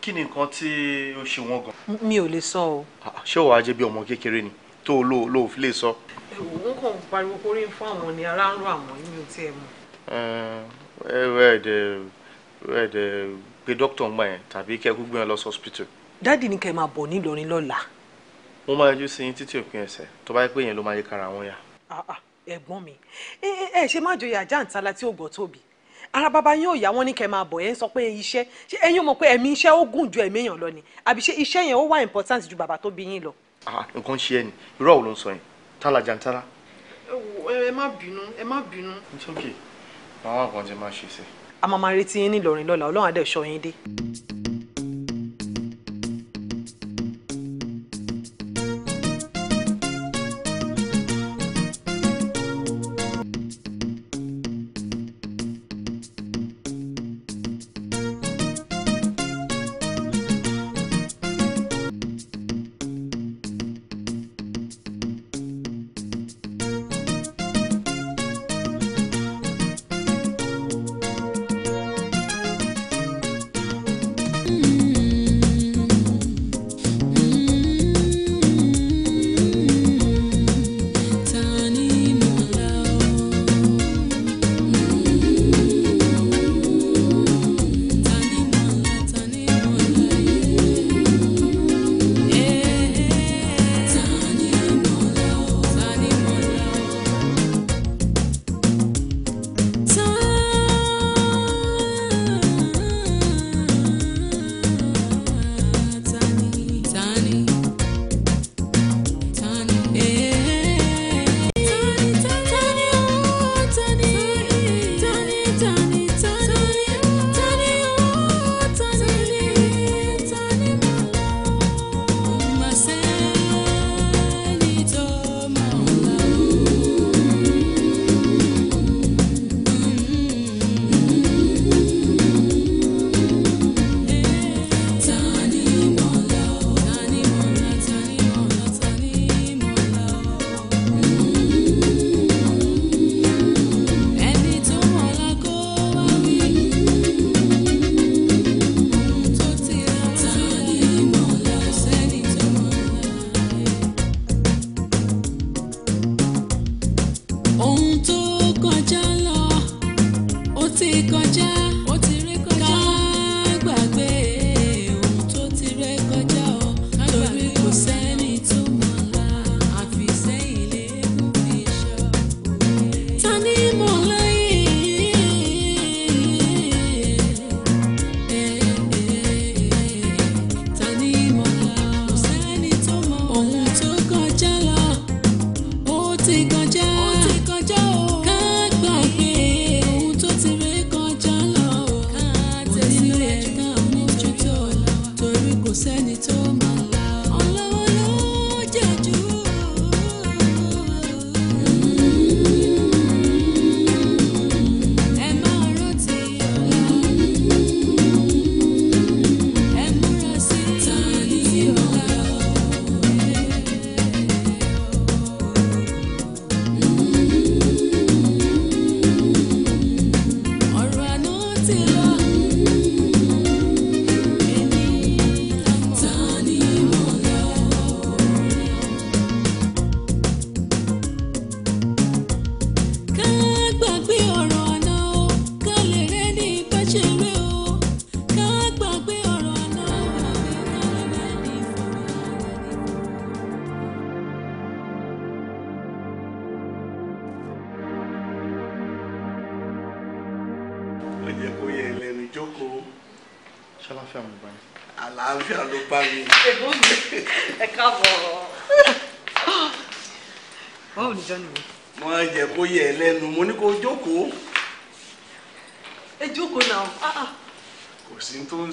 kí ni nǹkan tí ó ṣe wọ́n gan. mi ò lè sọ o. Ah, ṣé o wàá jẹ́ bí ọmọ kékeré ni tó o lò lò fi lè sọ. òun kàn ń pariwo kórè fún àwọn ni ara ń rọ àwọn mi ò tiẹ̀ mọ̀. Eh, ẹ ẹ ẹ̀dẹ̀ ẹ̀dẹ̀ pé dókítà ń gbà yẹn tàbí kẹ́ kú gbé wọn lọ sí hospital. dáàdì ni kẹ́ máa bọ̀ nílọrin lọ́la. mo máa yọjú sí yín títí òpin ẹsẹ̀ tó bá yẹ pé yẹn ló máa yẹ kára wọn yá. Ah, ah, ẹ̀gbọ́n mi ẹ ṣe má joyè àjàǹtálá tí ó gbọ́ tóbi ara bàbá yín ò yá wọn ní kẹ́ máa bọ̀ ẹ̀ ń sọ pé iṣẹ́ ṣé ẹ̀yin mọ̀ pé ẹ̀mí iṣẹ́ ó gùn ju ẹ̀mí èèyàn lọ ni àbí ṣé iṣẹ́ yẹn ó wà important ju bàbá tó bí yín lọ. Ah, nǹkan ṣe ẹni irú àwọn sọ yẹn tálà jantara. ẹ má bínú ẹ má bínú. it's okay màá wà kàn jẹ́ máa ṣe é sẹ́. a máa máa retí yín ní lọ́la Ọlọ́run á dẹ̀ yín dé.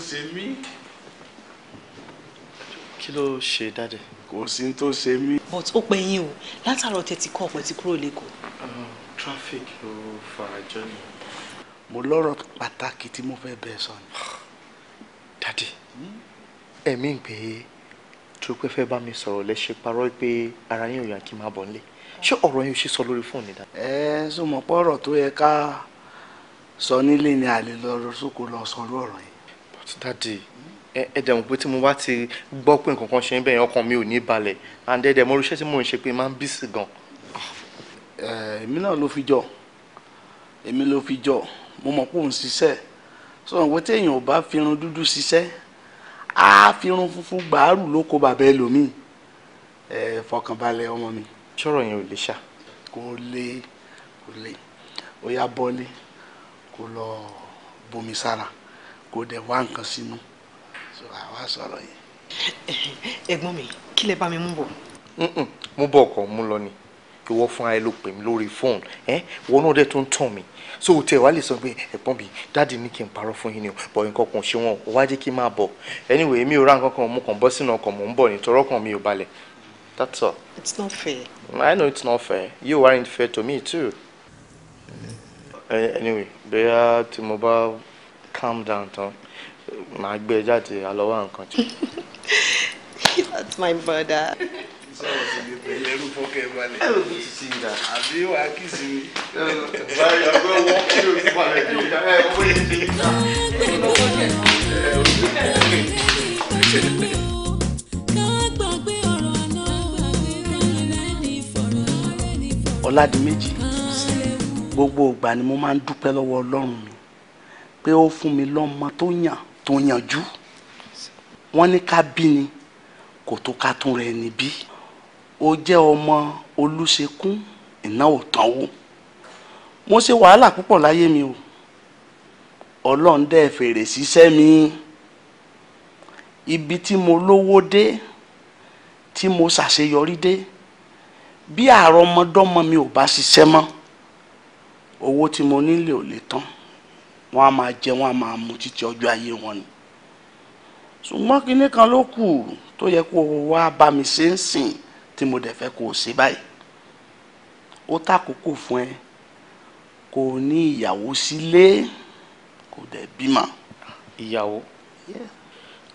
ṣe mí. kí ló ṣe dáadé. kò sí ní tó ṣe mí. but ó pẹ́ yín o látàárọ̀ tẹ̀tí kọ́ ọ̀pẹ tí kúrò lẹ́kọ̀ọ́. Ah, traffic ló farajọ ni. mo lọ́rọ̀ pàtàkì tí mo fẹ́ bẹ́ẹ̀ sọ ni. dáadé hmm? ẹ̀mí ń pè é tó pé fẹ́ bá mi sọ̀rọ̀ lẹ́sẹ̀ parọ́ pé ara yín ò yàn kí n máa bọ̀ nílé ṣé ọ̀rọ̀ yín ò ṣe sọ lórí fóònù dáadé. ẹ ẹ sọ mọ pọ́rọ̀ tó yẹ ká sọ nílé ni àlè lọ sóko lọ sọrú ọ̀rọ̀ dáàdì ẹ dẹ̀ mọ̀ pé tí mo bá ti gbọ́ pé nǹkan kan ṣe ń bẹ̀yẹn ọkàn mi ò ní balẹ̀ and ẹ dẹ̀ mọ̀ irúṣẹ́ tí mò ń ṣe pé máa ń bí sí gan. èmi náà ló fi jọ èmi ló fi jọ mo mọ̀ pé òun ṣiṣẹ́ sọ̀rọ̀ pé téèyàn ò bá fi irun dúdú ṣiṣẹ́ á fi irun funfun gbàárù ló kó bàbá ẹlòmíì ẹ fọkànbalẹ̀ ọmọ mi. sọ̀rọ̀ yẹn ò lè ṣá. kò lè kò lè ó yá bọ́lé kó lọ bomi sára kó dẹ̀ wá nǹkan sínú so àwa sọ̀rọ̀ yìí. ẹ̀gbọ́n mi kí lẹ bá mi mú bọ̀. mú bọ̀ kọ́ mú lọ ni ìwọ fúnra ẹ ló pè mí lórí fóònù ẹ wọn náà dẹ tó ń tàn mí so tẹ wàá lè sọ pé ẹ̀gbọ́n mi dáàdi ní kí n parọ́ fún yín ni o bọ nǹkan kan ṣe wọn ò wá jẹ́ kí n máa bọ̀ anyway mi ò ra nǹkan kan mo kàn bọ́ sínú ọkàn mò ń bọ̀ nítorí ọkàn mi ò balẹ̀ that's all. it's not fair. i know it's not fair you aren't fair to me too. Mm-hmm. anyway bóyá tí mo bá calm down Tom. My brother ẹ jáde àlọ́wọ́ nǹkan that's my brother. sọ̀rọ̀ ti di pẹ̀lú ẹrú fọ́kẹ́ balẹ̀. ẹ ò bí gbogbo ìgbà ni mo máa ń dúpẹ́ lọ́wọ́ Ọlọ́run mi pé ó fún mi lọ́mọ tó yàn tó yanjú wọ́n ní ká bí ni kò tó ká tún rẹ̀ níbí ó jẹ́ ọmọ olúṣekún ìnáwó tánwó mo ṣe wàhálà púpọ̀ láyé mi o ọlọ́run dẹ́ fèrè ṣiṣẹ́ mi ibi tí mo lówó dé tí mo ṣàṣeyọrí dé bí àrọ́mọdọ́mọ mi ò bá ṣiṣẹ́ mọ́ owó tí mo nílé lè tán wọ́n á máa jẹ wọ́n á máa mu títí ọjọ́ ayé wọn ni ṣùgbọ́n kinní kan ló kù tó yẹ kó o wá bá mi ṣe ń sìn tí mo dẹ̀ fẹ́ kó o ṣe báyìí ó tàkókò fún ẹ kó o ní ìyàwó sílé kó dẹ̀ bímọ. ìyàwó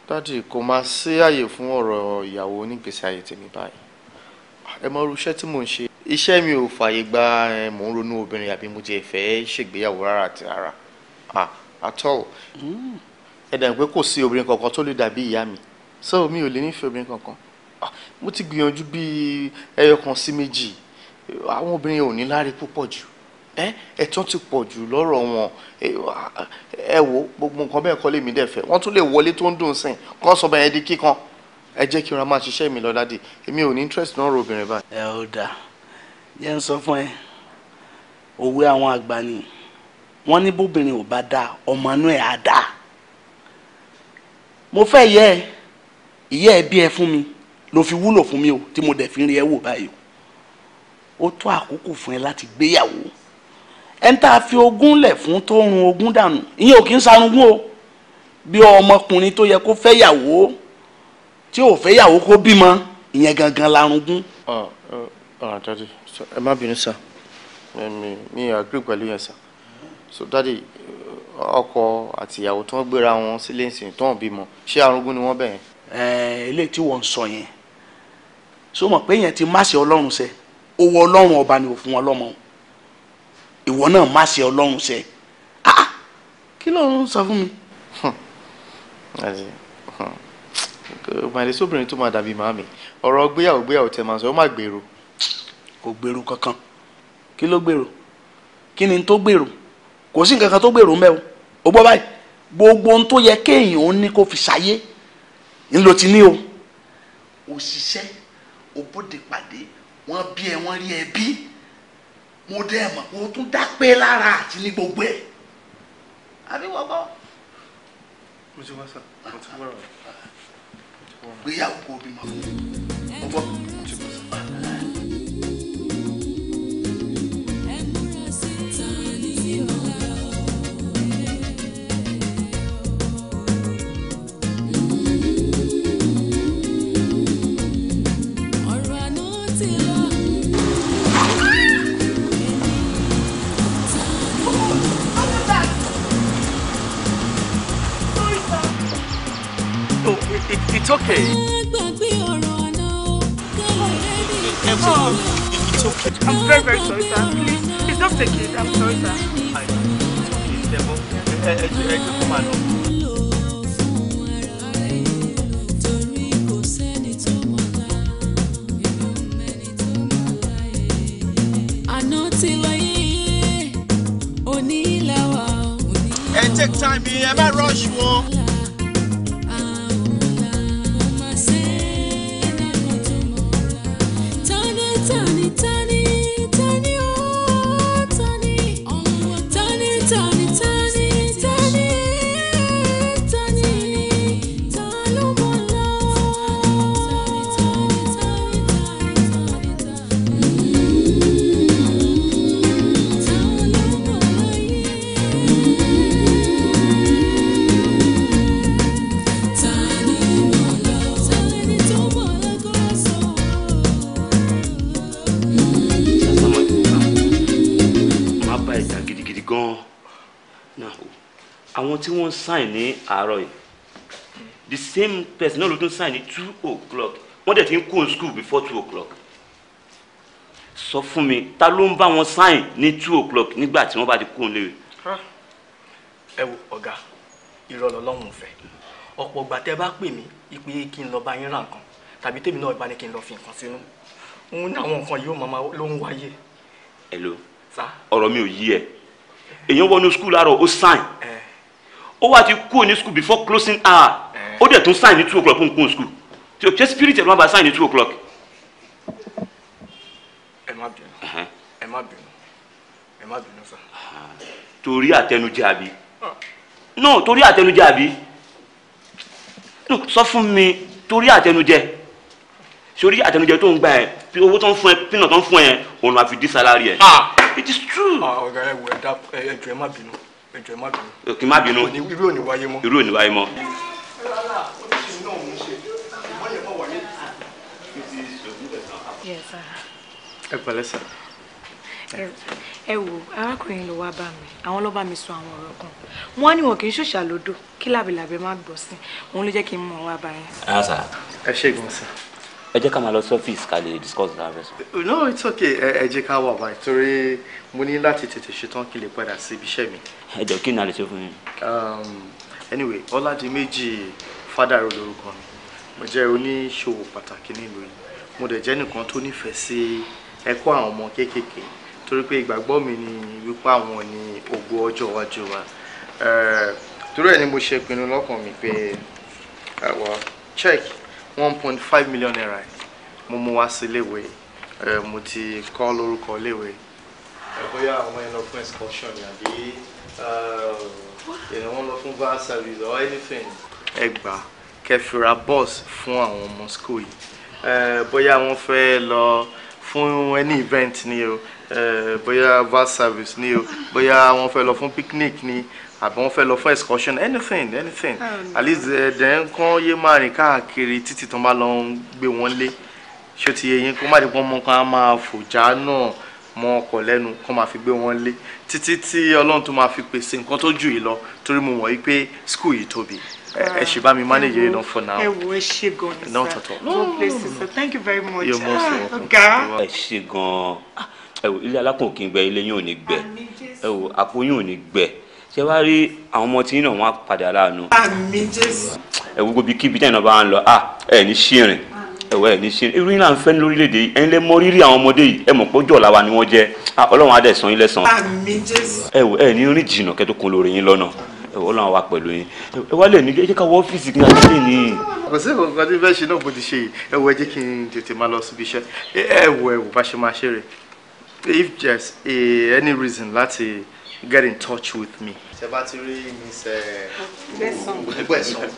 dádì kò máa ṣe àyè fún ọ̀rọ̀ ìyàwó nígbèsè ayé tèmi báyìí ẹ mọ irú iṣẹ́ tí mò ń ṣe iṣẹ́ mi ò fààyè gba mò ń ronú obìnrin àbí mo ti fẹ́ ṣègbéyàwó rárá àti rárá ah at all ẹ dẹ̀ pé kò sí obìnrin kankan tó lè dàbí ìyá mi so mi ò lè nífẹ̀ẹ́ obìnrin kankan ah, mo ti gbìyànjú bíi ẹyọ kan sí méjì àwọn obìnrin ò ní láre púpọ̀ jù ẹ ẹ̀tàn ti pọ̀ jù lọ́rọ̀ wọn ẹ wo gbogbo nǹkan bẹ́ẹ̀ kọ́ lèmi dẹ̀ fẹ́ wọ́n tún lè wọlé tó ń dùn sìn kán sọ bẹ́ẹ̀ di kíkan ẹ jẹ́ kí n ra máa ṣiṣẹ́ mi lọ èmi ò ní interest náà ro obìnrin báyìí. ẹ ò dáa jẹ́ ń sọ fún ẹ òwe àwọn àgbà nìyí wọ́n ní bóbìnrin ò bá dáa ọmọ inú ẹ̀ á dáa mo fẹ́ yẹ ẹ ìyẹ́ ẹ bí ẹ fún mi ló fi wúlò fún mi o tí mo dẹ̀ fi rí ẹ wò báyìí o ó tó àkókò fún ẹ láti gbéyàwó ẹni tá a fi ogún lẹ̀ fún tó run ogún dànù ìyẹn ò kí ń sarungún o bí ọmọkùnrin tó yẹ kó fẹ́yàwó tí ò fẹ́yàwó kó bímọ ìyẹn gangan larungún. ọ̀rọ̀ ah, ah, ah, àtàdé ẹ má bínú sá mi mi agree pẹ̀lú yẹn sá so dádì uh, ọkọ àti ìyàwó tó ń gbéra wọn sílé ìsìn tó ń bímọ ṣé arúgbó ni wọ́n bẹ̀ yẹn. ẹ eléyìí tí wọ́n ń sọ yẹn so mọ̀ pé yẹn ti má ṣe ọlọ́run ṣe owó ọlọ́run ọba ni ò fún ìwọ náà má ṣe ọlọ́run ṣe ah, ah kí lọ́run sọ fún mi. màdé hmm. hmm. sóbìnrin tó máa dàbí màmí ọ̀rọ̀ gbéyàwó gbéyàwó tẹ máa sọ ó má gbèrò. kò gbèrò kankan kí ló gbèrò kí ni tó gbèrò kò sí nǹkan kan tó gbèrò mẹ́ o ò gbọ́ báyìí gbogbo ohun tó yẹ kéèyàn ó ní kó fi ṣayé ńlò ti ní o òṣìṣẹ́ òbóde pàdé wọ́n bí ẹ wọ́n rí ẹ bí mo dẹ́ mọ̀ mo tún dá pé lára àti ní gbogbo ẹ̀ àbí wọ́n gbọ́. gbéyàwó kò bímọ fún mi it, it's okay. it's okay. I'm very, very sorry, sir. Please, please don't take it. I'm sorry, sir. I know. It's ẹ take time yìí ẹ má rush wọn. gan-an náà àwọn tí wọ́n sign ní àárọ̀ yìí the same person náà ló tún sign ní two o'clock wọ́n dẹ̀ ti ń kó school before two o'clock sọ fún mi ta ló ń bá wọn sign ní two o'clock nígbà tí wọ́n bá ti kó ń léwe. ẹ wo ọ̀gá ìrọ̀lọ́ lọ́hùn fẹ́ ọ̀pọ̀ ìgbà tẹ́ bá pè mí ìpè kí n lọ bá yín ra nǹkan tàbí tèmi náà bá ní kí n lọ fi nǹkan sínú òun ní àwọn nǹkan yìí ó máa ló ń wáyé. ẹ lo ọ̀rọ̀ mi ò yí ẹ èèyàn wọnú skul àárọ̀ ó sign ó wá ti kúrò ní skul before closing hour ó dẹ̀ tún sign ní two o'clock fún kún skul tí o ṣe spirit ẹ̀ ló má ba sign ní two o'clock. ẹ má bínú ẹ má bínú ẹ má bínú sá. torí àtẹnujẹ àbí no torí àtẹnujẹ àbí no sọ fún mi torí àtẹnujẹ torí àtẹnujẹ tó ń gbà ẹ owó tó ń fún ẹ pínà tó ń fún ẹ òun àfi dí sálárì ẹ. Ah it is true. Ah, ọ̀gá ẹ wọ ẹ̀dá ẹ̀jọ̀ ẹ má bínú ẹ̀jọ̀ ẹ má bínú. kì í má bínú irú òní wáyé mọ́. irú òní wáyé mọ́. ẹ pẹ̀lẹ́ sà. ẹ wo arákùnrin ló wá bá mi àwọn ló bá mi sọ àwọn ọ̀rọ̀ kan wọn á wọn kì í ṣòṣà lódò kí làbẹ̀làbẹ̀ má gbọ́ sí òun ló jẹ́ kí n mọ̀ wá bá yẹn. ẹ ṣègùn sí i ẹ jẹ́ ká máa lọ sí ọ́fíìsì ká lè discuss that version. no it's okay ẹ jẹ́ ká wà báyìí torí mo ní láti tètè ṣetán kí lè padà sí ibi iṣẹ́ mi. ẹ jọ kí ni a lè ṣe fún yín. Um, anyway ọládìméjì fádàrọ lórúkọ mi mo jẹ́ oníṣòwò pàtàkì nílùú yìí mo dẹ̀ jẹ́ nìkan tó nífẹ̀ẹ́ sí ẹ̀kọ́ àwọn ọmọ kéékèèké torí pé ìgbàgbọ́ mi ni wípé àwọn ni ògo ọjọ́ iwájú wa torí ẹ̀ ni mo ṣe pinnu lọ́kàn mi pé check 1.5 million naira mo mú wá sí iléèwé eh, mo ti kọ́ lórúkọ iléèwé eh, bóyá àwọn ẹ̀ lọ fún excursion àbí ìrìn eh, wọn lọ fún bar service or anything. ẹ gbà kẹfìrà bus fún àwọn ọmọ school yìí bóyá wọ́n fẹ́ lọ fún any event ni o bóyá bar service ni o bóyá wọ́n fẹ́ lọ fún picnic ni àbí wọ́n fẹ́ lọ fún excursion anything anything at least ẹ̀dẹ̀ eh, ń kán yé máa rìn káàkiri títí tó ń bá lọ ń gbé wọn lé ṣé ti yẹ yín kó má dìbò mọ kán á máa fòjá náà mọ ọkọ̀ lẹ́nu kán máa fi gbé wọn lé títí tí ọlọ́run tó máa fi pèsè nǹkan tó jù yìí lọ torí mo wọ̀ yí pé school yìí tóbi ẹ ṣì bá mi manage yìí náà for now. ẹ wo ẹ ṣe gan ni sir no no no thank you very much. you're most ah, welcome. ẹ ṣe gan ah, ẹ wo ilé alákùnkìn gbẹ ilé yín ò ní gbẹ ẹ wo àpò yín ní gbẹ ṣe wá rí àwọn ọmọ tí náà wọn á padà láàánú. àmín jésù. ẹ wo gbogbo kíbi tẹ́yìn náà bá ń lọ à ẹ ní ṣìrìn ẹwọ ẹ ní ṣìrìn irú yìí là ń fẹ́ lórílẹ̀‐èdè yìí ẹ̀yin lè mọ rírì àwọn ọmọdé yìí ẹ mọ̀ pé ọjọ́ ọ̀la wa ni wọ́n jẹ́ ọlọ́run á yín lẹ́san. àmín jésù. ẹ ní rìn jìnnà kẹ́tọ́ kun lórí yín lọ́nà ọlọ́run wa pẹ̀lú yín ẹ lè ní ẹ jẹ́ ọ́fíìsì kí n àti ní. kò sí nǹkan tí bẹ́ẹ̀ ṣe náà bó ti ṣe ẹ wo kí n tètè máa lọ síbi iṣẹ́ ẹ wo bá ṣe máa ṣe rẹ̀ if there's any reason láti get in touch with me. ṣe bá ti rí miss gbẹ̀sán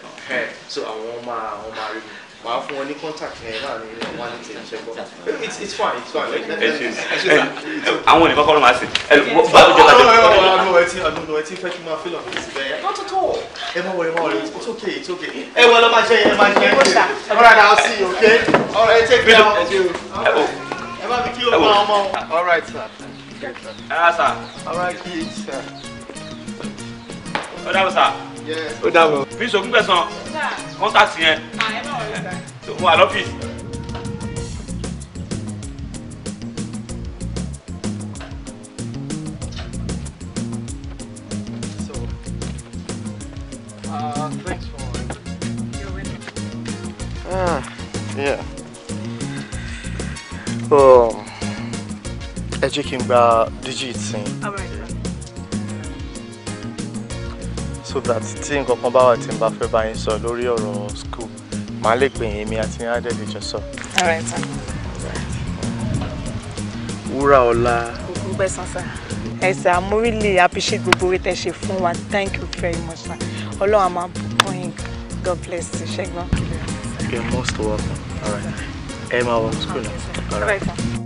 so àwọn máa àwọn máa rí mi wàá fún wọn ní contact yẹn náà ilé wa ní tèmi it's it's fine it's fine. ẹ ṣe ẹ àwọn ènìyàn kọ́kọ́ ló máa ṣe ẹ báwo jẹ́ ká jẹ́ kọ́kọ́. ẹ ti àdúgbò ẹ ti fẹ́ kí n máa feel on this bẹ́ẹ̀ not at all ẹ má worry ẹ má it's okay it's okay ẹ wọ lọ máa ṣe ẹ máa ṣe ẹ I'll see you okay all right take care ẹ má fi kí o máa ọmọ all right sir. Yes, sà. Ara kì í sà. Ó dàbọ̀ sà. Ó dàbọ̀. Bí ìṣògùn gbẹ̀sán, kọ́ńtàtì yẹn. Ah, Mo wà lọ́fíìsì. Uh, thanks for your window. Ah, yeah. Oh ẹ jẹ́ kí n so that tí nǹkan kan bá wà tí n bá fẹ́ bá yín sọ lórí school màá lè pè yín mi àti yín adé lè jọ sọ. wúrà ọlá. ògùngbẹ́ sansa. ẹ sà mo really appreciate gbogbo owó tẹ́ ṣe fún wa thank you very much sir ọlọ́run a máa bùkún god bless you ṣẹ́gun. you most welcome. All right. Emma, what's going on? All right.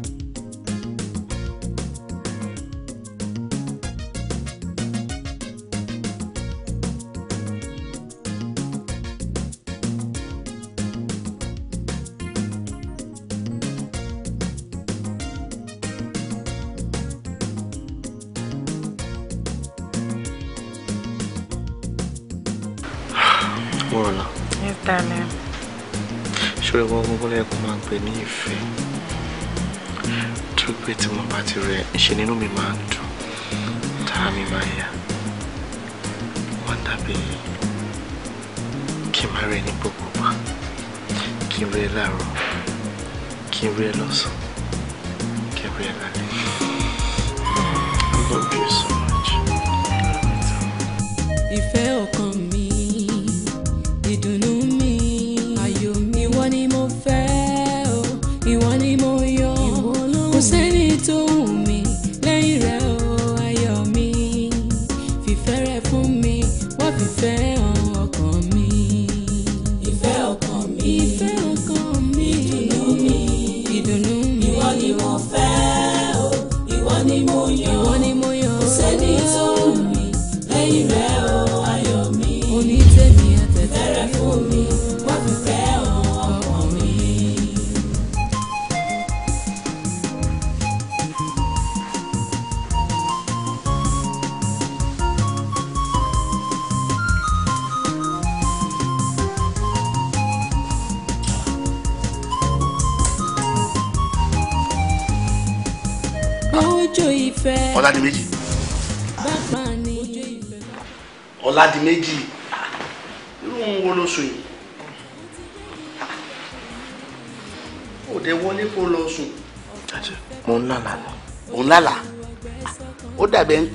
rẹ̀ ṣe nínú mi máa ń dùn tára mi máa yá wọ́n dàbí kí n máa rẹ ní I love you so much. ìfẹ́ ọkọ.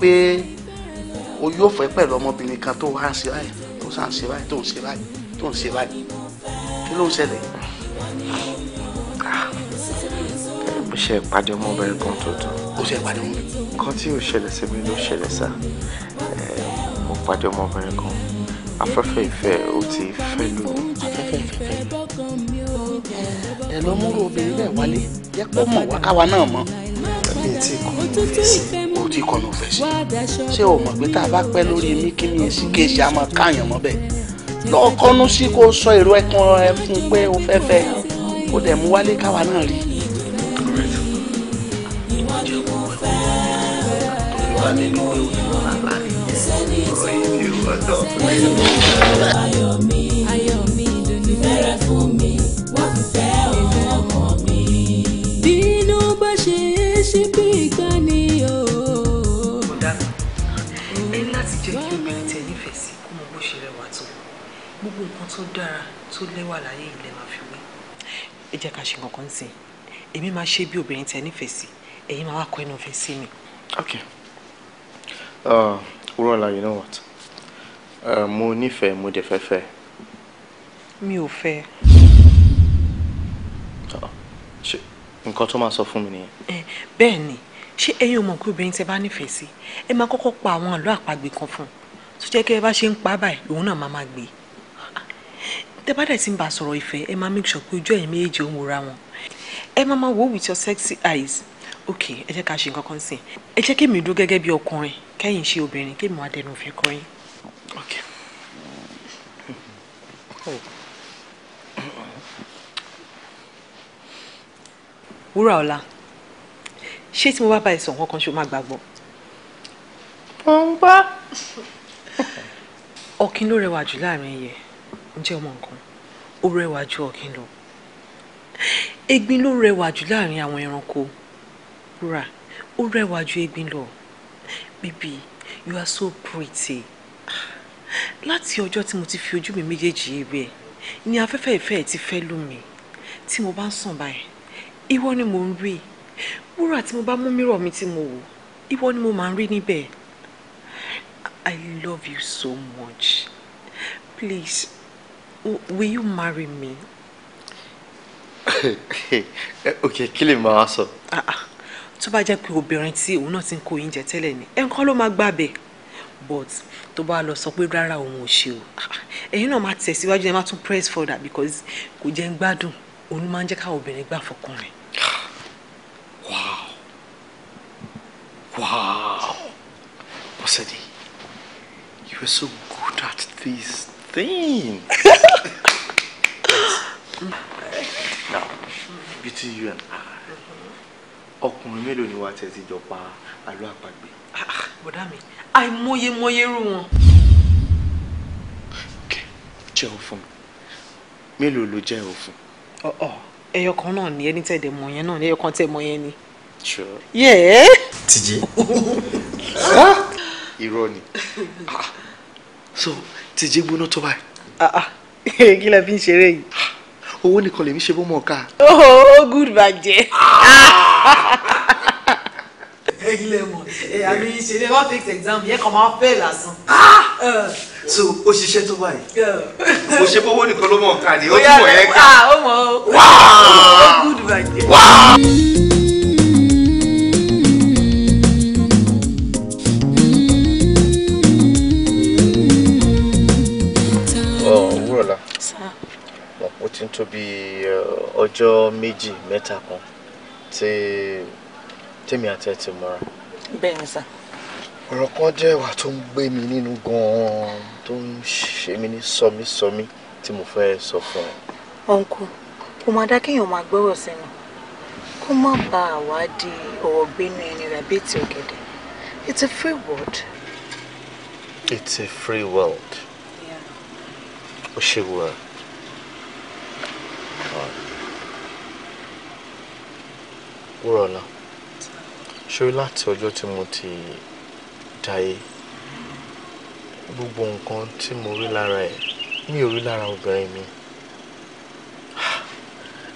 pé o yóò fẹ́ pẹ̀lú ọmọbìnrin kan tó wá ń ṣe báyìí tó sàn ṣe báyìí tó ń ṣe báyìí tó ń ṣe báyìí kí ló ń ṣẹlẹ̀. mo ṣe ìpàdé ọmọbìnrin kan tó tán. o ṣe ìpàdé wọn. nǹkan tí ò ṣẹlẹ̀ sí mi ló ṣẹlẹ̀ sá mo pàdé ọmọbìnrin kan afẹ́fẹ́ ìfẹ́ ò ti fẹ́ lù mí. ẹ lọ múrò obìnrin bẹ́ẹ̀ wálé jẹ́ kó mọ̀ wá káwa náà mọ̀. ẹ̀mí ti kọ́ ọ́ fèsì tí kọ́ ló fẹ́ sí ṣé o mọ̀ pé tá a bá pẹ́ lórí mi kí ni èsì kéèsì a máa káàyàn mọ́ bẹ́ẹ̀ sí kó sọ èrò ẹ̀kan ẹ fún pé o fẹ́ fẹ́ ó dẹ̀ mú wálé káwa náà rí. Ayọ̀ mi. nǹkan tó dára tó lẹ́wà láyé ilẹ̀ máa fi wé. ẹ jẹ́ ká ṣe nǹkan kan sí i èmi máa ṣe bí obìnrin tẹ nífẹ̀ẹ́ sí ẹ̀yin máa wá kọ́ ẹnu ọ̀fẹ́ sí mi. ok Urola uh, you know what uh, mo nífẹ̀ẹ́ mo dẹ̀ fẹ́ fẹ́. mi ò fẹ́. Uh, ṣe nǹkan tó máa sọ fún mi nìyẹn. bẹ́ẹ̀ ni ṣé ẹ̀yin ò mọ̀ pé obìnrin tẹ bá nífẹ̀ẹ́ sí ẹ máa kọ́kọ́ pa àwọn àlọ́ àpagbè kan fún un tó jẹ́ kí ẹ bá ṣe ń pa báyìí òun náà máa máa gbé e tẹ bá dẹ̀ ti ń bá sọ̀rọ̀ ìfẹ́ ẹ máa make sure pé ojú ẹ̀yin méjèèjì ò ń wòra wọn ẹ máa máa wò with your sexy eyes ok ẹ jẹ́ ká ṣe nǹkan kan sí ẹ jẹ́ kí mi dúró gẹ́gẹ́ bí ọkùnrin kẹ́yìn ṣe obìnrin kí mi wá dẹnu òfin kọ́ yín. ok wúrà ọ̀la ṣé tí mo bá bá ẹ sọ nǹkan kan ṣe o máa gbàgbọ́. mo ń gbọ́. ló rẹwà jù láàrin yẹn ǹjẹ́ ọmọ nǹkan ó rẹwà ju ọ̀kín lọ egbin ló rẹwà jù láàrin àwọn ẹranko wúrà ó rẹwà ju egbin lọ bíbí you are so pretty láti ọjọ́ tí mo ti fi ojú mi méjèèjì yé bẹ́ẹ̀ ni afẹ́fẹ́ ìfẹ́ ti fẹ́ lù tí mo bá ń sàn báyìí ìwọ ni mo ń rí wúrà tí mo bá mú mírọ̀ mi tí mo wò ìwọ ni mo máa ń rí níbẹ̀ I love you so much please will you marry me? Okay, kí lè máa sọ. Ah, ah. tó bá jẹ́ pé obìnrin tí òun náà ti ń kó oúnjẹ tẹ́lẹ̀ ni ẹ̀ ń kọ́ ló máa gbàbẹ̀ but tó bá lọ sọ pé rárá òun ò ṣe o ah, ẹ̀yin náà máa tẹ̀síwájú ẹ̀ máa tún press further because kò jẹ́ ń gbádùn òun máa ń jẹ́ káwọn obìnrin gbà fọkùnrin. wow wow Bọ́sẹ̀dé you were so good at this thing. now between you and I ọkùnrin mélòó ni wà á tẹ̀sí jọ pa àlọ́ àpagbè. Ah, bọ̀dá mi àìmọye mọye rú wọn. jẹ́ òfun mélòó ló jẹ́ òfun. ẹyọ kan náà ni ẹni tẹ̀dẹ̀ mọ̀ yẹn náà ni ẹyọ kan tẹ̀ mọ̀ yẹn ni. sure. yẹ́ẹ́. tìjì. irọ́ ni so ti jí gbóná tó báyìí. Ah, ah. kí lẹ fi ń ṣeré yìí. Ah, owó nìkan lèmi ṣe bó mọ̀ ká. ó gùd bàjẹ́. ilé mọ̀ àmì ìṣeré wọ́n fix exam yẹ kàn máa fẹ́ lásán. Eh. so ó ṣiṣẹ́ tó báyìí. mo eh. ṣe bówó nìkan ló mọ̀ ká ni ó túmọ̀ yẹn eh, ká. ó mọ̀ ó oh, gùd bàjẹ́. ti ń tó bí eh, ọjọ́ méjì mẹ́ta kan tí tèmi àti ẹ ti mọ́ra. bẹ́ẹ̀ ni sà. ọ̀rọ̀ kan jẹ́ ìwà tó ń gbé mi nínú gan-an tó ń ṣe mí ní sọmísọmí tí mo fẹ́ sọ fún ẹ. ọ̀nkù kò máa dá kéèyàn máa gbọ́rọ̀ sẹ́nu kó má bàa wá di ọ̀rọ̀ gbénu ẹni rẹ̀ bíi ti ọ̀gẹ̀dẹ̀ it's a free world. it's a free world. Yeah. o ṣe wọ́n. Wúrọ̀lá, ṣé láti ọjọ́ tí mo ti dáyé, gbogbo nǹkan tí mo rí lára ẹ̀, mi ò rí lára obìnrin mi.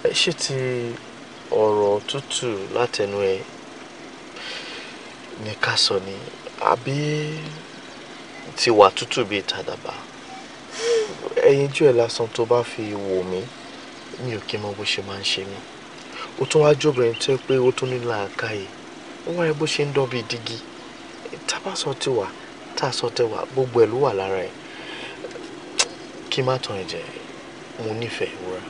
Ẹ ṣe ti ọ̀rọ̀ tútù látẹnu ẹ ní ká sọ ni, àbí tiwà tútù bíi tàdàbà? Ẹyinjú ẹ̀ lásán tó bá fi wò mí mi ò kí mọ bó ṣe máa ń ṣe mí ó tún wá jóbìnrin tó pé ó tún ní làákàyè ó wáyé bó ṣe ń dán bíi dígí tábàsọ ti wà táàsọ ti wà gbogbo ẹ̀ ló wà lára ẹ̀ kí má tàn ẹ̀ jẹ mo nífẹ̀ẹ́ wúra.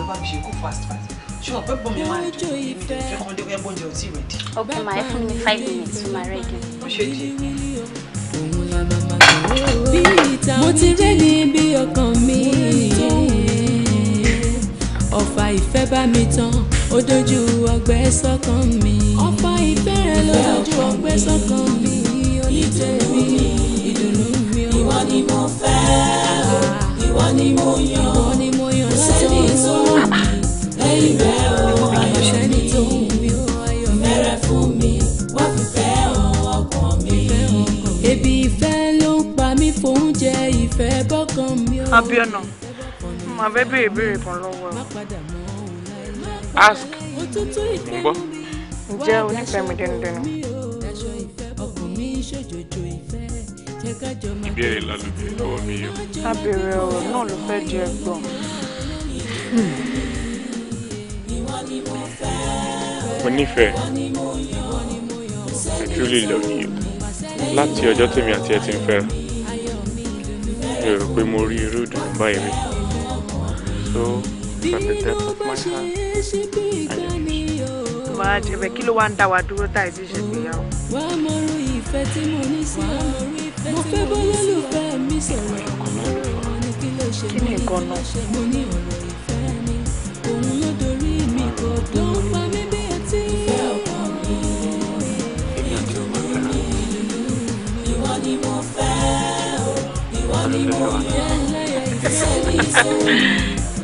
ẹ bá mi ṣe fast fast ṣé wọn pẹ́ bọ́ mi máa ń tó èmi tẹ̀ fẹ́ kọ́ dé ẹgbọ́n jẹ ọtí rẹ̀ dì. ọgbọ́n five minutes to my ready. mo ti rẹ́ ní bí ọkàn mi ọ̀fà ìfẹ́ bá mi tán ó dojú ọgbẹ́ sọ́kàn mi ọ̀fà ìfẹ́ rẹ̀ ló dojú ọgbẹ́ sọ́kàn mi onítẹ̀mí ìdùnnú mi ìwọ ni mo fẹ́ ah. ìwọ ni mo yàn. Abiona, màá fẹ́ béèrè béèrè kan lọ́wọ́ ẹ. Ask. Ǹgbọ́. Ǹjẹ́ o nífẹ̀ẹ́ mi dẹnudẹnu? Ìbéèrè lálùbí lọ́wọ́ mi yọ. Abèrè ọ̀rọ̀ náà ló fẹ́ di ẹgbọ́n. Mo nífẹ̀ẹ́. I truly love you. Láti ọjọ́ tèmi àti ẹ ti ń fẹ́ràn mo rí irú ìdùnnú báyìí rí so from the depth of my heart máa jẹ bẹ kí ló wá ń dá wa dúró táì tí ìṣègbéyàwó. wà á mọ orí ìfẹ́ tí mo ní sí ọ mo fẹ́ bóyá lùfẹ́ mi sọ̀rọ̀ ní kí ló ṣe mí mo ní ọ̀rọ̀ ìfẹ́ mi òun ló dorí mi kò tó pa mí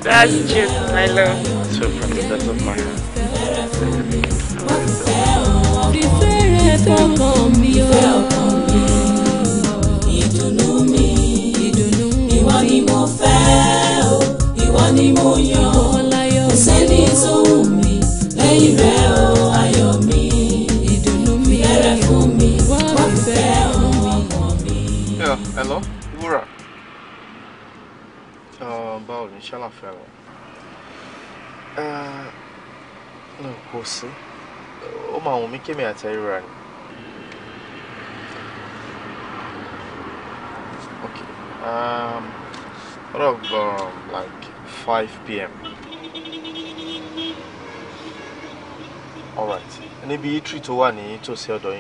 That's just my love. So from the depth of my heart. ni mo fẹ́ o, ni mo yàn, kò sẹ́ni ṣàlàfẹ́ rẹ̀ ẹ̀ kò sí ó máa wù mí kémi àti ẹ̀rọ ni. okay um, what about um, like 5 p.m. alright níbi tree tó wà ní tòsí ọ̀dọ̀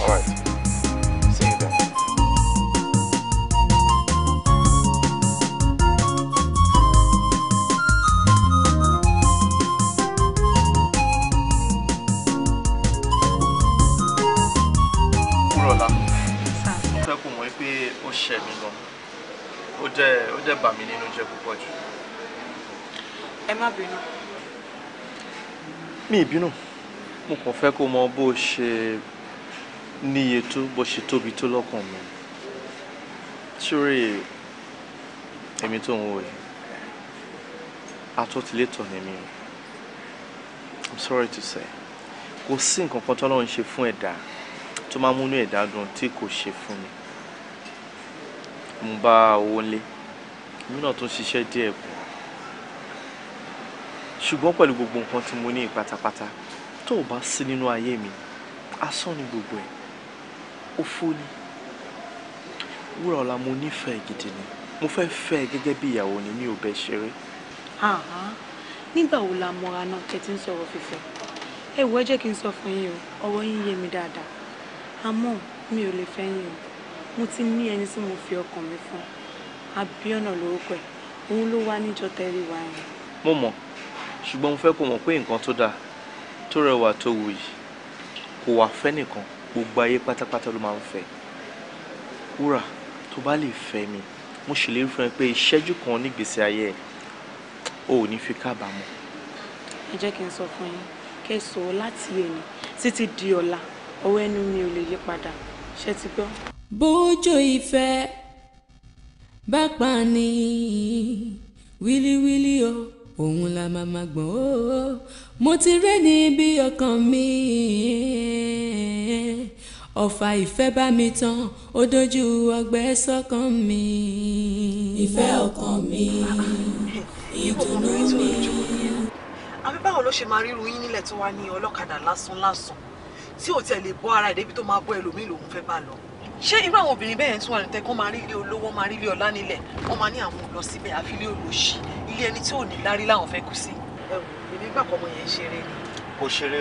All alright. ó dẹ̀ ó dẹ̀ bà mí nínú jẹ́ púpọ̀ jù. ẹ má bínú. mi ìbínú mo kàn fẹ́ kó mọ bó ṣe níye tó bó ṣe tóbi tó lọ́kàn mi sórí èmi tó ń wò yìí atọ́tilétọ̀ ni mi i'm sorry to say kò sí nǹkan kan tọ́lọ́run ṣe fún ẹ̀dá tó máa múnú ẹ̀dá dùn tí kò ṣe fún mi mo bá owó ńlé èmi náà tún ṣiṣẹ́ díẹ̀ kù ṣùgbọ́n pẹ̀lú gbogbo nǹkan tí mo ní pátápátá tó o bá sí nínú ayé mi asán ni gbogbo ẹ̀ òfo ni wúrà ọ̀la mo nífẹ̀ẹ́ gidi ni mo fẹ́ fẹ́ ẹ gẹ́gẹ́ bí ìyàwó ni mi ò bẹ ṣeré. nígbà wo la mọra náà tẹ ti ń sọ̀rọ̀ fífẹ́ ẹ wò ẹ jẹ́ kí n sọ fún yín o ọ̀rọ̀ yín yé mi dáadáa àmọ́ mi ò lè fẹ́ yín o mo ti ní ẹni tí mo fi ọkàn mi fún Abíọ́nà lórúkọ ẹ̀ òun ló wá níjọ tẹ́rí wa yẹn. mo mọ̀ ṣùgbọ́n mo fẹ́ kó mọ̀ pé nǹkan tó dáa tó rẹwà tó wù yìí kò wá fẹ́ nìkan gbogbo ayé pátápátá ló máa ń fẹ́ wúrà tó bá lè fẹ́ mi mo ṣèlérí fún ẹ pé ìṣẹ́jú kan nígbèsè ayé ẹ ò ní fi kábàámọ̀. ẹ jẹ́ kí n sọ fún yín kẹ́ ẹ sọ̀rọ̀ láti ẹ̀nì títí di ọ̀la ọwọ́ ẹnu mi ò lè yí padà ṣé ti gbọ́ bójò ìfẹ́ bá pa ni wíliwíli o òun la máa ma gbọ̀n o mo ti rẹ́ ní ibi ọkàn mi ọ̀fà ìfẹ́ bá mi tán ó dojú ọgbẹ́ sọ́kàn mi. ìfẹ́ ọkàn mi ìdùnnú mi. àbí báwo ló ṣe máa ríru yín nílẹ̀ tó wá ní ọlọ́kadà lásán tí ò tẹ̀ lè bọ́ ara ẹ̀ débi tó máa bọ́ ẹlòmíì lòún fẹ́ bá lọ ṣé irú àwọn obìnrin bẹ́ẹ̀ tún wà ní tẹ́kọ́ máa rí ilé olówó máa rí ilé ọlá nílẹ̀ wọ́n máa ní àwọn lọ síbẹ̀ àfi ilé olóṣì ilé ẹni tí ò ní lárí láwọn fẹ́ kú sí. èmi gbà kọ́ ọmọ yẹn ṣeré ni. kò ṣeré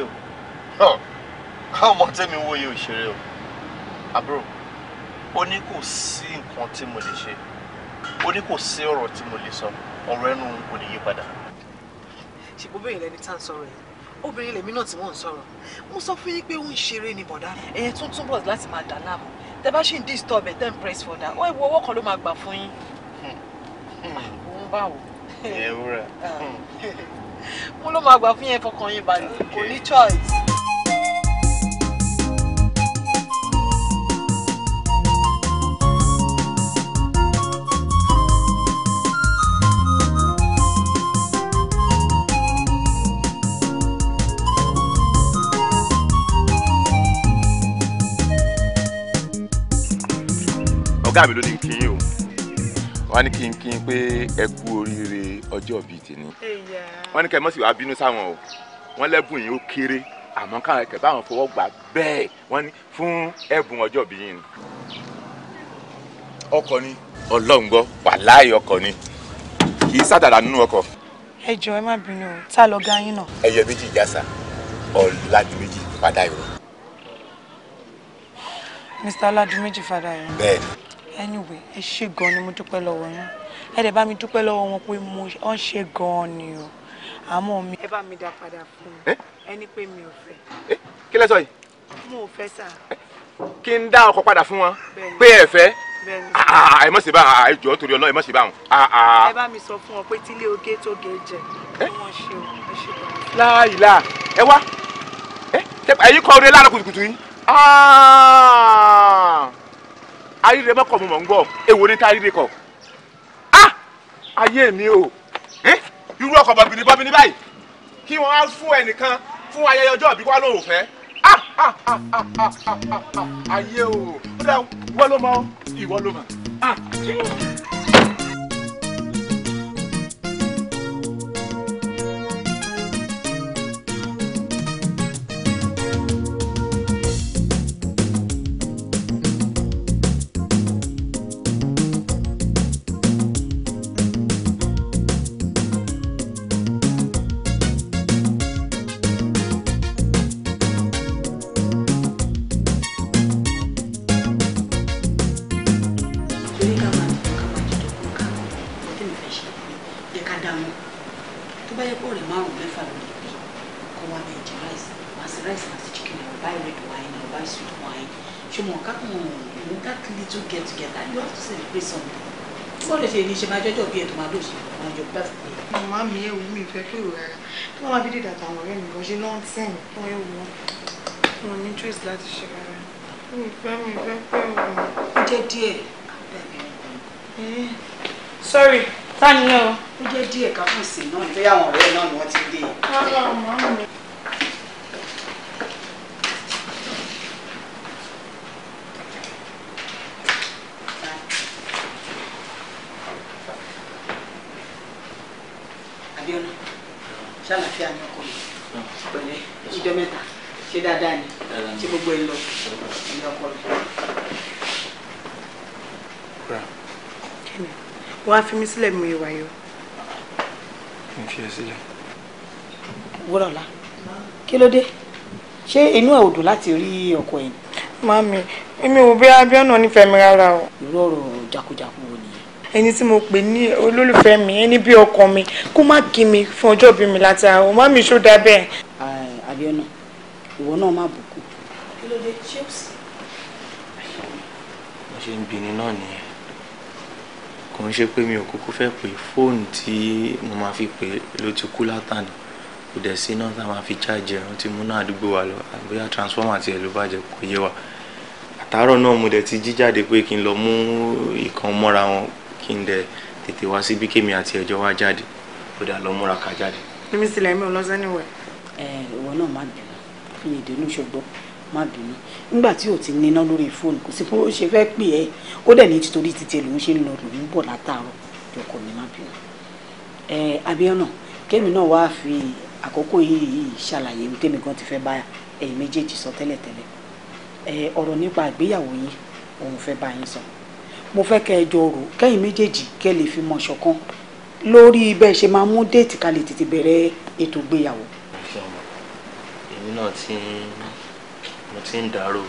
o ọmọ tẹ́mi wòye ò ṣeré o àbúrò ó ní kò sí nǹkan tí mo lè ṣe ó ní kò sí ọ̀rọ̀ tí mo lè sọ ọ̀rọ̀ ẹnu kò ní yí padà. ṣùgbọ́n bẹ́ẹ̀ lẹni tá à ń sọ̀rọ̀ yìí obìnrin lèmi náà tí wọ́n ń sọ̀rọ̀ mo sọ fún yín pé ó ń ṣeré ni bọ̀dá ẹ̀yẹ tó túbọ̀ láti máa dà láàmú tẹ bá ṣì ń disturb ẹ ten press for that wọ́n ìwọ owó kan ló máa gbà fún yín hmm. òun bá wò. ìyẹn wúrà. mo ló máa gbà fún yẹn fọkàn yín balẹ̀ kò ní choice. dàbí ló ní o ní kí n kí n pé ẹ kú oríire ọjọ́ bíi tèmi wọ́n ní kẹ́ ẹ bínú sáwọn o wọn lẹ́bùn yìí ó kéré àmọ́ káwọn ẹ̀kẹ́ báwọn fọwọ́ bẹ́ẹ̀ wọn ní fún ẹ̀bùn ọjọ́ bíi yìí ọkọ ni ọlọ́run gbọ́ ọkọ ni kì í nínú ọkọ. ẹ jọ ẹ má bínú o tá a lọ yín náà. ẹyẹ méjì mr anyway ẹ ṣe gan ni mo dúpẹ́ lọ́wọ́ yín ẹ dẹ̀ bá mi dúpẹ́ lọ́wọ́ wọn pé mo ọ ń ṣe gan ni o àmọ́ mi. ẹ bá mi dá padà fún mi eh? ẹni pé mi ò fẹ́. Eh? kí lẹ sọ yìí. mo ò sà. kí n dá ọkọ padà fún wọn pé ẹ fẹ́ ah, ah, ah, ẹ mọ̀ sí bá ẹ jọ̀ọ́ torí ọlọ́ọ̀ ẹ mọ̀ sí bá wọn. ẹ bá mi sọ fún wọn pé tílé oge tó ge jẹ eh? wọn ṣe o ẹ ṣe o. láàyè la ẹ wá ẹ yí kọ́ ọ́ rẹ lára kùtùkùtù yìí àríre mọ́kọ̀ mo mọ̀ ń gbọ́ èwo ní tá àríre kọ̀ á ah! ayé mi o irú ọkọ̀ bọ̀bìnrin bọ̀bìnrin báyìí kí wọ́n á fún ẹnìkan fún ayẹyẹ ọjọ́ ìbí wa lóhùn fẹ́ ah! Ah! ayé o wọ́n ló mọ ìwọ ló mọ. fẹ́ pé ìwé rárá tó máa bí dídà táwọn ọ̀rẹ́ mi gọ́ṣẹ́ náà tẹ̀yìn fún ewu wọn wọn ní choice láti ṣe rárá mi fẹ́ mi fẹ́ pẹ́ wọn. ó jẹ́ díẹ̀ sorry tani náà. ó jẹ́ díẹ̀ káfíńsì náà nítorí àwọn ọ̀rẹ́ náà ni wọ́n ti dé. rárá màmá mi. wá fi mí sílẹ̀ mi ìwà yìí o. kí n fi ẹ sílẹ̀. wúrọ̀lá kí ló dé ṣé inú ẹ̀ ò dùn láti rí ọkọ ẹ̀. mami èmi ò bí abiona nífẹ̀ẹ́ mi rárá o. irú ọ̀rọ̀ jakujaku wo nìyẹn. ẹni tí mo pè ní olólùfẹ́ mi ẹni bí ọkọ mi kó má kí mi fún ọjọ́ ìbí mi láti àwọn mami ṣó dá bẹ́ẹ̀. Ah, abiona ìwọ náà má bùkún. kí ló dé ṣé ó ṣe ń bini náà nìyẹn kò ń ṣe pé mi ò kúkú fẹ́ pé fóònù tí mo máa fi pè ló ti kú látàní kò dẹ̀ sí iná tá a máa fi cháàjì ẹ̀rọ tí múná àdúgbò wa lọ àbúyá transformer tiẹ̀ ló bàjẹ́ kò yé wa àtàárọ̀ náà mo dẹ̀ ti jí jáde pé kí n lọ mú ìkan mọ́ra wọn kí n dẹ̀ tètè wá síbí kémi àti ẹjọ́ wá jáde kó dà lọ múra ká jáde. mímísílẹ̀ mi ò lọ sẹ́niwẹ̀. ẹ ìwọ náà má bínú fi ìdènú ṣògbọ́n má bínú nígbà tí ò ti níná lórí fóònù kò sí fún ó ṣe fẹ́ pè ẹ́ ó dẹ̀ ní títorí títí ẹ̀ lòún ṣe ń lọ lòún bọ̀ látàárọ̀ ọkọ mi má bínú. ẹ Abíọ́nà kémi náà wá fi àkókò yìí ṣàlàyé tèmi gan ti fẹ́ bá ẹ̀yin méjèèjì sọ tẹ́lẹ̀tẹ́lẹ̀ ẹ ọ̀rọ̀ nípa ìgbéyàwó yìí òun fẹ́ bá yín sọ mo fẹ́ kẹ́ ẹ jọ rò kẹ́yin méjèèjì kẹ́ lè fi mọ̀ ṣọ̀kan lórí bẹ́ẹ̀ ṣe máa mú déètì ká tètè bẹ̀rẹ̀ ètò ìgbéyàwó. èmi náà ti ń mo ti ń dàrú.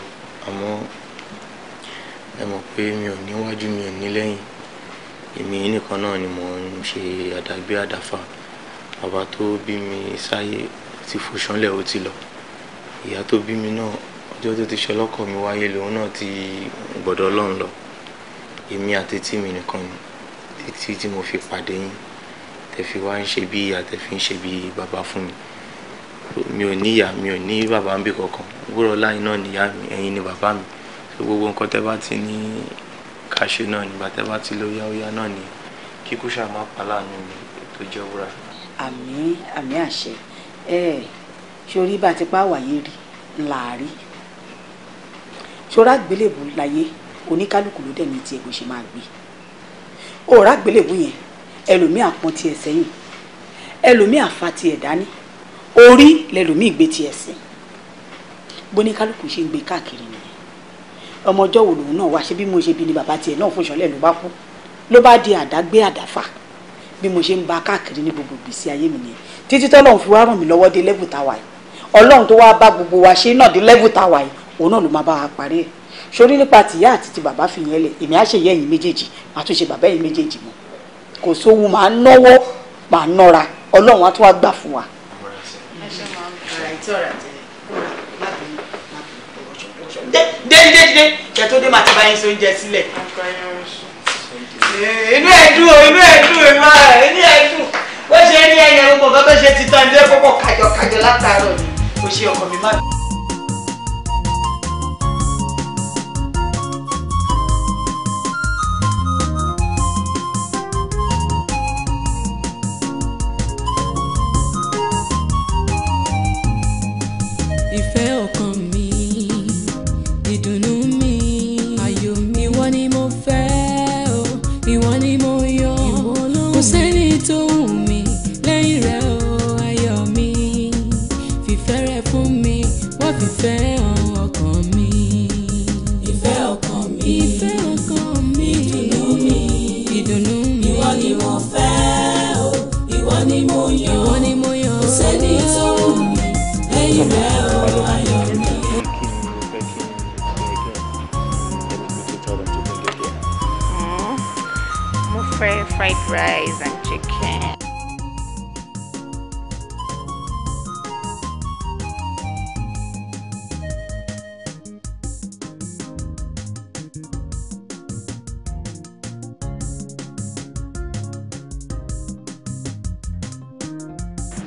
àmọ́ ẹ mọ̀ pé mi ò níwájú mi ò ní lẹ́yìn èmi nìkan náà ni mò ń ṣe àdágbé àdáfà bàbá tó bí mi sáyé ti fòṣánlẹ̀ ó ti lọ ìyá tó bí mi náà ọjọ́ tó ti ṣọlọ́kọ̀ mi wáyé lòun náà ti gbọ́dọ̀ ọlọ́run lọ èmi àti tí mi nìkan ni títí tí mo fi pàdé yín tẹ̀ fi wá ń ṣe bí ìyá tẹ̀ ń ṣe bí bàbá fún mi mi ò ní ìyá mi ò ní bàbá mi kankan wúrọ̀ láyìn náà níyá mi ẹ̀yin ni bàbá mi so gbogbo nǹkan tẹ́ bá ti ní kàṣe náà nígbà tẹ́ bá ti lóyá óyá náà ni kíkú ṣàmà pàlánù mi tó jẹ́ wúrà. àmì àmì àṣẹ ẹ ẹ sori bá a ti pa wàyé rí là á rí sora gbélébù láyé oníkálukú ló dẹ̀ ní tiẹ̀ bó ṣe máa gbé òòrà gbélébù yẹn ẹlòmíà pọ́n tiẹ̀ sẹ́yìn ẹlòmíà fa tiẹ̀ dání orí lẹlòmíì gbé tiẹ̀ sí bóníkálùkù ṣe ń gbé káàkiri nìyẹn ọmọ ọjọ́ wo lòun náà wá ṣe bí mo ṣe bí ni bàbá tiẹ̀ náà fún ìṣọ̀lẹ̀ ló bá kú ló bá di àdágbé àdáfà bí mo ṣe ń ba káàkiri ní gbogbo ìgbésí ayé mi nìyẹn títí tọ́lọ́run fi wá ràn mí lọ́wọ́ dé lẹ́bù táwa yìí ọlọ́run tó wá bá gbogbo wa ṣe náà dé lẹ́bù táwa yìí òun náà ló máa bá wa parí ẹ̀ sórí nípa tìyá àti ti bàbá fi yẹn lẹ̀ èmi á ṣe ìyá ẹ̀yin méjèèjì màá tún ṣe bàbá ẹ̀yin méjèèjì mọ́ kò sówó màá náwó màá nọ́ra ọlọ́run á tún wá gbà fún wa dédé dédé dé máa ti bá yín sóúnjẹ eh, inú ẹ̀ dùn inú ẹ̀ dùn o inú ẹ̀ dùn bó ṣe ní ẹ̀yẹ̀ gbogbo nǹkan ṣe ti tán ilé kókó kájọ kájọ látàárọ̀ ni ó ṣe ọkọ mi má bẹ̀rẹ̀. fried rice and chicken.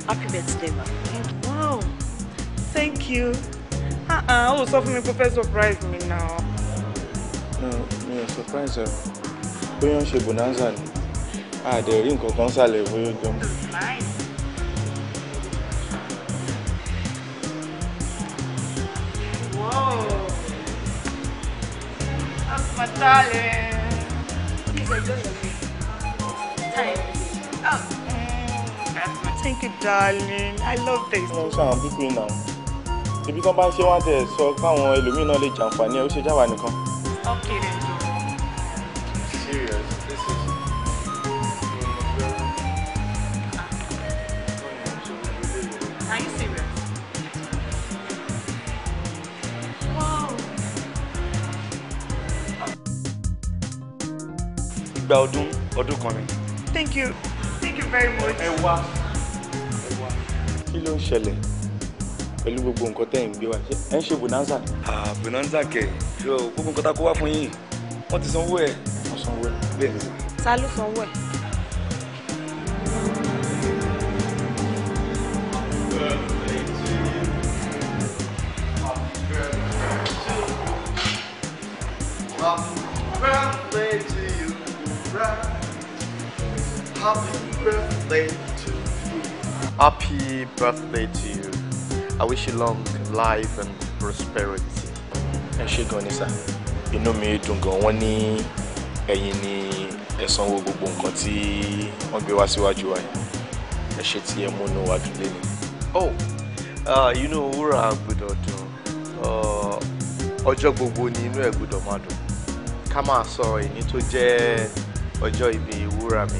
Happy birthday, ma. Wow. Thank you. Uh-uh, Who's offering me mi pé surprise me now? No, me ò surprise ẹ. Bóyá ń ṣe bonanza ni àdẹ̀rí nǹkan kan sàlẹ̀ bóyá ó Thank you, darling. I love this. No, sir, I'm between now. Ibi kan bá ń ṣe wá tẹ̀ sọ káwọn ẹlòmíràn lè jàǹfààní ẹ ó ṣe jáwa nìkan. Okay then. you thank you very much. ẹ wá ẹ wá kí ló ń ṣẹlẹ̀ pẹ̀lú gbogbo nǹkan tẹ́ ẹ̀ ń gbé wá ṣe ń ṣe bonanza. ah bonanza kẹ yóò gbogbo nǹkan tá a kó wá fún yín wọ́n ti sanwó ẹ̀. wọ́n sanwó ẹ̀. bẹ́ẹ̀ ta ló sanwó ẹ̀. Happy birthday to you. I wish you long life and prosperity. And she gan ni "You know me don't go Wọ́n any, ẹ̀yin ni ẹ sanwó gbogbo nǹkan tí wọ́n gbé wá síwájú wa yìí. Ẹ ṣé tí ẹ múnú wa Oh, uh, you know wúrà gbọ́dọ̀ dùn. Ah, ọjọ́ gbogbo ni inú ẹ̀ gbọ́dọ̀ máa dùn. Ká máa sọ ìní tó jẹ́ ọjọ́ ìbí wúrà mi.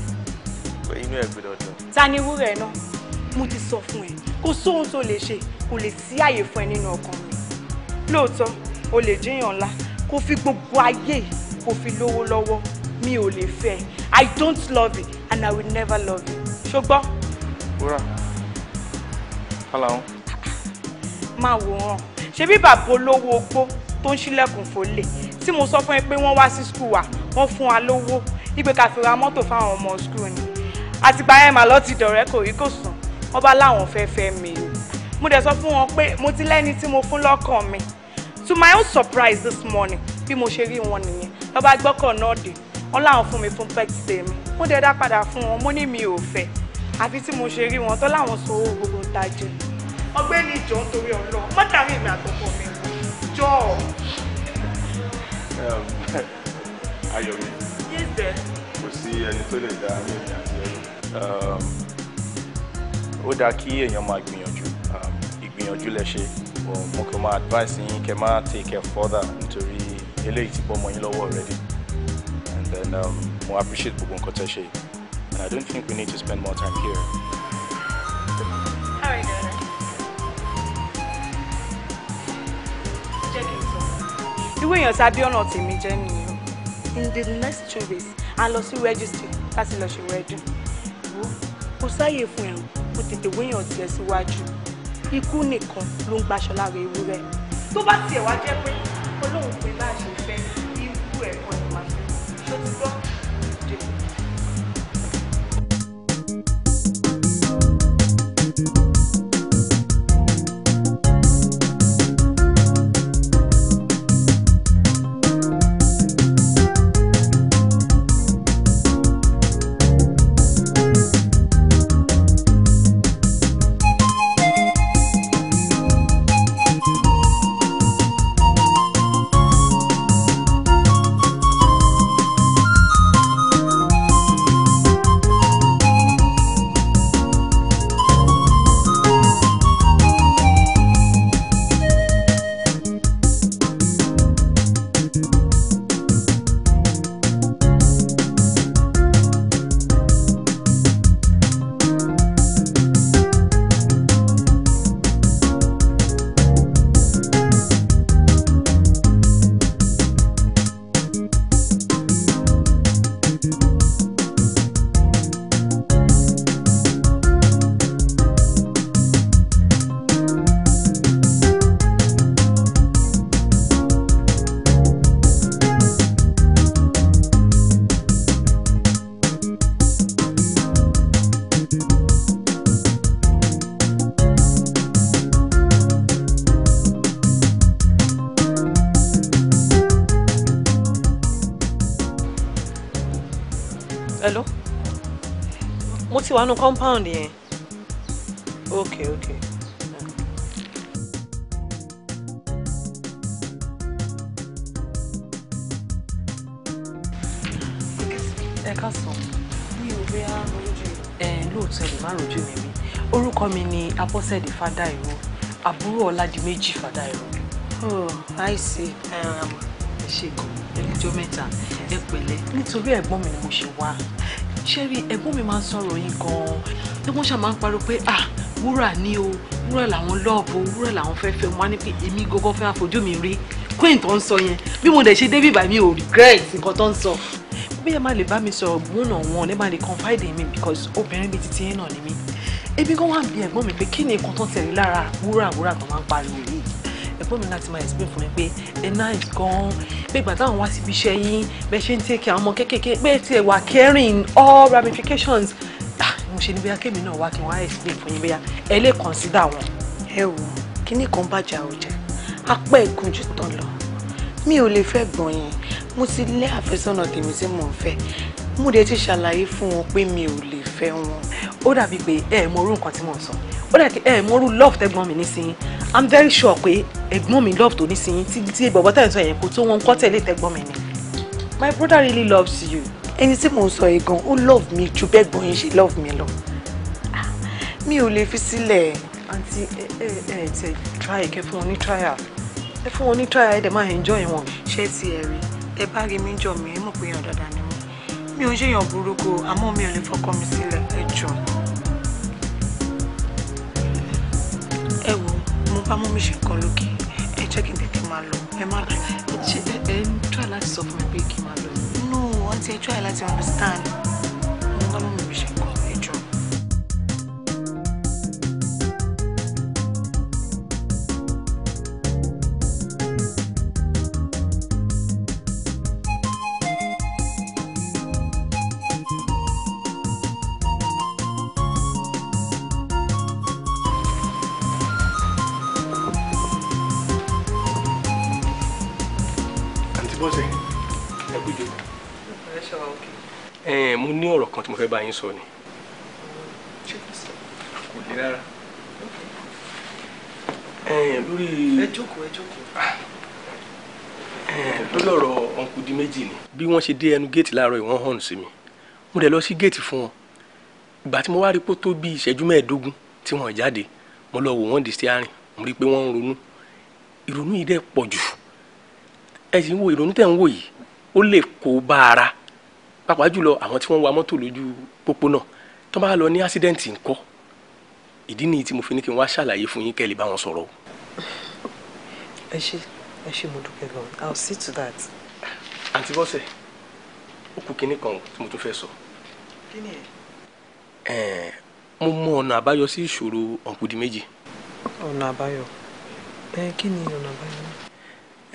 Inú ẹ̀ gbọ́dọ̀ dùn. Ta ni wúrà ẹ náà? mo ti sọ fún ẹ kò sóhun tó lè ṣe kò lè sí àyè fún ẹ nínú ọkàn mi lóòótọ́ o lè jíyàn ńlá kó fi gbogbo ayé kó fi lówó lọ́wọ́ mi ò lè fẹ́ i don't love you and i will never love you ṣùgbọ́n. wúrà aláwọn. máa wòran ṣebí bàbá olówó ogbó tó ń ṣílẹ̀kùn fòlè tí mo sọ fún ẹ pé wọ́n wá sí skul wa wọ́n fún wa lówó ìgbé ká fi mọ́tò fáwọn ọmọ skul ni àtìgbà yẹn mà lọ ti dọ̀rẹ́ kò rí kò sùn wọ́n bá láwọn fẹ́ fẹ́ mi mo dẹ̀ sọ fún wọn pé mo ti lẹ́ni tí mo fún lọ́kàn mi to my own surprise this morning bí mo ṣe rí wọn nìyẹn wọ́n bá gbọ́kàn náà dé wọ́n láwọn fún mi fún birthday mi mo dẹ̀ dá padà fún wọn mo ní mi ò fẹ́ àfi tí mo ṣe rí wọn tó láwọn sọ owó gbogbo ń tajẹ ọ̀gbẹ́ni ìjọ ń torí ọlọ mọdàrí èmi àtọkọ mi jọ. ayọ̀ mi kò sí ẹni tó lè dá ní ìrìn àti ẹ̀rọ ó dáa kí èèyàn máa gbìyànjú um, ìgbìyànjú lẹ ṣe mo kàn máa advice yín kẹ́ máa take it further nítorí eléyìí ti bọ́ ọmọ yín lọ́wọ́ already and then um, appreciate gbogbo nǹkan tẹ́ ṣe and I don't think we need to spend more time here. All right, Dada. Jẹ́ kí n sọ. Irú èèyàn tàbí ọ̀nà tèmi jẹ́ nìyẹn. In the next two weeks, a lọ sí registry láti lọ ṣe wedding. Kò sáàyè fún ẹ̀wọ̀n kó tètè wéyàn tiẹ̀ síwájú ikú nìkan ló ń gbaṣọ lára ewúrẹ́ tó bá tiẹ̀ wá jẹ́ pé olóhùn pé bá a ṣe fẹ́ irú ẹ̀kọ́ ni màá fi ti gbọ́. wà compound yẹn ok ok. ẹ ká sọ mi ò rí àrùn ojú ẹ lóòótọ́ ẹ lè má rojú mi rí orúkọ mi ni abọ́sẹ̀dé fàdáìró àbúrò ọ̀làdìmẹ́jì fàdáìró. oh i see ẹ ṣe gan ẹlẹ́jọ́ mẹ́ta ẹ pẹ̀lẹ́ nítorí ẹ̀gbọ́n mi ni mo ṣe wá ṣẹ́rí ẹ̀gbọ́n mi máa ń sọ̀rọ̀ yín gan-an bí wọ́n ṣàmà ń pariwo pé ah wúrà ni o wúrà làwọn lọ́ọ̀bù wúrà làwọn fẹ́ fẹ́ wọn á ní pé èmi gọ́gọ́ fẹ́ àfojú mi rí queen tó ń sọ yẹn bí mo dẹ̀ ṣe débì bá mi ò regret nǹkan tó ń sọ bí ẹ má lè bá mi sọ̀rọ̀ one on one ẹ má lè confide in me because obìnrin bíi titi yẹn náà ni mí ebi gan wà bí ẹ̀gbọ́n mi pé kí ni nǹkan tó tẹ̀lé lára wúrà wúrà tó máa ń pariwo yìí ẹ̀gbọ́n mi láti máa explain fún mi pé ẹ nice gan pé ìgbà táwọn wá síbi iṣẹ́ yín bẹ́ẹ̀ ṣe ń take àwọn ọmọ kéékèèké bẹ́ẹ̀ tiẹ̀ wà caring all ramifications ah, mo ṣe ní bóyá kémi náà wá kí wọ́n explain fún yín bóyá ẹ lè consider wọn. ẹ wò kíní kan bàjẹ́ àwòjẹ apá ẹ̀gùn jù tán lọ mi ò lè fẹ́ gbọ̀n yẹn mo ti lé àfẹ́sọ́nà tèmi tí mò ń fẹ́ mo dẹ̀ ti ṣàlàyé fún wọn pé mi ò lè fẹ́ wọn. ó dàbí pé ẹ mọ orú nǹkan tí mò ń ó dẹ̀ kí ẹ mo rú love tẹ́gbọ́n mi nísìnyí i'm very sure pé ẹ̀gbọ́n mi love tó nísìnyí tí tí bọ̀bọ̀ tẹ̀ ń sọ yẹn kò tó wọn kọ́ tẹ̀lé tẹ́gbọ́n mi ni my brother really loves you. ẹni tí mò ń sọ yìí gan ó love mi ju bẹ́ẹ̀ gbọ́n yín ṣe love mi lọ mi ò lè fi sílẹ̀. àǹtí ẹ ẹ ẹ tẹ try kẹ fún wọn ní trial ẹ fún wọn ní trial ẹ dẹ̀ máa enjoy wọn. ṣé ti ẹ rí ẹ bá rí mi jọ mi ẹ mọ̀ pé èèyàn dáadáa ni mi mi ò ń burúkú àmọ́ mi ò lè fọkàn mi sílẹ̀ ẹ jọ̀ọ́. sámú mi ṣe nǹkan lókè ẹ jẹ́ kí n tètè máa lọ ẹ má ẹ ń try láti sọ fún mi pé kí n máa lọ. no àǹtí ẹ try láti understand. ní ọ̀rọ̀ kan tí mo fẹ́ bá yín sọ ni. kò le rárá. lórí. ẹ jókòó ẹ jókòó. lórí ọ̀rọ̀ ọ̀nkùdí méjì ni. bí wọ́n ṣe dé ẹnu géètì láàárọ̀ yìí wọ́n hàn sí mi mo dẹ̀ lọ sí géètì fún wọn ìgbà tí mo wá rí pé tó bí ìṣẹ́jú mẹ́ẹ̀ẹ́dógún tí wọ́n jáde mo lọ wò wọ́n di stiarin mo rí i pé wọ́n ń ronú ìrònú yìí dẹ̀ pọ̀ jù ẹ wo ìrònú tẹ̀ ń wò yìí ó lè kó bá ara pàápàá jùlọ àwọn tí wọ́n wa mọ́tò lójú pópó náà tó bá lọ ní ásídẹ́ǹtì ńkọ́ ìdí nìyí tí mo fi ní kí n wá ṣàlàyé fún yín kẹ́ bá wọn sọ̀rọ̀ o. ẹ ṣe ẹ ṣe mo dúpẹ́ gan i will see to that. àǹtí bọ́sẹ̀ ó kú kinní kan tí mo tún fẹ́ sọ. kí ni ẹ. ẹ mo mọ ọ̀nà àbáyọ sí ìṣòro ọ̀nkùdí méjì. ọ̀nà àbáyọ ẹ kí ni ọ̀nà àbáyọ náà.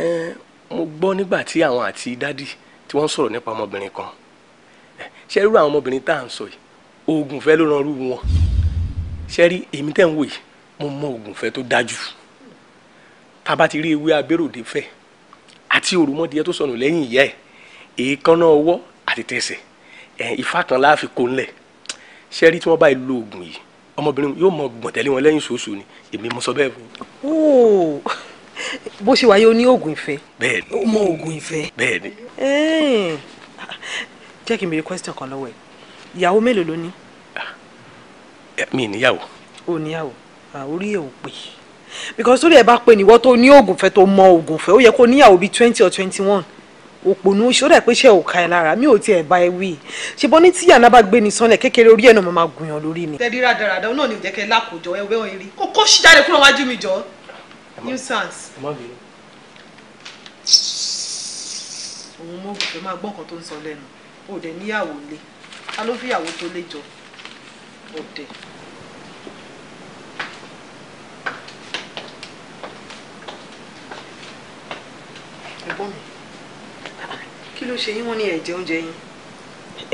ẹ mo gbọ́ nígbà tí àwọn àti dádì tí wọ́n sọ̀rọ̀ nípa ọmọbìnrin kan ṣe irú àwọn ọmọbìnrin tá à ń sọ yìí oògùn ìfẹ́ ló ran irú wọn ṣe rí èmi tẹ́ ń wò yìí mo mọ oògùn ìfẹ́ tó dájú tá a bá ti rí ewé abéròde fẹ́ àti òròmọdìyẹ tó sọnù lẹ́yìn ìyá ẹ̀ èékánná ọwọ́ àti tẹsẹ̀ ìfá kan la fi kó ńlẹ̀ ṣe rí tí wọ́n bá lo oògùn yìí ọmọbìnrin yóò mọ gbọ̀ntẹ́lé wọn lẹ́yìn ṣoṣo ni èmi mo sọ bẹ́ẹ̀ fún bó ṣe wáyé o ní oògùn ìfẹ́. bẹ́ẹ̀ni o mọ oògùn ìfẹ́. bẹ́ẹ̀ni jẹ́ kí n béèrè question kan lọ́wọ́ ẹ̀ ìyàwó mélòó ló ní. mi níyàwó. o níyàwó orí ẹ ò pè because orí ẹ bá pè níwọ tó ní oògùn fẹ́ tó mọ oògùn fẹ́ ó yẹ kó níyàwó bíi twenty or twenty one òpònú ṣé ó dà pé ṣe ò ka ẹ lára mi ò tiẹ̀ bá ẹ wí ṣe bọ́ ní tí yàrá bá gbé ní sanlẹ̀ kékeré orí ẹ̀ náà mo máa gùnyàn lórí ni. tẹ́lí rádaràdà náà ni ò jẹ́ kẹ́ lákòjọ ẹ wẹ́wọ̀n eré kó kó ṣì jáde kúrò wájú mi jọ nuisance. òun mo fẹ́ máa gbọ́ nǹkan tó ń sọ lẹ́nu o dẹ̀ níyàwó lé ta ló fìyàwó tó lé jọ ọ̀dẹ̀. ẹ̀gbọ́n mi kí ló ṣe yín wọ́n ní ẹ̀jẹ̀ oúnjẹ yín.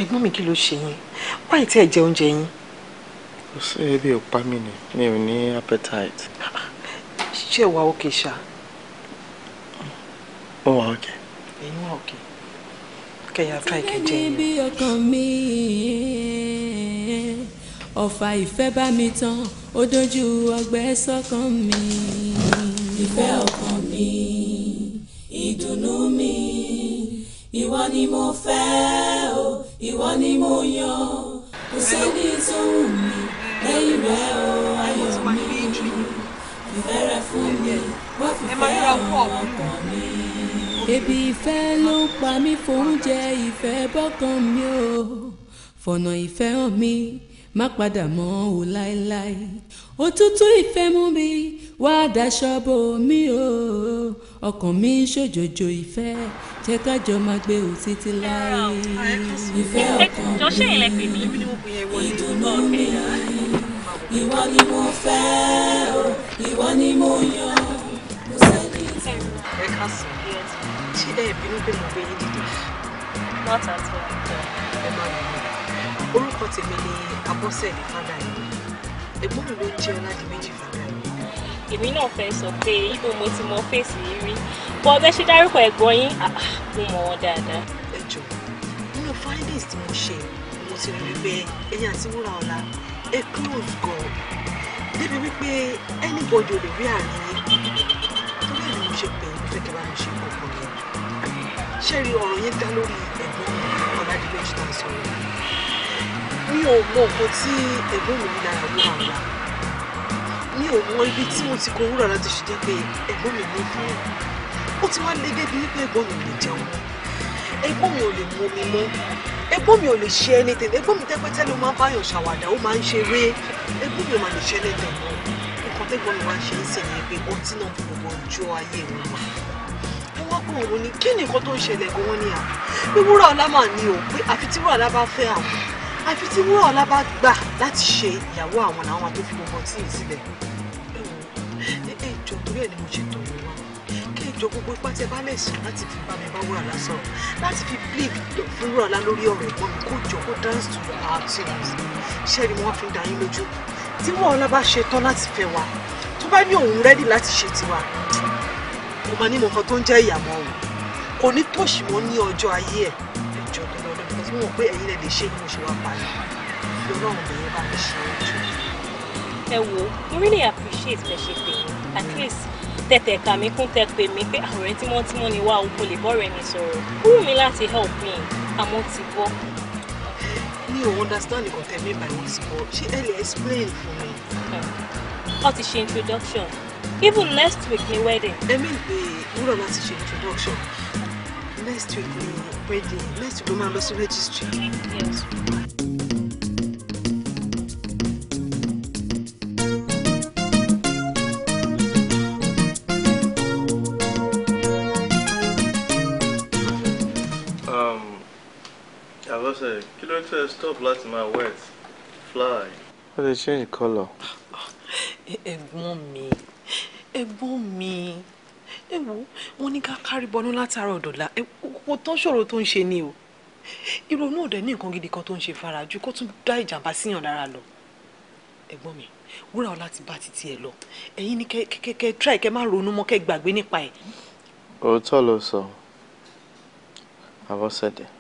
ẹ̀gbọ́n mi kí ló ṣe yín wáyé tí ẹ̀jẹ̀ oúnjẹ yín. kò sí ebi ò pa mí ni mi ò ní appetite. ṣé wàá òkè ṣá. ó wà òkè. ẹ̀yin wà òkè. Okay kẹyà tó àìkẹjẹ yìí. níbi ọkàn mi ọ̀fà ìfẹ́ bá mi tán ó dojú ọgbẹ́ sọ́kàn mi. ìfẹ́ ọkàn mi ìdùnnú mi ìwọ ni mo fẹ́ o ìwọ ni mo yàn kò sẹ́ni tó wù mí lẹ́yìn rẹ̀ o ayọ̀ mi ìfẹ́ rẹ̀ fún mi ebi ìfẹ́ ló ń pa mí fóúnjẹ ìfẹ́ bọ́kàn mi o fọ̀nà ìfẹ́ hàn mi má padà mọ́ o láéláé òtútù ìfẹ́ mú mi wá daṣọ bò mí o ọkàn mi ń ṣòjòjò ìfẹ́ jẹ́ kájọ máa gbé o títí láé ìfẹ́ ọkàn mi ìdùnnú mi ìwọ ni mo fẹ́ o ìwọ ni mo yàn mo sẹ́ni ṣé ẹ bínú pé mo gbé yín dìde. not at all. ẹ máa ń bọ̀ orúkọ tèmi ni abọ́sẹ̀lé fàdáyé ẹ̀gbọ́n mi ló ń jẹ́ ọládìméjì fàdáyé. èmi náà fẹ́ sọ pé ibo mo ti mọ fèsì yìí rí bọ́ ọbẹ̀ ṣe dárúkọ ẹ̀gbọ́n yín ah, ah, mo mọ̀ wọ́n dáadáa. ẹ jọ nínú findings tí mo ṣe mo ti rí wípé ẹ̀yin àti wúrà ọ̀la ẹ close gan débi wípé anybody ò lè rí àárín yín tó bẹ́ẹ̀ ni mo ṣe pè é mo fẹ́ kí wàá mi ṣe kọ̀ọ̀kan ṣé rí ọ̀rọ̀ yín dá lórí ẹ̀gbọ́n ọ̀làdìlẹ̀ ojú tá a sọ̀rọ̀ mi ò mọ nǹkan tí ẹ̀gbọ́n mi lára wúrà wúrà mi ò mọ ibi tí mo ti kó wúrà láti ṣe jẹ́ pé ẹ̀gbọ́n mi ní fún un ó ti wá lé débi wípé ẹ̀gbọ́n mi ò lè jẹun ẹ̀gbọ́n mi ò lè mú omi mọ́ ẹ̀gbọ́n mi ò lè ṣe anything ẹ̀gbọ́n mi tẹ́pẹ́tẹ́ ló máa ń báyọ̀ ṣàwàdà ó máa ń ṣeré ẹ̀gbọ́n mi ò máa lè ṣe anything mọ́ nǹkan tẹ́gbọ́n mi wá ṣe ń sìn pé ọtí náà fi gbogbo ọjọ́ ayé mi wá mò ń wo ni kí ni nǹkan tó ń ṣẹlẹ̀ gan-an ni à bí wúrà ọlá mà ní o pé àfi tí wúrà ọlá bá fẹ́ àwọn àfi tí wúrà ọlá bá gbà láti ṣe ìyàwó àwọn làwọn tó fi gbogbo tí ì sílẹ̀ ẹ jọ torí ẹ ni mo ṣe tọ̀ yín wá kẹ́ ẹ jọ gbogbo ipá tí ẹ bá lè sùn láti fi bá mi bá wúrà ọlá sọ̀rọ̀ láti fi bílíìfì fún wúrà ọlá lórí ọ̀rọ̀ ẹ̀gbọ́n mi kó jọ kó dance to our tunes ṣẹ́ni wọ́n fi ń da yín lójú tí wúrà ọlá bá ṣetán láti fẹ́ wa tó bá ní òun rẹ́dì láti ṣe tiwa kò máa nímọ̀ kan tó ń jẹ́ ìyàmọ̀ ọ̀hún kò ní tòṣì mọ́ ní ọjọ́ ayé ẹ̀ ẹ̀jọ̀ lọ́wọ́ lọ́dún tí mo pé ẹ̀yin lè lè ṣe bí mo ṣe wá parí fi ọlọ́run bẹ̀rẹ̀ bá mi ṣe ojú. ẹ wo mo really appreciate fẹ́ ṣe pé at least tẹ̀tẹ̀ kà mí kún tẹ pé mi pé àwòrán tímọ́tímọ́ ni wá oko lè bọ́ọ̀rẹ́ mi sọ̀rọ̀ kúrò mi láti help me àmọ́ ti bọ́. mi ò understand nǹkan tẹ̀mí by this ball ṣé ẹ lè explain fún mi. wọ́n ti ṣe introduction even next week my wedding. I mean, we pé have láti ṣe introduction next week my wedding next week my máa lọ registry. Yes. Àbọ̀sẹ̀ kí ló ń tẹ̀ stop letting my words fly. Wọ́n they change colour. Ẹ̀gbọ́n me. ẹ̀gbọ́n mi ẹ wo wọn ní ká kárí bọnú látara ọ̀dọ̀la kò tán ṣòro tó ń ṣe ni o ìrònú ọ̀dẹ̀ ní nǹkan gidi kan tó ń ṣe faraju kó tún dá ìjàmbá síyàn lára lọ ẹ̀gbọ́n mi wúrà ọ láti bá títí ẹ lọ ẹ̀yin ni kẹ́kẹ́kẹ́ try kẹ́ má ronú mọ́ kẹ́ gbàgbé nípa ẹ̀. òótọ́ ló sọ àbọ̀sẹ̀dẹ̀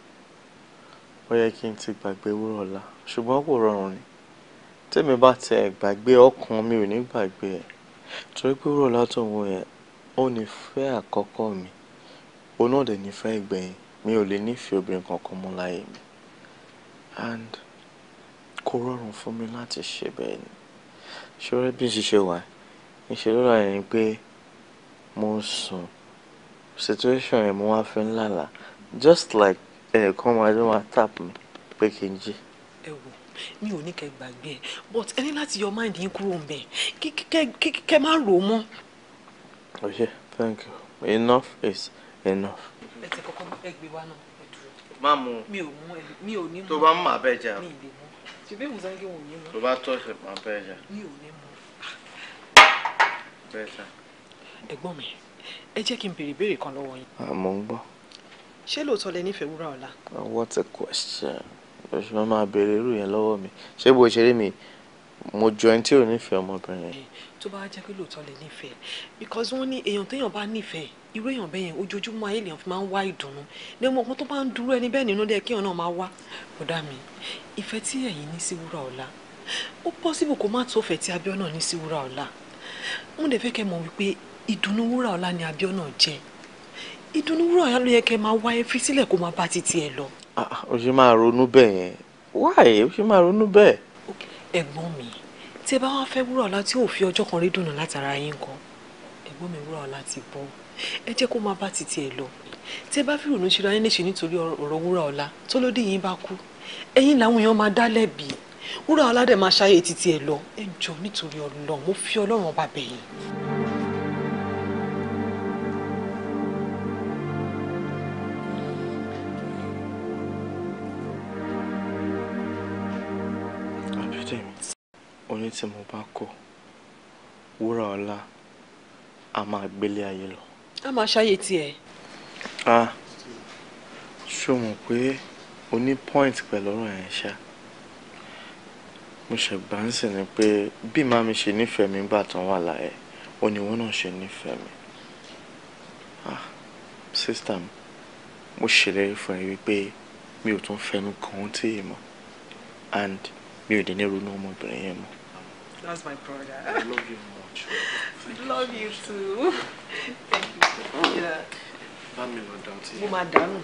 ó yẹ kí n ti gbàgbé wúrà ọ̀la ṣùgbọ́n kò rọrùn ni tèmi bá tẹ gbàgbé ọkàn mi ò ní gbàgbé ẹ̀ Torí pé ó rọ̀ látọ̀run yẹn, ó ní ìfẹ́ àkọ́kọ́ mi, òun náà dẹ̀ ní ìfẹ́ ìgbẹ̀yìn. Mi ò lè nífẹ̀ẹ́ obìnrin kankan mọ́ láyé mi. And kó rọrùn fún mi láti ṣe bẹ́ẹ̀ ni. Ṣé bí n ṣe wà? Níṣe ló dà bi pé mo ń sùn. Situation yẹn mo wá fi ń lálàá. Just like ẹnìkan máa dé máa tap mi pé kí n jí. Ẹ wò mi ò ní kẹ́ gbàgbé ẹ but ẹni láti yọ mind yín kúrò ńbẹ̀ kẹ́ má rò ó mọ́. ọ̀ṣẹ́ oh, thank you enough is enough. ẹ ti kọ́kọ́ ẹgbẹ́ wa náà ẹ dúró. má mu mi ò mú mi ò ní mu tó bá mú àbẹ́ jà mi ìlè mu ṣe bí musa ń gé òun yín mu. tó bá tọ́ ṣe má bẹ́ jà mi ò ní mu. ẹ̀gbọ́n mi ẹ jẹ́ kí n béèrè ìbéèrè kan lọ́wọ́ yín. àmọ́ ń gbọ́. ṣé lóòótọ́ lẹ nífẹ̀ẹ́ wúrà ọ̀la. Uh, what a question oṣù náà máa béèrè irú yẹn lọ́wọ́ mi ṣé bó ṣe rí mi mo jọ ẹni tí ò nífẹ̀ẹ́ ọmọbìnrin yẹn. tó bá jẹ́ pé lóòótọ́ lè nífẹ̀ẹ́ because wọ́n ní èèyàn téèyàn bá nífẹ̀ẹ́ irú èèyàn bẹ́ẹ̀ yẹn ojoojúmọ́ ayé lèèyàn fi máa ń wá ìdùnnú ní ọmọ kan tó bá ń dúró ẹni bẹ́ẹ̀ nínú dẹ́ kéèyàn náà máa wá ọ̀dà mi ìfẹ́ tí ẹ̀yin ní sí wúrà ọ̀la ó possible kó má tó fẹ́ tí Abíọ́nà ní sí wúrà ọ̀la mo dẹ̀ fẹ́ kẹ́ mọ̀ wípé ìdùnnú wúrà ọ̀la ni Abíọ́nà jẹ́ ìdùnnú wúrà ọ̀la ló yẹ kẹ́ máa wá ẹ fi sílẹ̀ kó máa bá titi ẹ lọ. Ah, ah, o ṣe máa ronú bẹ́ẹ̀ yẹn wáyé o ṣe máa ronú bẹ́ẹ̀. ẹ̀gbọ́n mi tí ẹ bá wá fẹ́ wúrà ọ̀la tí ò fi ọjọ́ kan rí dùnú látara yín kan ẹ̀gbọ́n mi wúrà ọ̀la ti bọ́ ẹ jẹ́ kó máa bá títí ẹ̀ lọ tí ẹ bá fi rònú ṣíra yín léṣe nítorí ọ̀rọ̀ wúrà ọ̀la tó ló dé yín bá kú ẹ̀yin làwọn èèyàn máa dá lẹ́bi wúrà ọ̀la dẹ̀ máa ṣayé títí ẹ̀ mo fi Ọlọ́run mi tí mo bá kọ̀ wúrà ọlá a máa gbélé ayé lọ. a máa ṣàyè tiẹ̀. a ṣó mọ̀ pé o ní point pẹ̀lú ọ̀rọ̀ yẹn ṣá mo ṣẹ̀gbá ń sìn ni pé bí màmí ṣe nífẹ̀ẹ́ mi gbà tán wà láyé ó ní wọn náà ṣe nífẹ̀ẹ́ mi ah mo ṣèlérí fún ẹ wípé mi ò tún fẹnu kàn án tí ì mọ̀ and mi ò dé ní ronú ọmọbìnrin yẹn mọ́. That's my brother. I love you much. Thank love you, so you too. Thank you. Oh. Yeah. Bámi lọ dá ọtí. you máa dànù.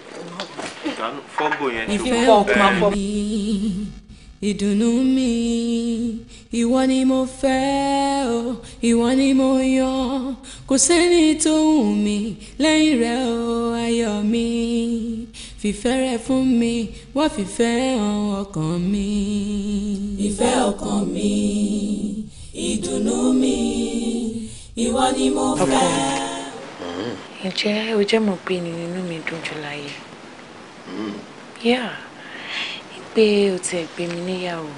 Dànù fọ́gbò yẹn ṣùgbọ́n. Ìfẹ́ ọkàn mi, ìdùnnú mi, ìwọ ni mo fẹ́ o, ìwọ ni mo yan, kò sẹ́ni tó wù mí lẹ́yìn rẹ̀ o, ayọ̀ mi fìfẹ́ rẹ fún mi wá fìfẹ́ hàn ọkàn mi. ìfẹ́ ọkàn mi ìdùnnú mi ìwọ ni mo fẹ́. ǹjẹ́ o jẹ́ mọ̀ pé ni inú mi dùn jù láyé? yá pé o ti ẹ̀ gbé mi níyàwó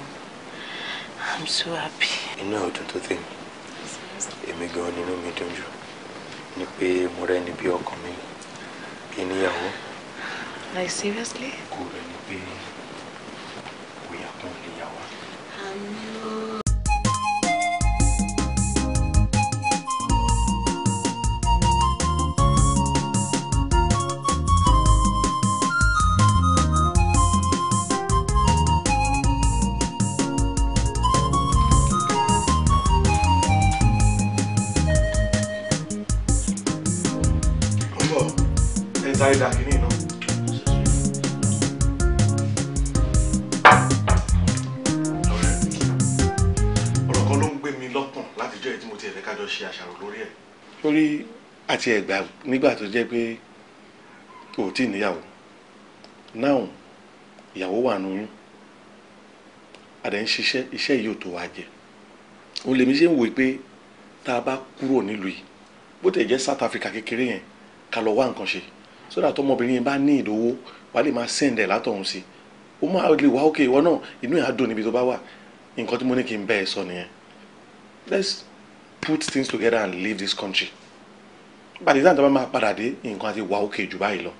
i'm so happy. inú ẹ̀ ò dùn tó tèmi èmi gan-an nínú mi dùn jù ni pé mo rẹ́ni bí ọkàn mi bí níyàwó like seriously. kò rẹ̀ ni pé kò yà kán àti ẹ̀gbà nígbà tó jẹ́ pé kò tí ì níyàwó náà ìyàwó wà lóyún àdẹ̀ ń ṣiṣẹ́ iṣẹ́ yìí ò tó wá jẹ òun lèmi ṣe ń wòye pé tá a bá kúrò nílùú yìí bó tẹ̀ jẹ́ South Africa kékeré yẹn ká lọ wá nǹkan ṣe sódà tọmọbìnrin yẹn bá ní ìdówó wà á lè máa sẹ́ǹdẹ̀ látọ̀hún sí i ó máa lè wá òkè ìwọ náà inú yẹn á dùn níbi tó bá wà nǹkan tí mo ní kí n bẹ́ẹ̀ sọ nìyẹn let's put things together and leave this country pàtí sáà tó bá máa padà dé nǹkan àti wà òkè jù báyìí lọ.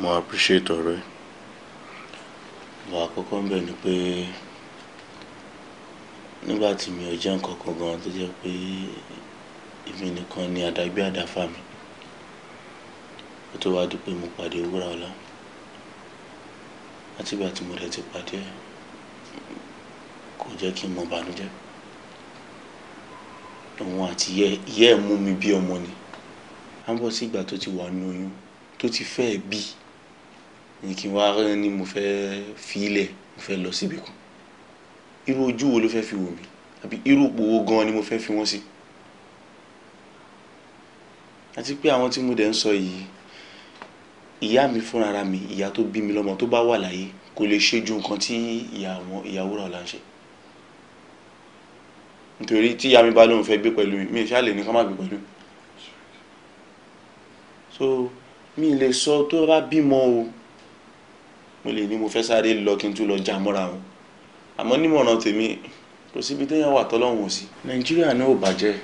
mo appreciate ọ̀rọ̀ ẹ wà àkọ́kọ́ ń bẹ̀ ni pé nígbà tí mi ò jẹ́ nǹkan kan gan tó jẹ́ pé èmi nìkan ni àdágbé àdáfà mi ó tó wáá di mo pàdé wúrà ọlá látìgbà tí mo rẹ̀ ti pàdé kò jẹ́ kí n mọ bànújẹ́ lòun àti ìyá ẹ̀ mú mi bí ọmọ ni à ń bọ̀ sí ìgbà tó ti wà ní oyún tó ti fẹ́ bí ni kí n wá ní mo fẹ́ fi ilẹ̀ mo fẹ́ lọ síbi kan irú ojú wo ló fẹ́ fi wò mí àbí irú òpòwò gan ni mo fẹ́ fi wọ́n sí àti pé àwọn tí mo dẹ̀ ń sọ yìí ìyá mi fúnra mi ìyá tó bí mi lọ́mọ tó bá wà láyé kò lè ṣe ju nǹkan tí ìyàwó rà ọ̀la ń ṣe nítorí tí ìyá mi bá lóun fẹ́ gbé pẹ̀lú mi ìṣá lè ní ká má gbé pẹ̀lú so mi lè sọ tó bá bímọ o mo lè ní mo fẹ́ sáré lọ kí n tún lọ já o àmọ́ nímọ̀ràn tèmi kò síbi téèyàn wà tọ́lọ́hún ò sí. nàìjíríà náà ò bàjẹ́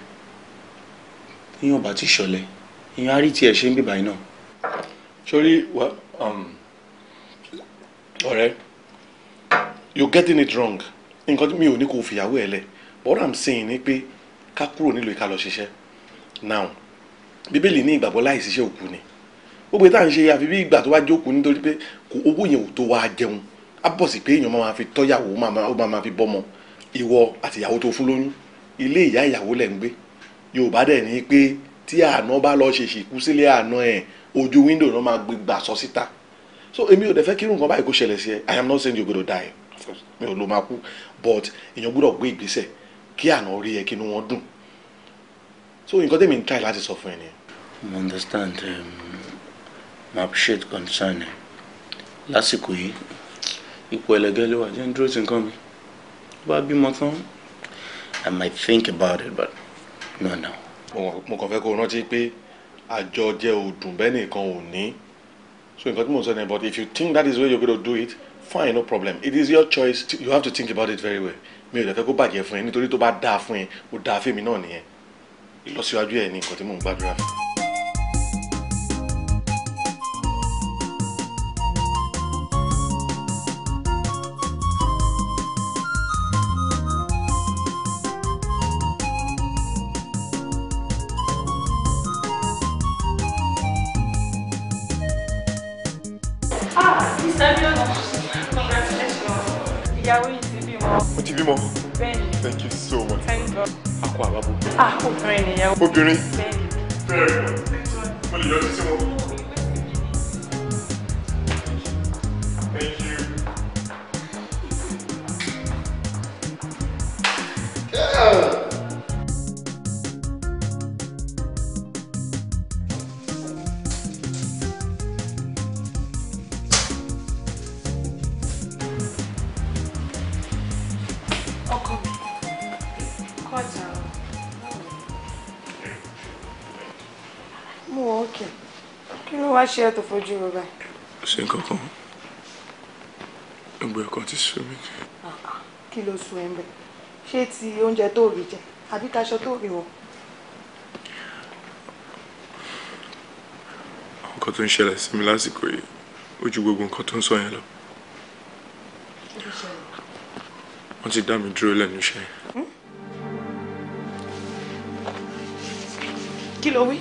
téèyàn bá ti ṣọ̀lẹ̀ èèyàn á rí tiẹ̀ ṣe ń bíbá iná. sori wa um, ọ̀rẹ́ you're getting it wrong nǹkan mi ò ní kó fìyàwó ẹ lẹ̀ but what i'm saying ni pé ká kúrò nílùú ká lọ ṣiṣẹ́ now bíbélì ní ìgbàgbọ́ láì ṣiṣẹ́ òkú ni gbogbo ìta à ń ṣe àfi bí ìgbà tó wá jókòó nítorí pé owó yẹn ò tó wá jẹun á bọ̀ sí pé èèyàn máa fi tọ́yàwó ó máa fi bọ́mọ ìwọ àti ìyàwó tó fún lóyún ilé ìyá ìyàwó lẹ̀ ń gbé yorùbá dẹ̀ ní pé tí àná bá lọ ṣèṣì kú sílé àná ẹ̀ ojú wíńdò náà máa gbé gbà sọ síta so èmi ò dẹ̀ fẹ́ kírun nǹkan báyìí kó ṣẹlẹ̀ sí ẹ i am not saying you go to die mi ò lo máa kú but èèyàn gbúdọ̀ gbé ìgbésẹ̀ kí àná rí ẹ kí wọn dùn so nǹkan tẹ̀mí ń try láti sọ fún ẹ ni. mo understand um, my appreciate concern ẹ lásìkò yìí ipò ẹlẹgẹ́ ló wà jẹ́ ń dúró ti nǹkan mi tó bá bímọ tán I might think about it but no no. mo kàn fẹ́ kó o rántí pé àjọ jẹ́ òdùn bẹ́ẹ̀ nìkan ò ní so nǹkan tí mo sọ ni but if you think that is the way you're gonna do it fine no problem it is your choice you have to think about it very well mi ò dẹ̀fẹ́ kó bàjẹ́ fún ẹ nítorí tó bá dáa fún ẹ ó dáa fẹ́mi náà nìyẹn ìlọsíwájú ẹ ní nǹkan tí mò ń gbàdúrà fún. o ti bímọ. bẹ́ẹ̀ni thank you so much. thank God. a kó àbábọ̀. a ah, kò fẹ́ ènìyàn. obìnrin. bẹ́ẹ̀ni. bẹ́ẹ̀ni mo lè yọjú sí wọn. wá ṣe ẹ tó fojú rẹ báyìí. ṣe nǹkan kan gbogbo ẹ̀kọ́ ti sú mi. Ah, kí ló sú ẹ ń bẹ ṣé ti oúnjẹ tó rí jẹ àbí taṣọ tó rí wọ̀. àwọn kan tó ń ṣẹlẹ̀ sí mi lásìkò yìí ojú gbogbo nǹkan tó ń sọ yẹn lọ. wọ́n ti dá mi dúró lẹ́nu iṣẹ́. Hmm? kí ló wí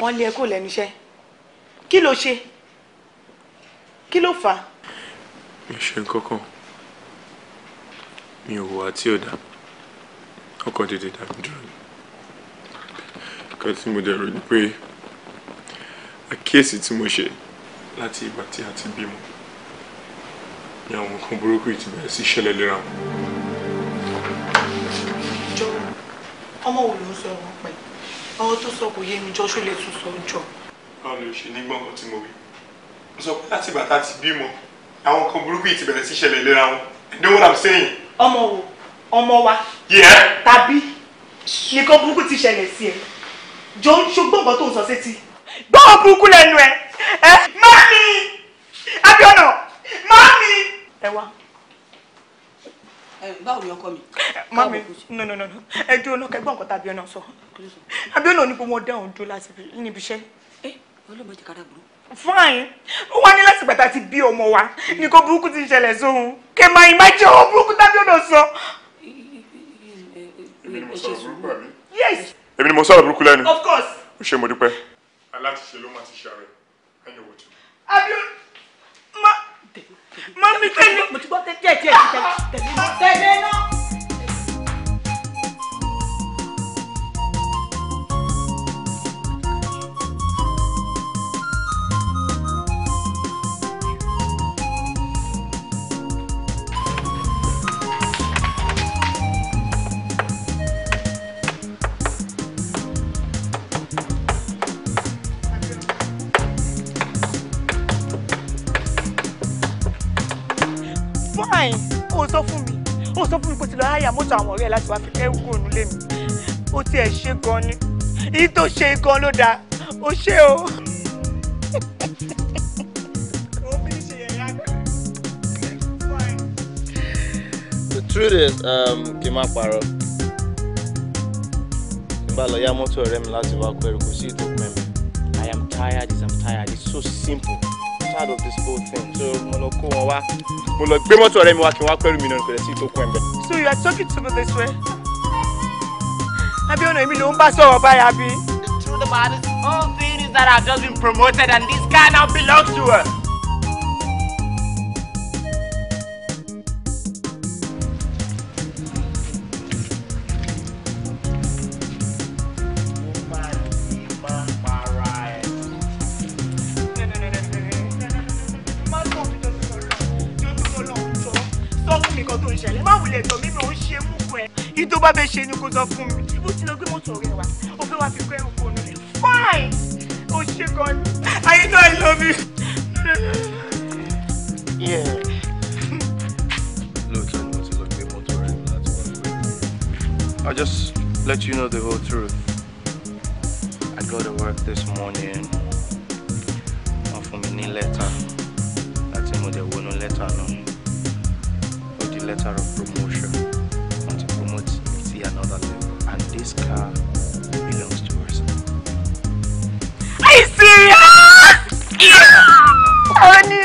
wọ́n lé ẹ kó lẹ́nu iṣẹ́ kí ló ṣe kí ló fà á. mi ò ṣe nǹkan kan mi ò wà tí ò dá ọkọ̀ dìde dá mi dúró ni nǹkan tí mo dẹ̀rù ni pé àkíyèsí tí mo ṣe láti ìgbà tí a ti bímọ ni àwọn nǹkan burúkú yìí ti bẹ̀rẹ̀ sí ṣẹlẹ̀ léra wọn. ọmọ wo ló ń sọ ọmọ pẹ̀lú ọ̀rọ̀ tó sọ kò yé mi jọ́ṣọ́ lè tún sọ jọ. báwo ló ṣe ní gbọ̀ngàn tí mo wí mo sọ pé láti bàtà ti bímọ àwọn nǹkan burúkú yìí ti bẹ̀rẹ̀ sí ṣẹlẹ̀ lera wọn you know what I'm saying. ọmọ wo ọmọ wa. yẹ. tàbí nǹkan burúkú ti ṣẹlẹ̀ sí ẹ jọ ń ṣogbọ́n nǹkan tó ń sọ sétí. gbọ́n burúkú lẹ́nu ẹ ẹ máa mi Abíọ́nà máa mi. ẹ wá báwo ni ọkọ mi. mami no no no ẹ dúró náà kẹgbọn nǹkan tàbí ọ̀nà sọ Abíọ́nà ní pé wọ́n dá òun dúró láti níbi iṣẹ́. ẹ ọlọ́mọ jẹ kára burú. fine ó wá ní láti gbàtà ti bí ọmọ wa ní kó burúkú ti ṣẹlẹ̀ sóhun kẹ máa ìmá jẹ́ ọ burúkú tàbí ọ̀nà sọ. èmi ni mo sọ̀rọ̀ burúkú àbí. yes. èmi ni mo sọ̀rọ̀ burúkú lẹ́nu. of course. ó ṣe mo dúpẹ́. aláti ṣe ló máa ti ṣàrẹ̀ ẹ̀yìn òwò tó. Abíọ́nà mami tẹ̀lé. mo ti gbọ́ tẹ́lẹ̀ tẹ́lẹ̀ tẹ́lẹ̀ tẹ́lẹ̀ náà. sọ fún mi ó sọ fún mi pé ti lọ háyà mọ́tò àwọn ọ̀rẹ́ láti wá fi kẹ́rù kúrò nílé mi ó tiẹ̀ ṣe gan ni èyí tó ṣe gan ló dáa ó ṣe o. the truth is um, kì í má parọ́ nígbà lọ yá mọ́tò ọ̀rẹ́ mi láti wá kẹ́rù sí ìtòkùn ẹ̀mí I am tired I am tired it's so simple tired of this whole thing so mo lọ kó wọn wá mo lọ gbé mọ́tò ọ̀rẹ́ mi wá kí n wá pẹ̀lú so you are talking to me this way Have you èmi ló ń bá sọ̀rọ̀ báyìí abi. the truth about this whole thing is that I've just been promoted and this guy now belongs to her. ṣẹlẹ̀ tọ̀ mímọ̀ ó ṣe mú kù ẹ̀ yìí bá bẹ́ẹ̀ ṣe ni kò sọ fún mi. ibo ti lọ gbé mọ́tò ọ̀rẹ́ wa ó fẹ́ wá fi kọ́ ẹ̀rù fóònù rẹ̀ fine ó ṣe gan ni ayé náà I love you. yeah. I just let you know the whole truth. I go to work this morning. Wọ́n fún mi ní lẹ́tà láti mú de wọnú lẹ́tà náà letter of promotion and to promote me to another level. And this car belongs to us. Are you serious? Yeah!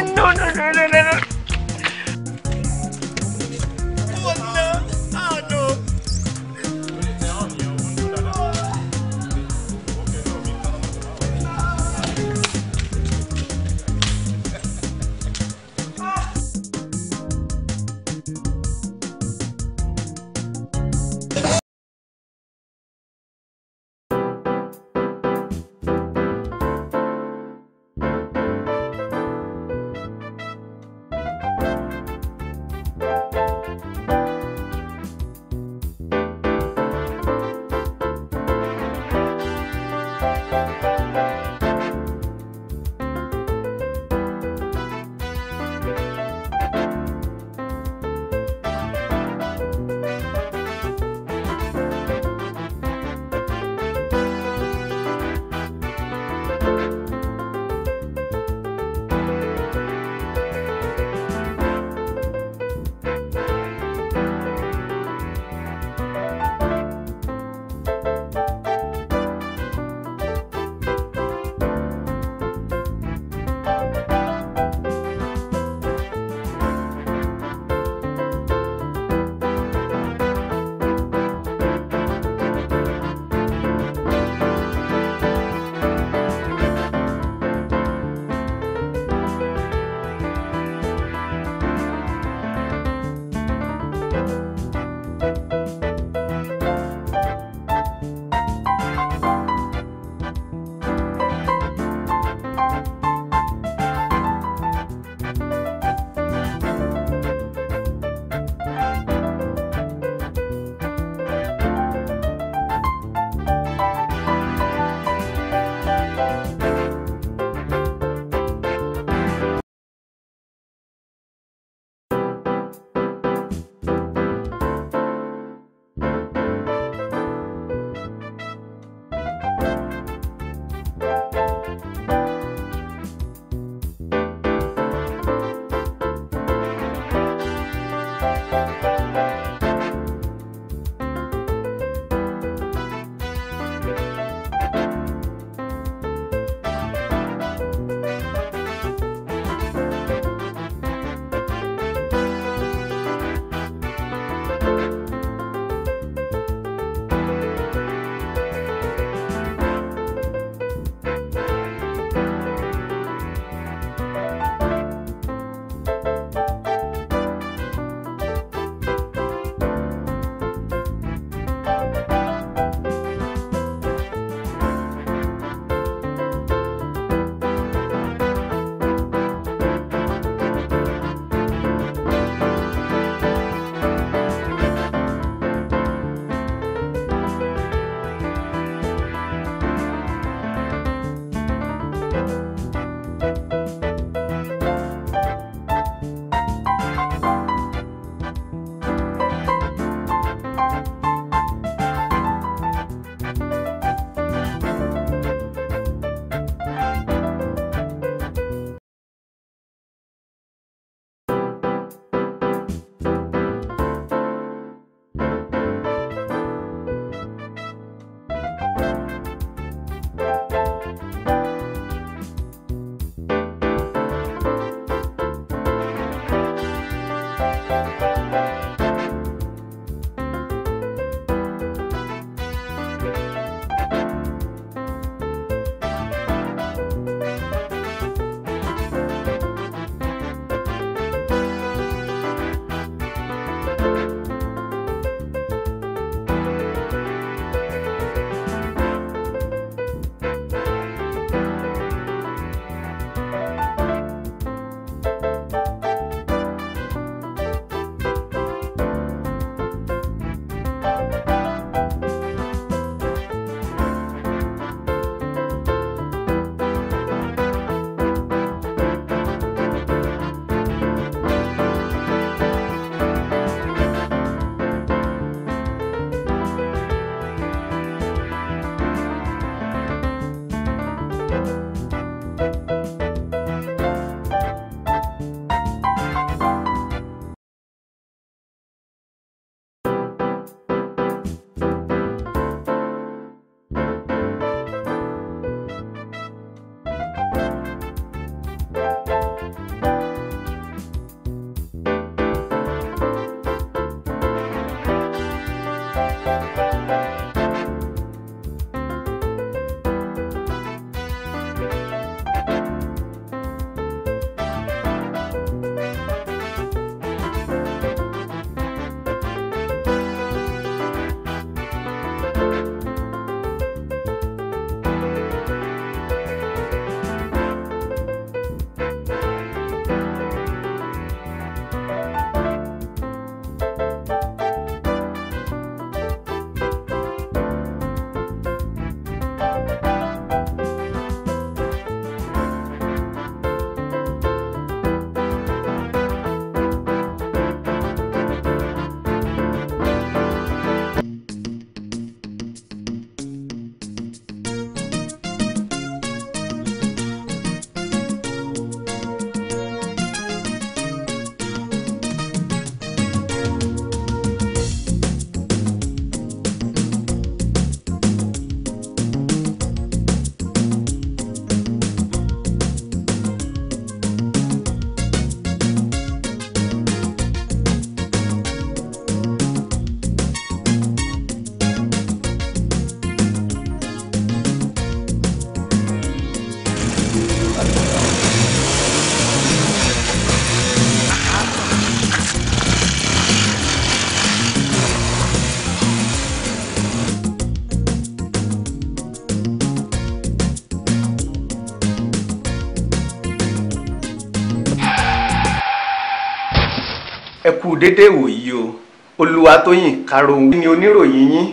dédé wòyí o Olúwatóyìn Karohun ni oníròyìn yín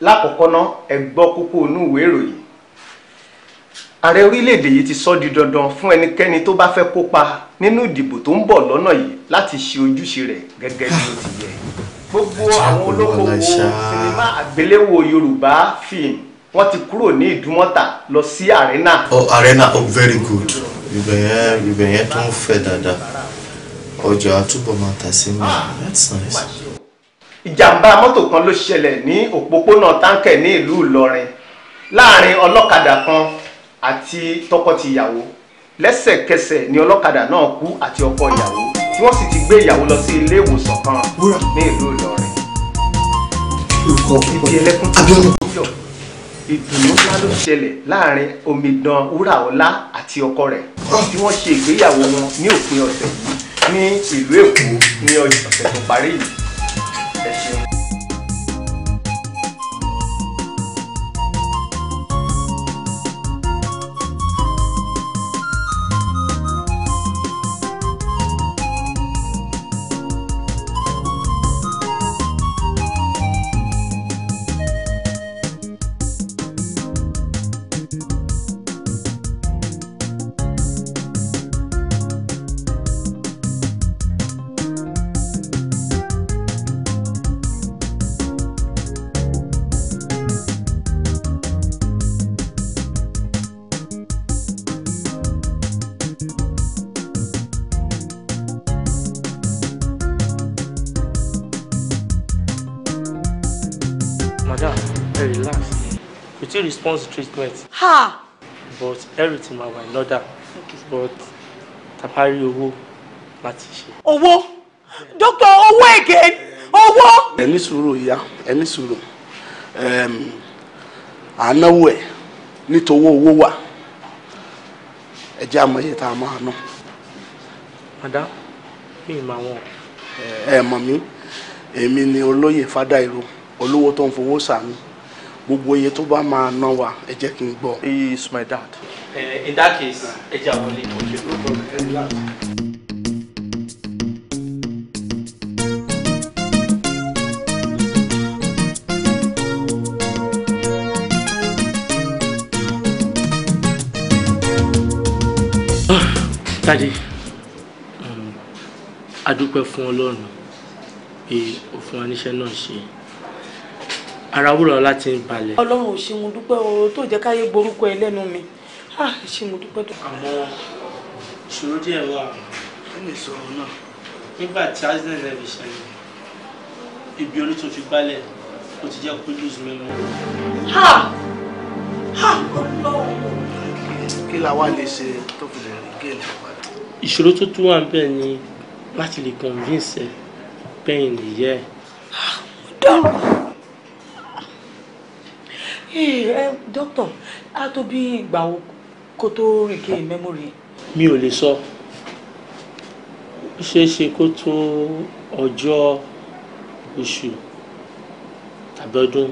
lákọ̀ọ́kọ́ ná ẹ gbọ́ kókó inú ìwé ìròyìn ààrẹ orílẹ̀-èdè yìí ti sọ di dandan fún ẹnikẹ́ni tó bá fẹ́ kópa nínú ìdìbò tó ń bọ̀ lọ́nà yìí láti ṣe ojúṣe rẹ̀ gẹ́gẹ́ bí ó ti yẹ gbogbo àwọn olókòwò sinimá àgbéléwò Yorùbá fíìmù wọ́n ti kúrò ní ìdúmọ́ta lọ sí arena. oh arena oh very good ibẹ̀ yẹn ibẹ̀ yẹn tó ń fẹ́ dáadáa ọjà àtúbọ̀ máa tà sí mi ah. that's nice. ìjàmbá mọ́tò kan ló ṣẹlẹ̀ ní òpópónà táǹkẹ̀ ní ìlú ìlọrin láàrin ọlọ́kadà kan àti tọkọ-tìyàwó lẹ́sẹ̀kẹsẹ̀ ni ọlọ́kadà náà kú àti ọkọ ìyàwó tí wọ́n sì ti gbé ìyàwó lọ sí ilé ìwòsàn kan ní ìlú ìlọrin. ibi ẹlẹ́kùn tó ń yọ ìdùnnú ńlá ló ṣẹlẹ̀ láàrin omidan wúràọlá àti ọkọ rẹ̀ ah. tí wọ́n ṣe ìgbéyàwó wọn ní òpin ọ̀sẹ̀ yìí ní ìlú Èkó ní ọ̀sẹ̀ tó parí yìí ẹ ṣeun. still responds to treatment. Ha! But everything ma wà not order. Okay. But tapari owó láti ṣe. Owó? Doctor, owó again? Owó? Ẹ ní sùúrù ìyá, ẹ ní sùúrù. Ànáwó ẹ̀ nítorí owó wà. Ẹ jẹ́ àmọ̀yẹ tá a máa ná. Madam, mi ì máa wọ̀n. Ẹ mọ̀ mí, èmi ni olóyè Fádàìró, olówó tó ń fowó ṣàánú gbogbo iye tó bá máa ná wa ẹ jẹ́ kí n gbọ́. he is my dad. Uh, in that case ẹ jẹ́ àwọn ilé ìtọ́jú. Tade, um, a dúpẹ́ fún Ọlọ́run pé ó fún wa níṣẹ́ náà ṣe ara wúrọ̀ láti ń balẹ̀. ọlọ́run ò ṣe mo dúpẹ́ o tó jẹ́ káyé gborúkọ ẹ lẹ́nu mi ah ṣe mo dúpẹ́ tó. àmọ́ ìṣòro díẹ̀ wà nínú ìṣòro náà nígbà tí accident rẹ̀ fi ṣẹlẹ̀ ibi orí tó fi gbálẹ̀ ó ti jẹ́ kó lose memory. ha ha ọlọ́run. kí la wá lè ṣe tó fi lè rí géèlì padà. ìṣòro tó tún wà ń bẹ̀ ni láti lè convince ẹ bẹ́ẹ̀ nìyẹn. mo dárò. Eh, dókítà á tó bí ìgbà wo kó tó regain memory. mi ò lè sọ ó ṣeé ṣe kó tó ọjọ́ oṣù tàbí ọdún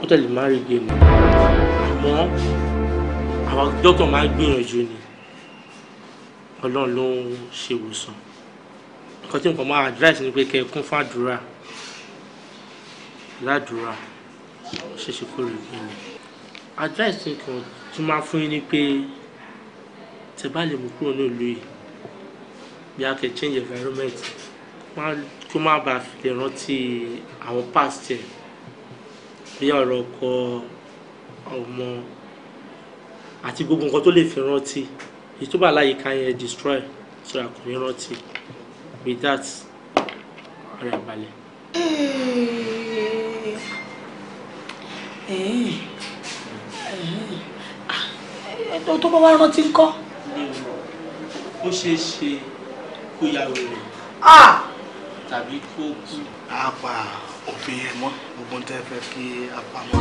ó tẹ̀lé má regain mọ́ àmọ́ àwọn dókítà máa ń gbìyànjú ni ọlọ́run ló ń ṣe ìwòsàn nǹkan tí nǹkan máa advice ni pé kẹ́ kún fún àdúrà ládùúrà ṣe ṣe kó rí i ni advice kan tó máa fún yín ni pé tẹ bá lè mú kúrò ní ìlú yìí bí a kẹ change environment kó má bàa fi lè rántí àwọn past yẹn bí ọ̀rọ̀ ọkọ ọmọ àti gbogbo nǹkan tó lè fi rántí èyí tó bá láyìíká yẹn destroy so that kò ní rántí with that ara balẹ̀. ẹ̀ẹ́n tó bá wá rántí ńkọ́. ó ṣeé ṣe kó ya wèrè tàbí kó kú. a pa òfin yẹn mọ́ gbogbo tẹ́ fẹ́ kí a pa mọ́.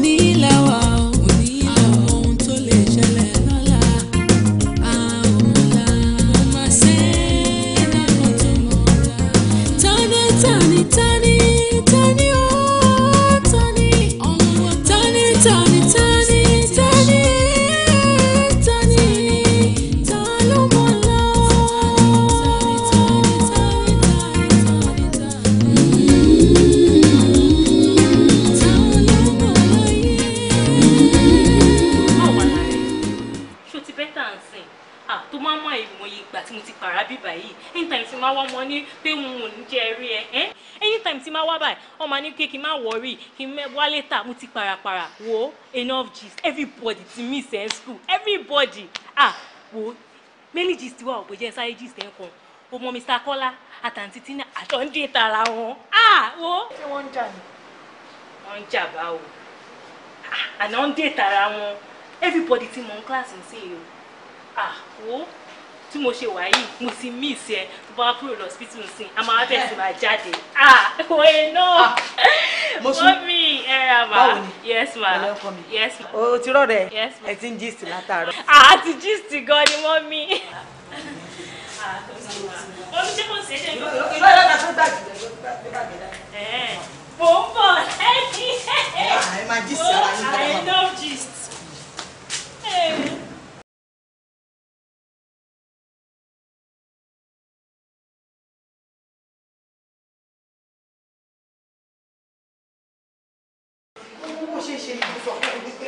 nílẹ̀ wá. àpàrà wo enough gist everybody ti miss ẹ̀ school everybody ah wo many gist wà òpè jẹ́ sáré gist ẹ̀ kan o mọ Mr. Kọ́lá àtàǹtí tí náà àtọ̀ ń dé tara wọn ah wo. ṣé wọ́n ń jà ní. wọ́n ń jà báwo ah, àná ń dé tara wọn everybody ti mọ̀ ń kíláàsì ń sè é o ah wo tí mo ṣe wà yìí mo ti miss ẹ tó bá kúrò lọ hospital nsìn a máa bẹ̀rẹ̀ sí máa jáde ah òye náà mọ́mí ẹ ra ma yes ma yes ma. o ti rọrẹ ẹ ti ń gist látàárọ̀. a ti gist gan ni mọ́mí. mọ́mí ṣé kò sí ṣe ń bọ̀. mo ń bọ̀ ẹ ní. I love gist. ó ṣe é ṣe kó sọ fún mi pé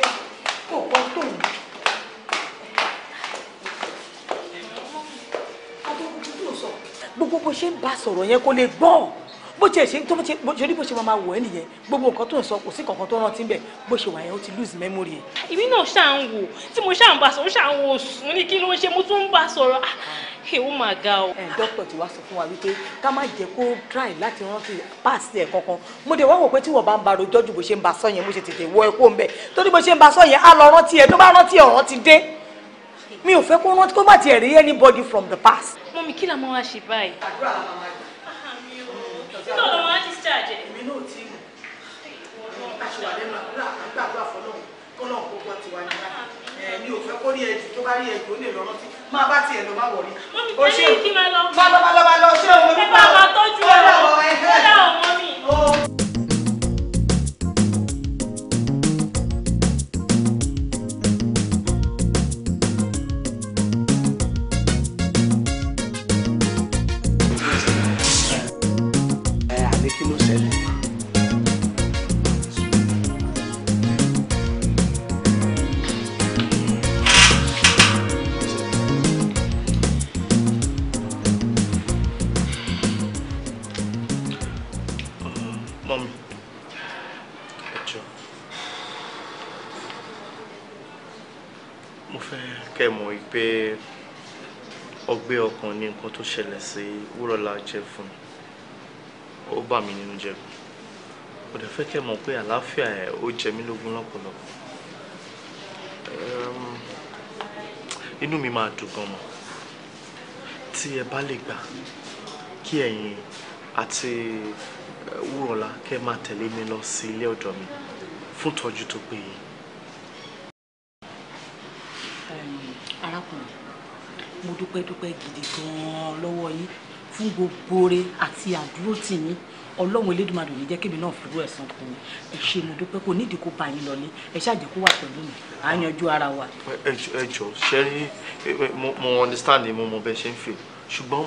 kò gbọ́ tó ń. gbogbo bó ṣe ń bá sọ̀rọ̀ yẹn kó lè gbọ́n bó tiẹ̀ ṣe tó bó ṣe rí bó ṣe máa wọ̀ ẹ́ nìyẹn gbogbo nǹkan tó ń sọ kò sí kankan tó rántí bẹ̀ bó ṣe wà yẹn ó ti lose memory ẹ̀. èmi náà ṣáà ń wò tí mo ṣáà ń bá sọ̀rọ̀ ṣáà ń wò sùn ní kí ló ń ṣe mo tún ń bá sọ̀rọ̀ èwo ah, máa ga o. ẹ dókítà ti wá sọ fún wa wípé ká má jẹ kó try láti rántí past ẹ kankan mo dé wá wò pé tí wọn bá ń ba rojọ́ ju bó ṣe ń ba sọ yẹn mo ṣe tètè wọ ẹkọ ń bẹ torí bó ṣe ń ba sọ yẹn á lọ rántí ẹ tó bá rántí ọ̀rọ̀ ti dé mi ò fẹ́ kó rántí kó má tiẹ̀ rí anybody from the past. mọ́mí kí làwọn wá ṣe báyìí. àdúrà làwọn máa tí ọ̀nà wọn á ti ṣàjẹ́. èmi náà ti mọ̀ aṣèwà lẹ́nu àkúrà àgbàgbà fọlọ́run kọ́lọ́run kó gbọ́ tiwa ní báyìí mi ò fẹ́ kó rí ẹ̀jù tó bá rí ẹ̀jù ó lè lọ rántí máa bá tiẹ̀ lọ má wọ̀rí. mọ́mí tẹ́lẹ̀ kí máa lọ. má lọ má lọ má lọ ṣé òun ló ń bá ọ kan ní nǹkan tó ṣẹlẹ̀ sí Wúrọ̀lá Jẹfun ó bà mí nínú jẹ́ kò dẹ̀ fẹ́ kẹ́ mọ̀ pé àlàáfíà ẹ̀ ó jẹ mí lógún lọ́pọ̀lọpọ̀ inú mi máa dùn gan mọ́ tí ẹ bá lè gbà kí ẹ̀yin àti Wúrọ̀lá kẹ́ máa tẹ̀lé mi lọ sí ilé ọ̀dọ̀ mi fún ìtọ́jú tó péye. arákùnrin mo dúpẹ́ dúpẹ́ gidi gan-an lọ́wọ́ yín fún gbogbo ore àti àdúró tì yín ọlọ́run elédùnmadò ní jẹ́ kébì náà fi rú ẹ̀sán kù ní ẹ ṣe mo dúpẹ́ kò nídìí kó ba yín lọlé ẹ ṣáàjẹ́ kó wà pẹ̀lú mi à ń yanjú ara wa. ẹ jọ ṣe rí mo understand mo mọ bẹ ṣe ń fè ṣùgbọ́n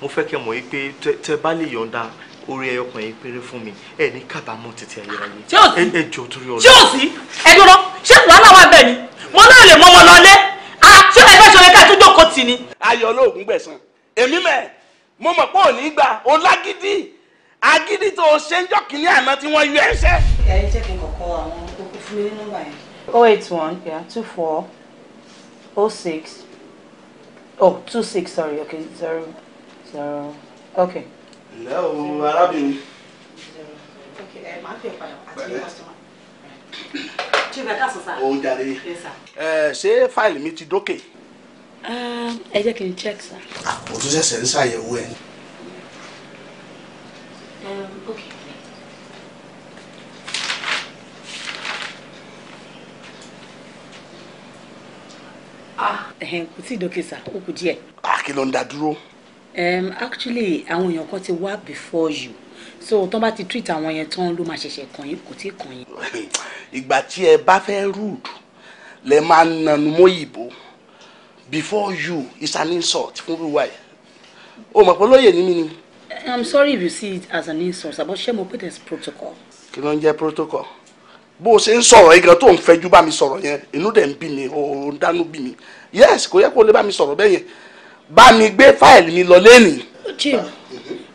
mo fẹ́ kẹ́ mọ̀ yí pé tẹ bá lè yọ̀ǹda orí ẹyọkàn yìí péré fún mi ẹ ní kábàámọ̀ títí ayérayé ẹ jọ torí ọlọ́run. ṣé o sí ẹ dúró ṣé wàhálà wà bẹ́ẹ̀ ni mo náà lè mọ́ ọmọ lọlé sì ni ayọ̀ olóògùn gbẹ̀san èmi mẹ́ mo mọ̀ pé òní gbà ó lágídí agídí tó o ṣe ń jọ́ kínní àná tí wọ́n yọ ẹṣẹ́. ìyá ẹ jẹ́ kí n kọ̀kọ́ àwọn tó kú fún mi ní nọ́mbà yẹn. oh eight one yeah, two four oh six oh two six sorry okay zero zero okay. ǹlẹ́ o arábìnrin. okay ẹ máa ń fi ìpadà àti customer ṣé fáìlì mi ti dókè. Ah, ẹ jẹ́ kí n check sir. mo ah, tún ṣẹ̀ṣẹ̀ ń ṣàyẹ̀wò um, ah, ẹ̀. kò tí ì dókè sá ó kù díẹ̀. kí ló ń dá dúró. Um, actually àwọn èèyàn kan ti wá before you so tán bá ti treat àwọn yẹn tán ló máa ṣẹ̀ṣẹ̀ kàn yín kò tí ì kàn yín. ìgbà tí ẹ bá fẹ́ rude lẹ máa ń mọ́ ìbò before you is an insult fún wíwá ẹ o mọ̀ pé lóye ní mi ni. i'm sorry if you see it as an insult àbọ̀ ṣé mo put as protocol. kí ló ń jẹ́ protocol bó o ṣe ń sọ̀rọ̀ yìí gan tó ń fẹjú bá mi sọ̀rọ̀ yẹn inú dẹ̀ ń bí mi ò ń bí mi yes kò yẹ kó lè bá mi sọ̀rọ̀ bẹ́ẹ̀ yẹn bá mi gbé fáìlì mi lọ lẹ́nìí. jim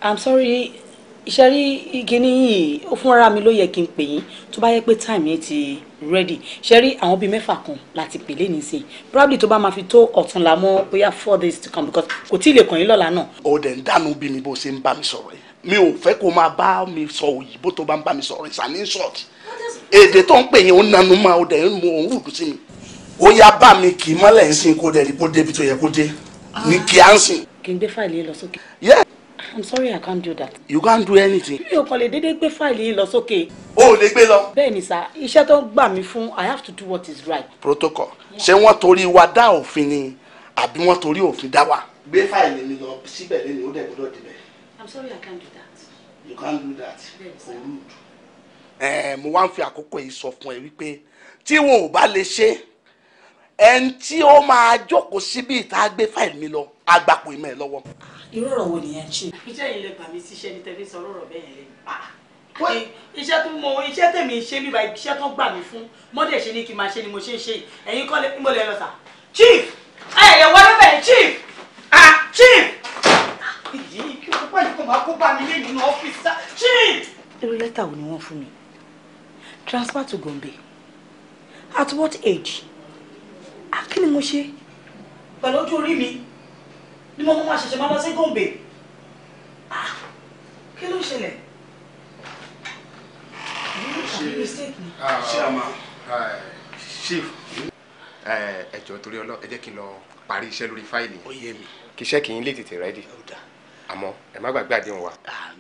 i'm sorry ìṣẹ́rí ìgínní yìí ó fúnra mi ló yẹ kí n pè yín tó bá yẹ pé time yẹn ti ready ṣẹ́rí àwọn bíi mẹ́fà kan láti pè lé nísìnyí probably tó bá máa fi tó ọ̀tún la bóyá four days to come because kò tí ì lè kàn yín lọ́la náà. ó dẹ̀ ń dànù bí mi bó ṣe ń bá mi sọ̀rọ̀ yìí mi ò fẹ́ kó máa bá mi sọ òyìnbó tó bá ń bá mi sọ̀rọ̀ yìí sani short èdè tó ń pè yín ó nanu máa ó dẹ̀ ń mu òun rùdù sí mi. ó yá bá mi kì í mọ́lẹ̀ ń sìn kó dẹ̀ rí kó débi tó yẹ kó dé ní kí á ń sìn. kì í gbé fàìlì lọ sókè. yẹ́ẹ̀ I'm sorry I can't do that. You can't do anything. Mi ò kàn lè dédé gbé fáìlì yìí lọ sókè. O ò lè gbé lọ. Bẹ́ẹ̀ni sá, iṣẹ́ tó gbà mí fún I have to do what is right. Protocol. Ṣé wọ́n torí wa dá òfin ni àbí wọ́n torí òfin dá wa? Gbé fáìlì mi lọ síbẹ̀ lẹ́nu ó dẹ̀ gbọ́dọ̀ débẹ̀. I'm sorry I can't do that. You can't do that. O rude. Ẹ mo wá ń fi àkókò yìí sọ fún ẹ wípé tí wọn ò bá lè ṣe ẹni tí ó máa jókòó síbi ìta gbé fáìlì mi lọ àgbàpọ̀ ìmọ̀ ẹ lọ́wọ́. Ah irú ọ̀rọ̀ wo nìyẹn ṣe. iṣẹ́ yìí lè gbà mí síṣẹ́ ní tẹ́lẹ̀ sọ ọ̀rọ̀ bẹ́ẹ̀ lè bá ah. iṣẹ́ tó mọ iṣẹ́ tèmi ṣe mi báyìí iṣẹ́ tó gbà mí fún mọ́dẹ̀ ṣe ni kí n máa ṣe ni mo ṣe ń ṣe ẹ̀yin kọ́ mo lè lọ sà chief ẹ̀yẹ̀ wọ́n lọ́bẹ̀ chief ah chief ah, yìí kí o pẹ́ kó máa kó bá mi lẹ́yìn ní ọ́fíìsì chief. irú lẹ́tà wo ni wọ́n fún mi transfer to Gombe at what age ah, kí ni mo ṣe pẹ̀lú ojú orí mi ni mo máa ṣẹ̀ṣẹ̀ máa lọ sí gòǹbè ah, kí ló ṣẹlẹ̀ ṣe àmà chief ẹjọ torí ọlọ ẹ jẹ́ kí n lọ parí iṣẹ́ lórí fáìlì kí iṣẹ́ kì í lè tètè rẹdí àmọ́ ẹ má gbàgbé àdéhùn wa. Ah,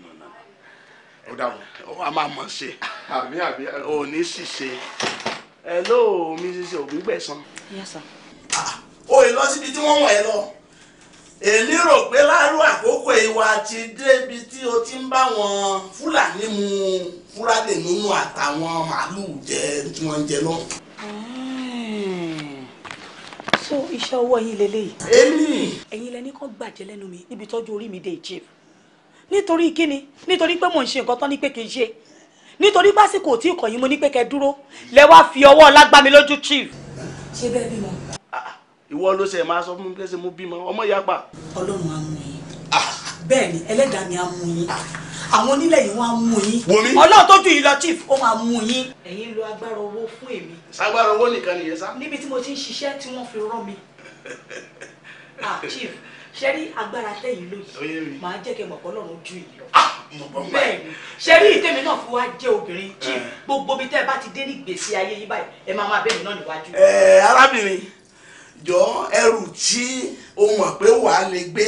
ó dà wọ́n. ó a máa mọ̀ ṣe. àmì àmì. ò ní ṣìṣe. hello mrs ògúngbẹ̀sán. yes sir. ó ah, lè lọ síbi tí wọ́n wọ̀ ẹ́ lọ èmi rò pé láàrú àkókò ìwà ti débi tí o ti ń bá wọn fúlàní mu fúrádè nínú àtàwọn màálùú jẹ tí wọ́n ń jẹ lọ. so iṣẹ́ ọwọ́ yín lélẹ́yìí. èmi. ẹ̀yin lẹni kan gbàjẹ́ lẹ́nu mi níbi tọ́jú orí mi dé chief nítorí kíni nítorí pé mò ń ṣe nǹkan tán ní pé kì í ṣe nítorí básìkò tí ìkọ̀yìn mo ní pé kẹ́ dúró lẹ wá fi ọwọ́ lágbá mi lójú chief. ṣé bẹ́ẹ̀ bímọ ìwọ ló ṣe máa sọ fún mi pé mo bímọ ọmọ ìyá pa. ọlọ́run á mú yín ah. bẹ́ẹ̀ ni ẹlẹ́dàá mi á mú yín ah. àwọn onílẹ̀ yìí wọ́n á mú yín ọlọ́run tó ju yìí lọ chief ó máa mú yín. ẹ̀yin lo agbára owó fún èmi. sagbára owó nìkan nìyẹn sá. níbi tí mo ti ń ṣiṣẹ́ tí wọ́n fi rán mi ah chief ṣẹ́rí agbára tẹ̀yìn lóyìí màá jẹ́ kẹ́ mọ̀pọ̀ lọ́rùn ju yìí bẹ́ẹ̀ ni ṣẹ́rí ìtẹ̀mí náà fi wá jẹ́ obìnrin chief eh. gbogbo ibi tẹ́ ẹ bá ti dé ní gbèsè ayé yìí báyìí ẹ máa máa bẹ́ẹ̀ náà níwájú. ẹ eh, arábìnrin jọ ẹrù tí o mọ̀ pé wàá lè gbé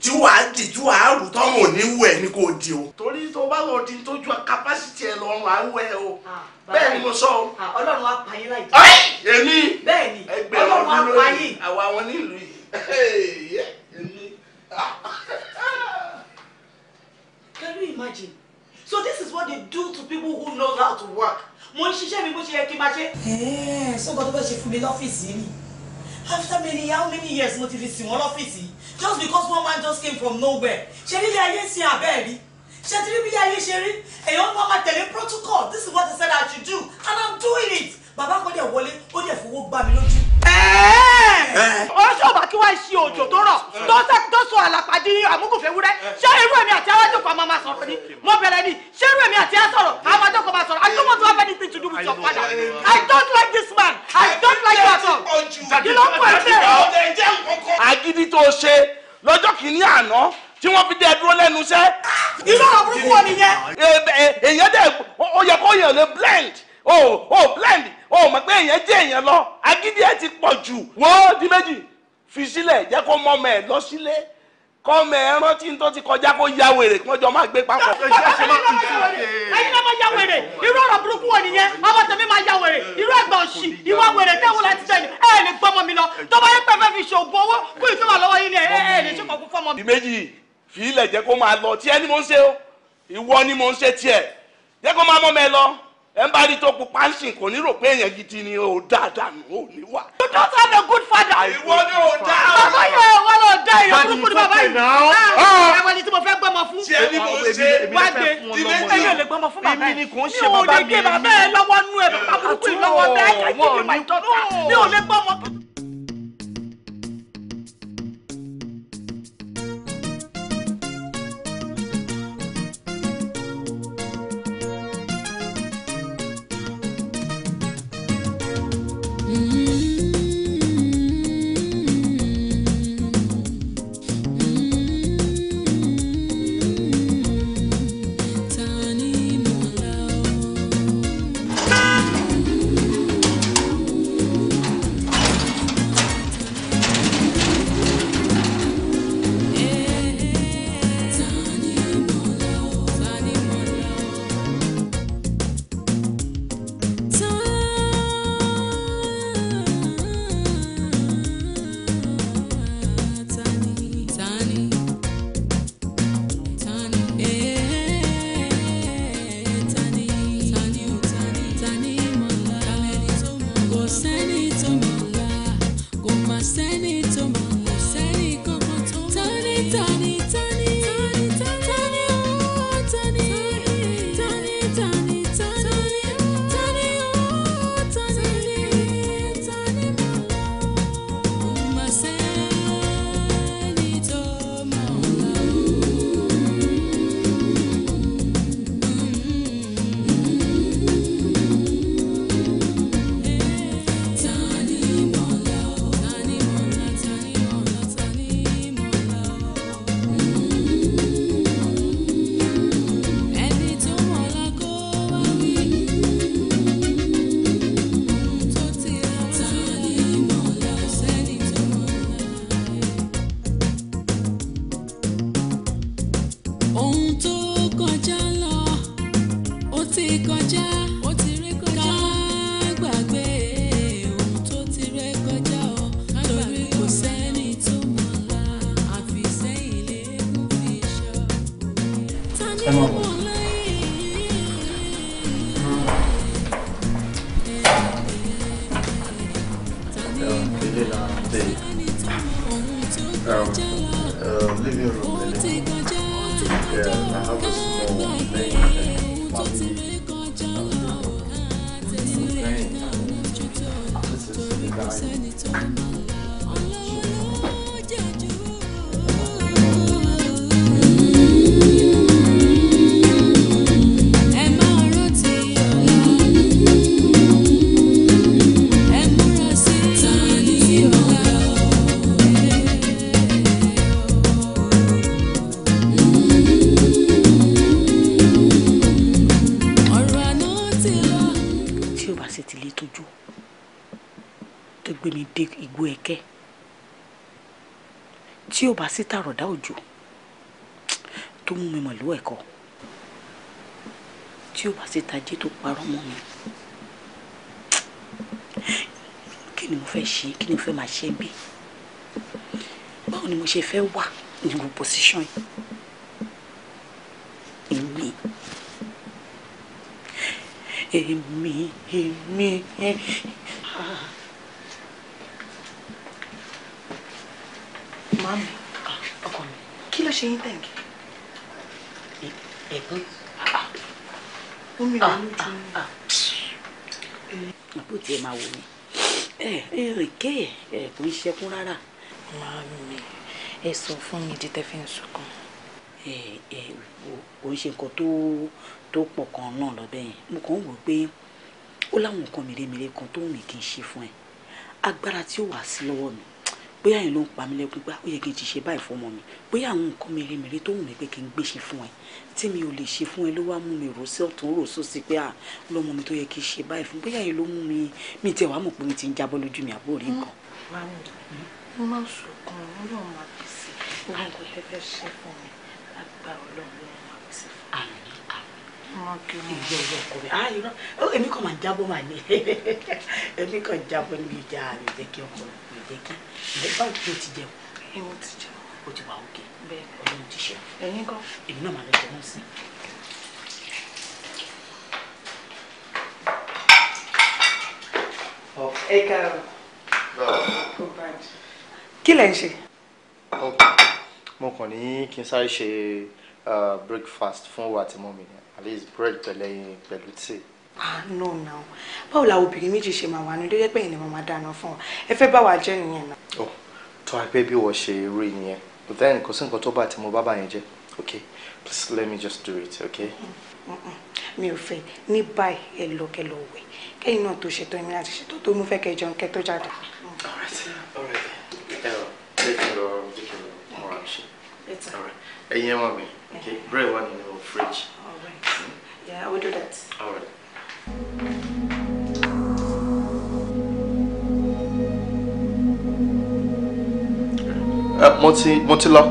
tí wàá dì tí wàá rù tọ́mọ̀ oníwù ẹ̀ ni kò di o. torí tó bá lọ di tójú kapásítì ẹ lọ́rùn àwọ̀ ẹ o ah, bẹ́ẹ̀ ni mo sọ o. Ah, ọlọ́run á pa yín láì jẹ́. èmi bẹ́ẹ̀ni ọlọ́run á pa yín. àwa wọn nílùú yìí èmi. Can you imagine? So this is what they do to people who know how to work. mo ń ṣiṣẹ́ mi bó ṣe yẹ kí n máa ṣe. ẹ̀ẹ́ sọ́kọ́ tó fẹ́ ṣe fún mi lọ́fíìsì yìí after many how many years mo ti fi sìn wọ́n lọ́fíìsì just because one man just came from nowhere ṣe nílé ayé sí abẹ́ rí ṣe ti rí bí ayé ṣe rí èèyàn máa tẹ̀lé protocol this is what they said I should do and I'm doing it bàbá kan dẹ̀ wọlé ó dẹ̀ fowó gbá mi lójú. ọjọ́ bá kí wá ṣe òjò tó rọ̀ tó sọ àlàpàdé àmúkùfẹ́ wúrẹ́ ṣé irú èmi àti awájọ́ kan máa sọ̀rọ̀ ni mo bẹ̀rẹ̀ ni ṣé irú èmi àti asọ̀rọ̀ awájọ́ kan máa sọ̀rọ̀ I don't want to have anything to do with your father I don't like this man I don't like you at all. kí ló ń pọ̀ ẹ́ agídí tó ṣe lọ́jọ́ kìíní àná tí wọ́n fi dẹ́ dúró lẹ́nu iṣẹ́. irú àbúrúkú wọn nìyẹn. èèyàn dẹ̀ ó yẹ kó yẹ lè blend o o blend o mọ̀ pé èèyàn jẹ́ èèyàn lọ agídí ẹ̀ ti pọ̀ jù wọ́n di méjì fi sílẹ̀ jẹ́ kó mọ ọmọ ẹ̀ lọ sílé kọ́ ọmọ ẹ̀ rántí tó ti kọjá kó ya wèrè kí wọ́n jọ máa gbé papọ̀. ẹyin náà máa ya wèrè irú ọ̀rọ̀ burúkú wo nìyẹn ọmọ tèmi máa ya wèrè irú ẹgbà òsì ìwà wèrè tẹ́wọ́ láti tẹ̀lé ẹ ẹ lè gbọ́ ọmọ mi lọ tó bá yẹ pé fẹ́ fi ṣòògùn owó kó ìtọ́ wà lọ́wọ́ yín ni ẹ ẹ lè ṣèkọ̀ fún fọ́mọ mi. ìméjì fi ilẹ̀ jẹ́ kó máa lọ tiẹ̀ ni mo ń ṣe o ìwọ ni mo ń ṣe tiẹ̀ jẹ́ kó máa mọ́ mẹ́ lọ ẹ tó pupa ń kò ní rò pé èèyàn gidi ni o dáadáa nù o ní wà. you don't have a good father. ìwọ ni o dá o. bàbá yóò wọ́n lọ dá ìyá burúkú ni bàbá yìí. àwọn ah, ah. ẹni tí mo fẹ́ gbọ́mọ fún. tiẹ̀ ni mo ṣe wá gbé ilé tí ẹ̀yìn ò lè gbọ́mọ fún bàbá yìí. mi. ò lè gbé bàbá ẹ lọ́wọ́ nú ẹ bàbá burúkú yìí lọ́wọ́ bẹ́ẹ̀ kẹ́kẹ́ mi ò lè gbọ́mọ. sí tàròdá òjò tó mú mi mọ̀lú ẹ̀kọ́ tí ó bá sì tajé tó parọ́ mọ́ mi kí ni mo fẹ́ ṣe kí ni mo fẹ́ máa ṣe bí báwo ni mo ṣe fẹ́ wà ní gbogbo position èmi èmi èmi. ṣe yín tẹ̀gẹ̀. ẹ̀gbọ́n. omi rẹ̀ ló ju. àbò tiẹ̀ máa wò mí ẹ ẹ èké ẹ kò ń ṣẹkún rárá. màá mi ẹ sọ fún mi jíde fi ń sunkún. ẹ ẹ kò ń ṣe nǹkan tó tó pọ̀ kan náà lọ́bẹ̀ yẹn mo kàn ń wò pé ó láwọn nǹkan mèremère kan tó wù mí kí n bóyá yẹn ló ń pa mí lẹ́kún gbá ah, ó yẹ kí n ti ṣe báyìí fọmọ mi bóyá àwọn nǹkan mèremère tó wù mí pé kí n gbé ṣe fún ẹ tí mi ò lè ṣe fún ẹ ló wá mú mi rò sí ọ̀tún rò sósì pé à ah, lọ́mọ mi tó yẹ kí n ṣe báyìí fún bóyá yẹn ló mú mi mi tiẹ̀ wàá mọ̀ pé mi ti ń jábọ́ lójú mi àbó rí nǹkan. Mm, mo máa ń sọkàn ọlọ́run máa pèsè gbogbo nǹkan tẹ́ fẹ́ ṣe fún mi lágbà ọlọ́run máa pèsè fún mi ìyá ìyá ah, jábọ́ níbi ìjà rẹ jẹ́ kí ọkọ jẹ́ kí ìjẹ́ báwo ló ti jẹun. èmi ti jẹun. o ti wà òkè. bẹ́ẹ̀ ọlọ́run ti ṣe. ẹ̀yin kọ́. èmi náà máa lọ jẹun sí i. ẹ káàárọ̀. kí lẹ̀ ń ṣe. mo kàn ní kí n sáré ṣe uh, breakfast fún wa àti mọ́mi at least bread pẹ̀lẹ́yìn pẹ̀lú tea ah no now báwo la obìnrin méjì ṣe máa wà ní lóye pé ìlẹ̀ máa dáná fún ọ ẹ fẹ́ bá wa jẹ́ nìyẹn náà. ọ tó a pé bí wọ́n ṣe rí nìyẹn but then kò sí nǹkan tó bá ti mo bá bá yẹn okay please let me just do it okay. Mm, mm, mm. mi ò fẹ́ ní báyìí ẹ lọ kẹ lọ wẹ̀ kẹ́yìn náà tó ṣètò ìmìíràn àti ṣètò tó mú fẹ́ kẹ jẹun kẹ tó jáde. ẹyin ẹ wá mi okay bread in the fridge. all right yeah i will do that. all right. mo ti mo ti lọ.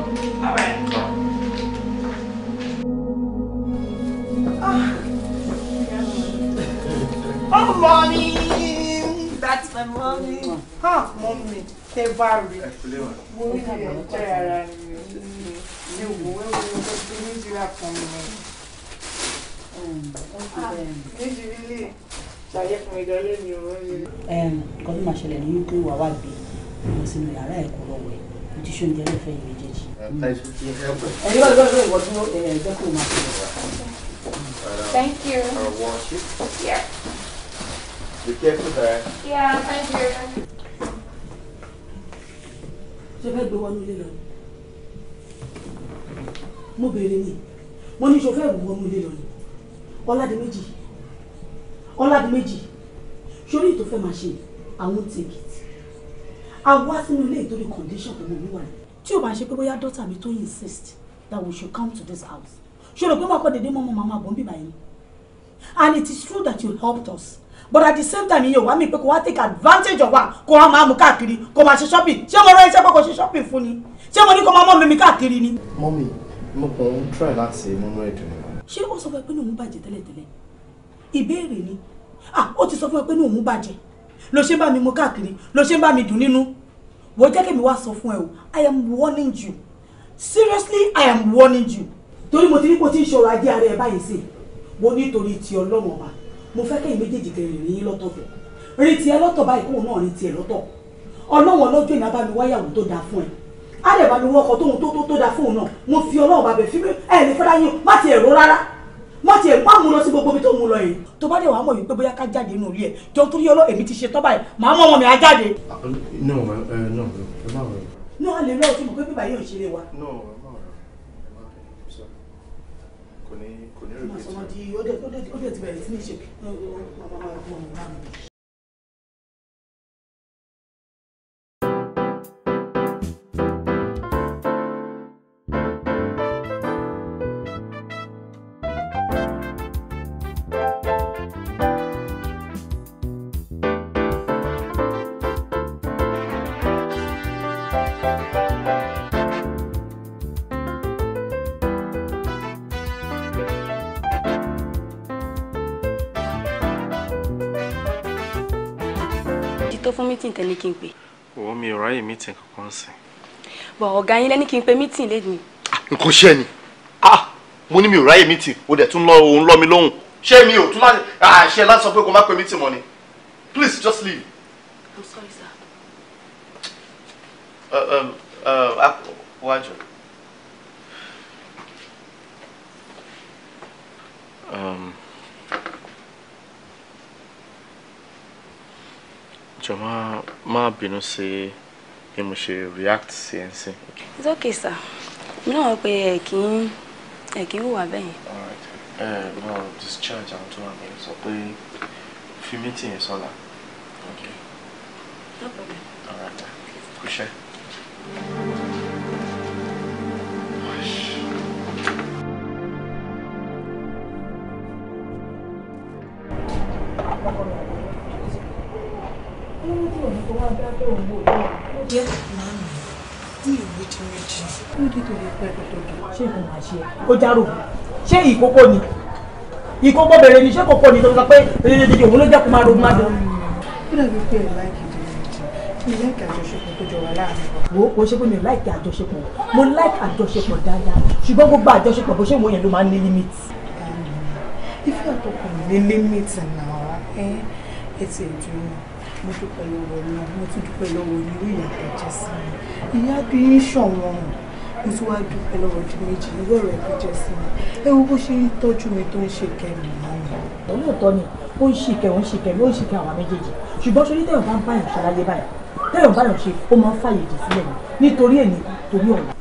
Oh, mommy! That's my mommy. Huh, ah, mommy. Tẹ bá rí. Mo rí ẹ̀ jẹ́ ara mi. Mi ò wọ́n wọ́n wọ́n tó ní ìjìlá kan mi. Méjì lílé. Ṣàyẹ fún mi gan lónìí. Nǹkan tó máa ṣẹlẹ̀ ní wípé wàá wà gbé mo sínú yàrá ẹ̀kọ́ lọ́wọ́ ẹ̀ mo ti ṣóúnjẹ lẹ́fẹ̀ẹ́ yìí méjèèjì. ẹ̀yin bá lọ́dọ̀ ìwọ dúró ẹ̀ẹ́dẹ́ kò máa ṣe lọ. Thank you. I'll wash it. Yeah. Be careful there. Yeah, thank you. ṣe fẹ́ gbé wọnú ilé lọ ni mo béèrè ni mo ní ṣe fẹ́ wọnú ilé lọ ni ọládìméjì ọládìméjì sórí ìtòfẹ́ máa ṣe àwọn tèmi a wá sínú ilé ìtorí condition tó mọ mi wà rẹ̀ tí o bá ń ṣe pé bóyá dọ́tà mi tó insist that we should come to this house ṣòro pé wọn kọ́ dédé mọ́mọ́ màmá àbọ̀ ń bíbá yẹn and it is true that you helped us but at the same time iye wa mi pé kò wá take advantage of wa kò wá máa mú káàkiri kò máa ṣe shopping ṣé mo rẹ iṣẹ́ pé kò ṣe shopping fún ni ṣé mo ní kò máa mọ́ mímí káàkiri ni. mọ́mí mo kàn ń try láti múnú ẹ̀dùn. ṣé ó sọ fún ẹ pé ní òun bàjẹ́ tẹ́lẹ̀tẹ́lẹ̀ ìbéèrè ni ah, ó ti sọ fún ẹ pé ní òun bàjẹ́ ló ṣe ń mi mú káàkiri ló ṣe ń mi dùn nínú wò ó jẹ́ mi wá sọ fún ẹ o i am warning you seriously i am warning you Tori mo ti ní kó tí ń ṣọ̀rọ̀ ajé ara ẹ báyìí sí mo Tori ti ọlọ́run ọba mo fẹ́ kẹ́yìn méjèèjì kẹrin rìn yín lọ́tọ̀ fẹ́ rìn tiẹ̀ lọ́tọ̀ báyìí kóun náà rìn tiẹ̀ lọ́tọ̀ ọlọ́run ọlọ́jọ́ ìná bá mi wáyàwó tó dáa fún ẹ á dẹ̀ bá mi wọ́kọ̀ tóun tó tó dáa fún òun náà mo fi ọlọ́run bàbẹ̀ fí ẹ̀ lè fẹ́ra yín má ti ẹ̀rọ rárá má tiẹ̀ má mú lọ sí gbogbo ibi tó mú lọ yìí tó bá dé wàá mọ̀ yìí pé bóyá ká jáde nínú ilé ẹ̀ jọ torí ọlọ́ èmi ti ṣe tọ́ báyìí màá mọ̀ wọn mi á jáde. no ma ẹ no ẹ má wọlé. náà lè lọ́ọ̀ tí mo pé bíbá yóò ṣe lè wa. no ẹ má wọlé ẹ má sọ kò ní kò ní rẹ̀ bí. ó dẹ̀ ti bẹ̀rẹ̀ sí ní ṣe mítìn tẹ́lẹ̀ kí n pè. òwò mi ò ráyè mítìn kankan sí. bọ̀ ọ̀gá yín lẹ́ni kí n pe mítìn lẹ́nu. Ah, nǹkan ṣe ni ah, mo ní mi ò ráyè mítìn o dẹ̀ tún lọ òun lọ mi lóhùn ṣé mi ò tún láti àṣẹ láti pé kò má pe mítìn mọ́ ni please just leave. I'm sorry sir. Uh, um, uh, ah, wájú. Um, jọ má má bínú sí bí mo ṣe react sí ẹ sí. it's okay sir You know, pe pay kì í ẹ kì í hùwà bẹ́ẹ̀ yẹn. ẹ ẹ no discharge àwọn tó wà ní sọ pé fi meeting yẹn sọ́la. okay. no problem. all right. kúṣẹ́. Mm -hmm. jẹ́ màmí ní ìwé ti méjì. ó di tó lè pẹ́ pẹ́tọ́tọ́ ṣé ìkó máa ṣe é ó járò ṣé ìkókó ni ìkókó bẹ̀rẹ̀ ni ṣé kókó ni tó sọ pé èdèdèdè òun ló jẹ́ kó máa ro máa dùn. ó dàbí pé ẹ̀ láìkì tó ń jẹ́ ìlẹ́kẹ̀ àjọṣepọ̀ tó jọ wà láàárín wa. wo o ṣe pé mi ò láìkì àjọṣepọ̀ mo láìkì àjọṣepọ̀ dáadáa ṣùgbọ́n gbogbo àjọṣepọ̀ bó ṣe wọ yẹn ló máa ń ní limit. ìfẹ́ àtọkùn ní limit náà ẹ ẹ ti ẹ̀ dúró mo dúpẹ́ lọ́wọ́ náà mo tún dúpẹ́ lọ́wọ́ onírú ìyàtọ̀ jẹ́ sí mi ìyá bí ń ṣọ̀wọ́n mo tún wáá dúpẹ́ lọ́wọ́ ọdún méjì irú ọ̀rẹ́ tó jẹ́ sí mi ẹ wo bó ṣe ń tọ́jú mi tó ń ṣe kẹ́mi náà ni. lóòótọ́ ni ó ń ṣe kẹ́ ṣe kẹ́ ó ń ṣe kẹ́ àwọn méjèèjì ṣùgbọ́n ṣe ní tẹ̀yàn bá ń báyàn ṣàlàyé báyìí tẹ̀yàn báyàn ṣe ó máa ń fàyè jì sílẹ̀ ni nítorí èyí torí ọ̀la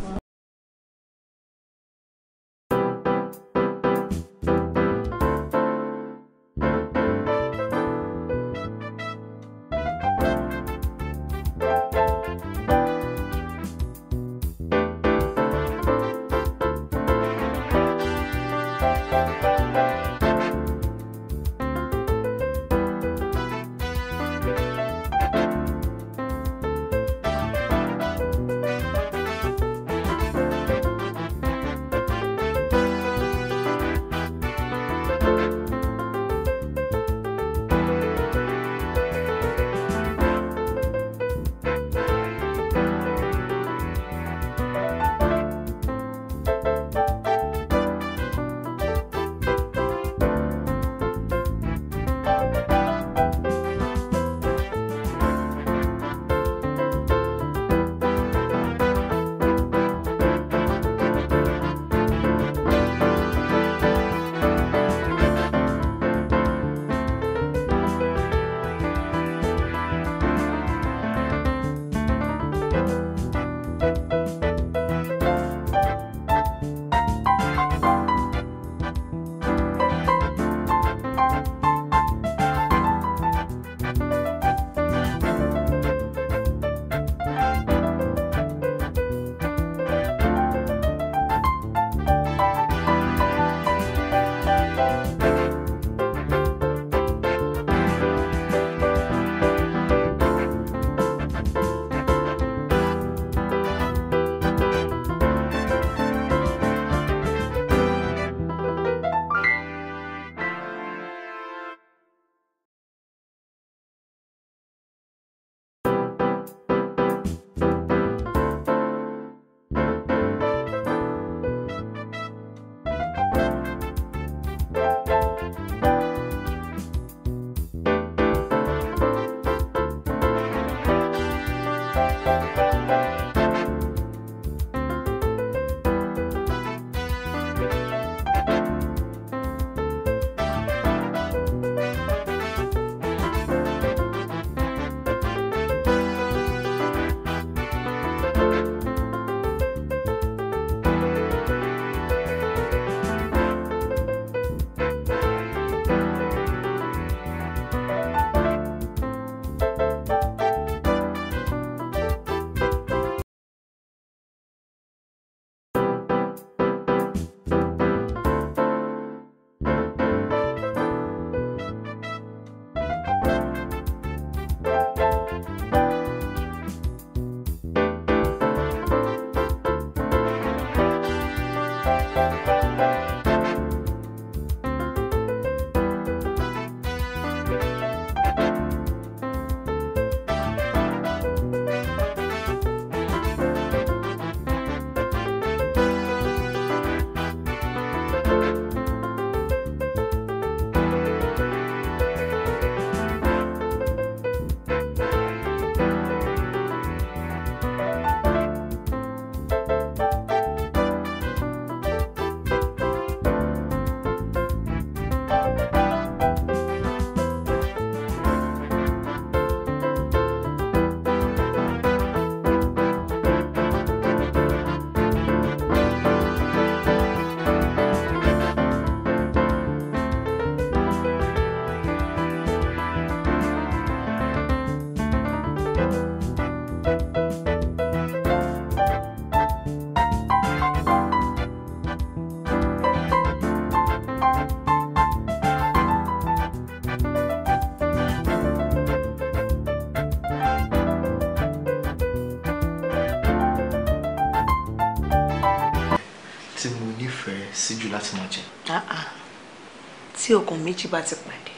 táwọn méjì bá ti pàdé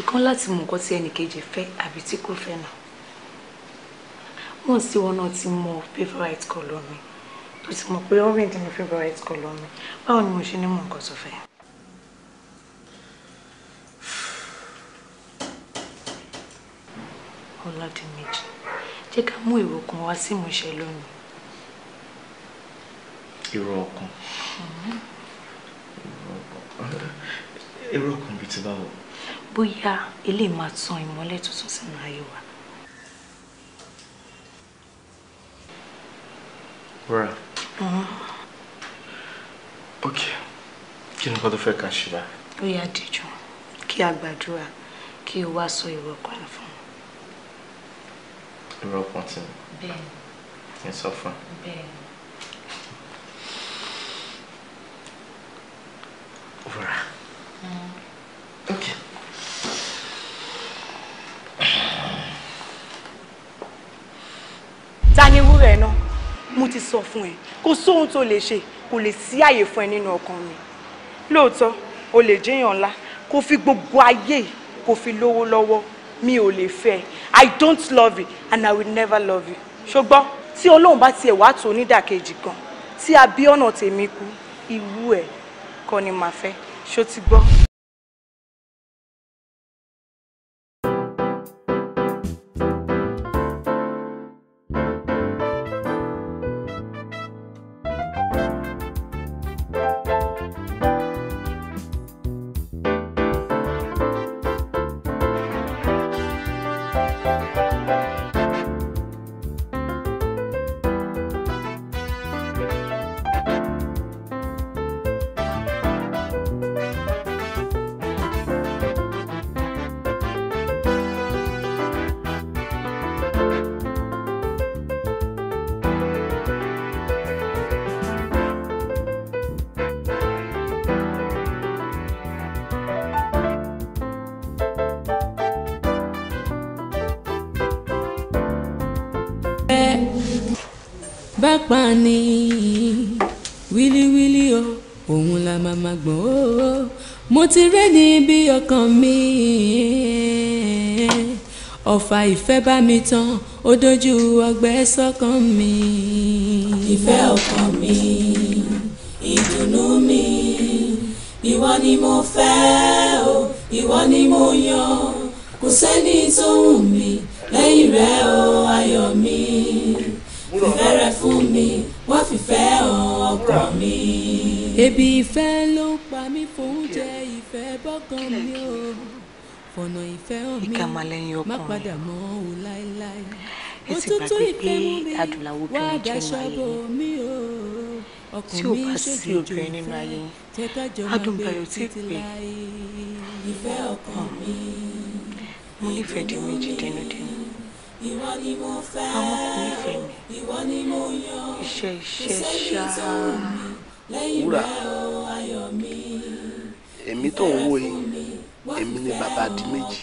ìkan láti mọ nǹkan tí ẹnìkejì fẹ́ àbí tí kò fẹ́ náà wọ́n sì wọn náà ti mọ favourite colour mi tó ti mọ̀ pé orange ni favourite colour mi báwo ni mo ṣe ní mọ nǹkan tó fẹ́. ọládìmejì jẹ́ ká mú èrò wá sí ìmúṣẹ lónìí eléyìí máa tan ìmọ́lẹ̀ tuntun sínú ayé wa. Wúrà. Ok, kí ni nǹkan tó fẹ́ ká ṣe bá? Ó yá dìjú, kí a gbàdúrà, kí o wá sọ ìwọ kan fún un. Ìrọ̀ kan tí mi. Bẹ́ẹ̀ni. Kí n sọ fún Bẹ́ẹ̀ni. Wúrà. Ok. ta ni wúrẹ̀ náà mo ti sọ fún ẹ kò sóhun tó lè ṣe kò lè sí àyè fún ẹ nínú ọkàn mi lóòótọ́ o lè jẹ́yàn ńlá kò fi gbogbo ayé kò fi lówó lọ́wọ́ mi ò lè fẹ́ i don't love you and i will never love you ṣùgbọ́n tí ọlọ́run bá tiẹ̀ wá tó onídàkejì gan tí abíọ́nà tèmi kú irú ẹ̀ kọ́ ni màá fẹ́ ṣó ti gbọ́. ti rẹ́ níbi ọkàn mi ọ̀fà ìfẹ́ bá mi tán ó dojú ọgbẹ́ sọ́kàn mi. ìfẹ́ ọkàn mi ìdùnnú mi ìwọ ni mo fẹ́ o ìwọ ni mo yan kò sẹ́ni tó wù mí lẹ́yìn rẹ o ayọ̀ mi fífẹ́ rẹ fún mi wá fìfẹ́ ọkàn mi. ebi ìfẹ́ ló pa mí fòún jẹ fẹ́ bọ́gàn mi o fọ̀nà ìfẹ́ hàn mi má padà mọ́ o láéláé òtútù ìfẹ́ mú mi wá daṣọ bò mí o ọkàn mi ṣèjòjò ìfẹ́ jẹ́ kájọ máa gbé títí láé ìfẹ́ ọkàn mi mo nífẹ̀ẹ́ di méjì ìwọ ni mo fẹ́ ìwọ ni mo yan iṣẹ́ iṣẹ́ ṣáá wúrà èmi tó ń wò yìí èmi ni bàbá di méjì.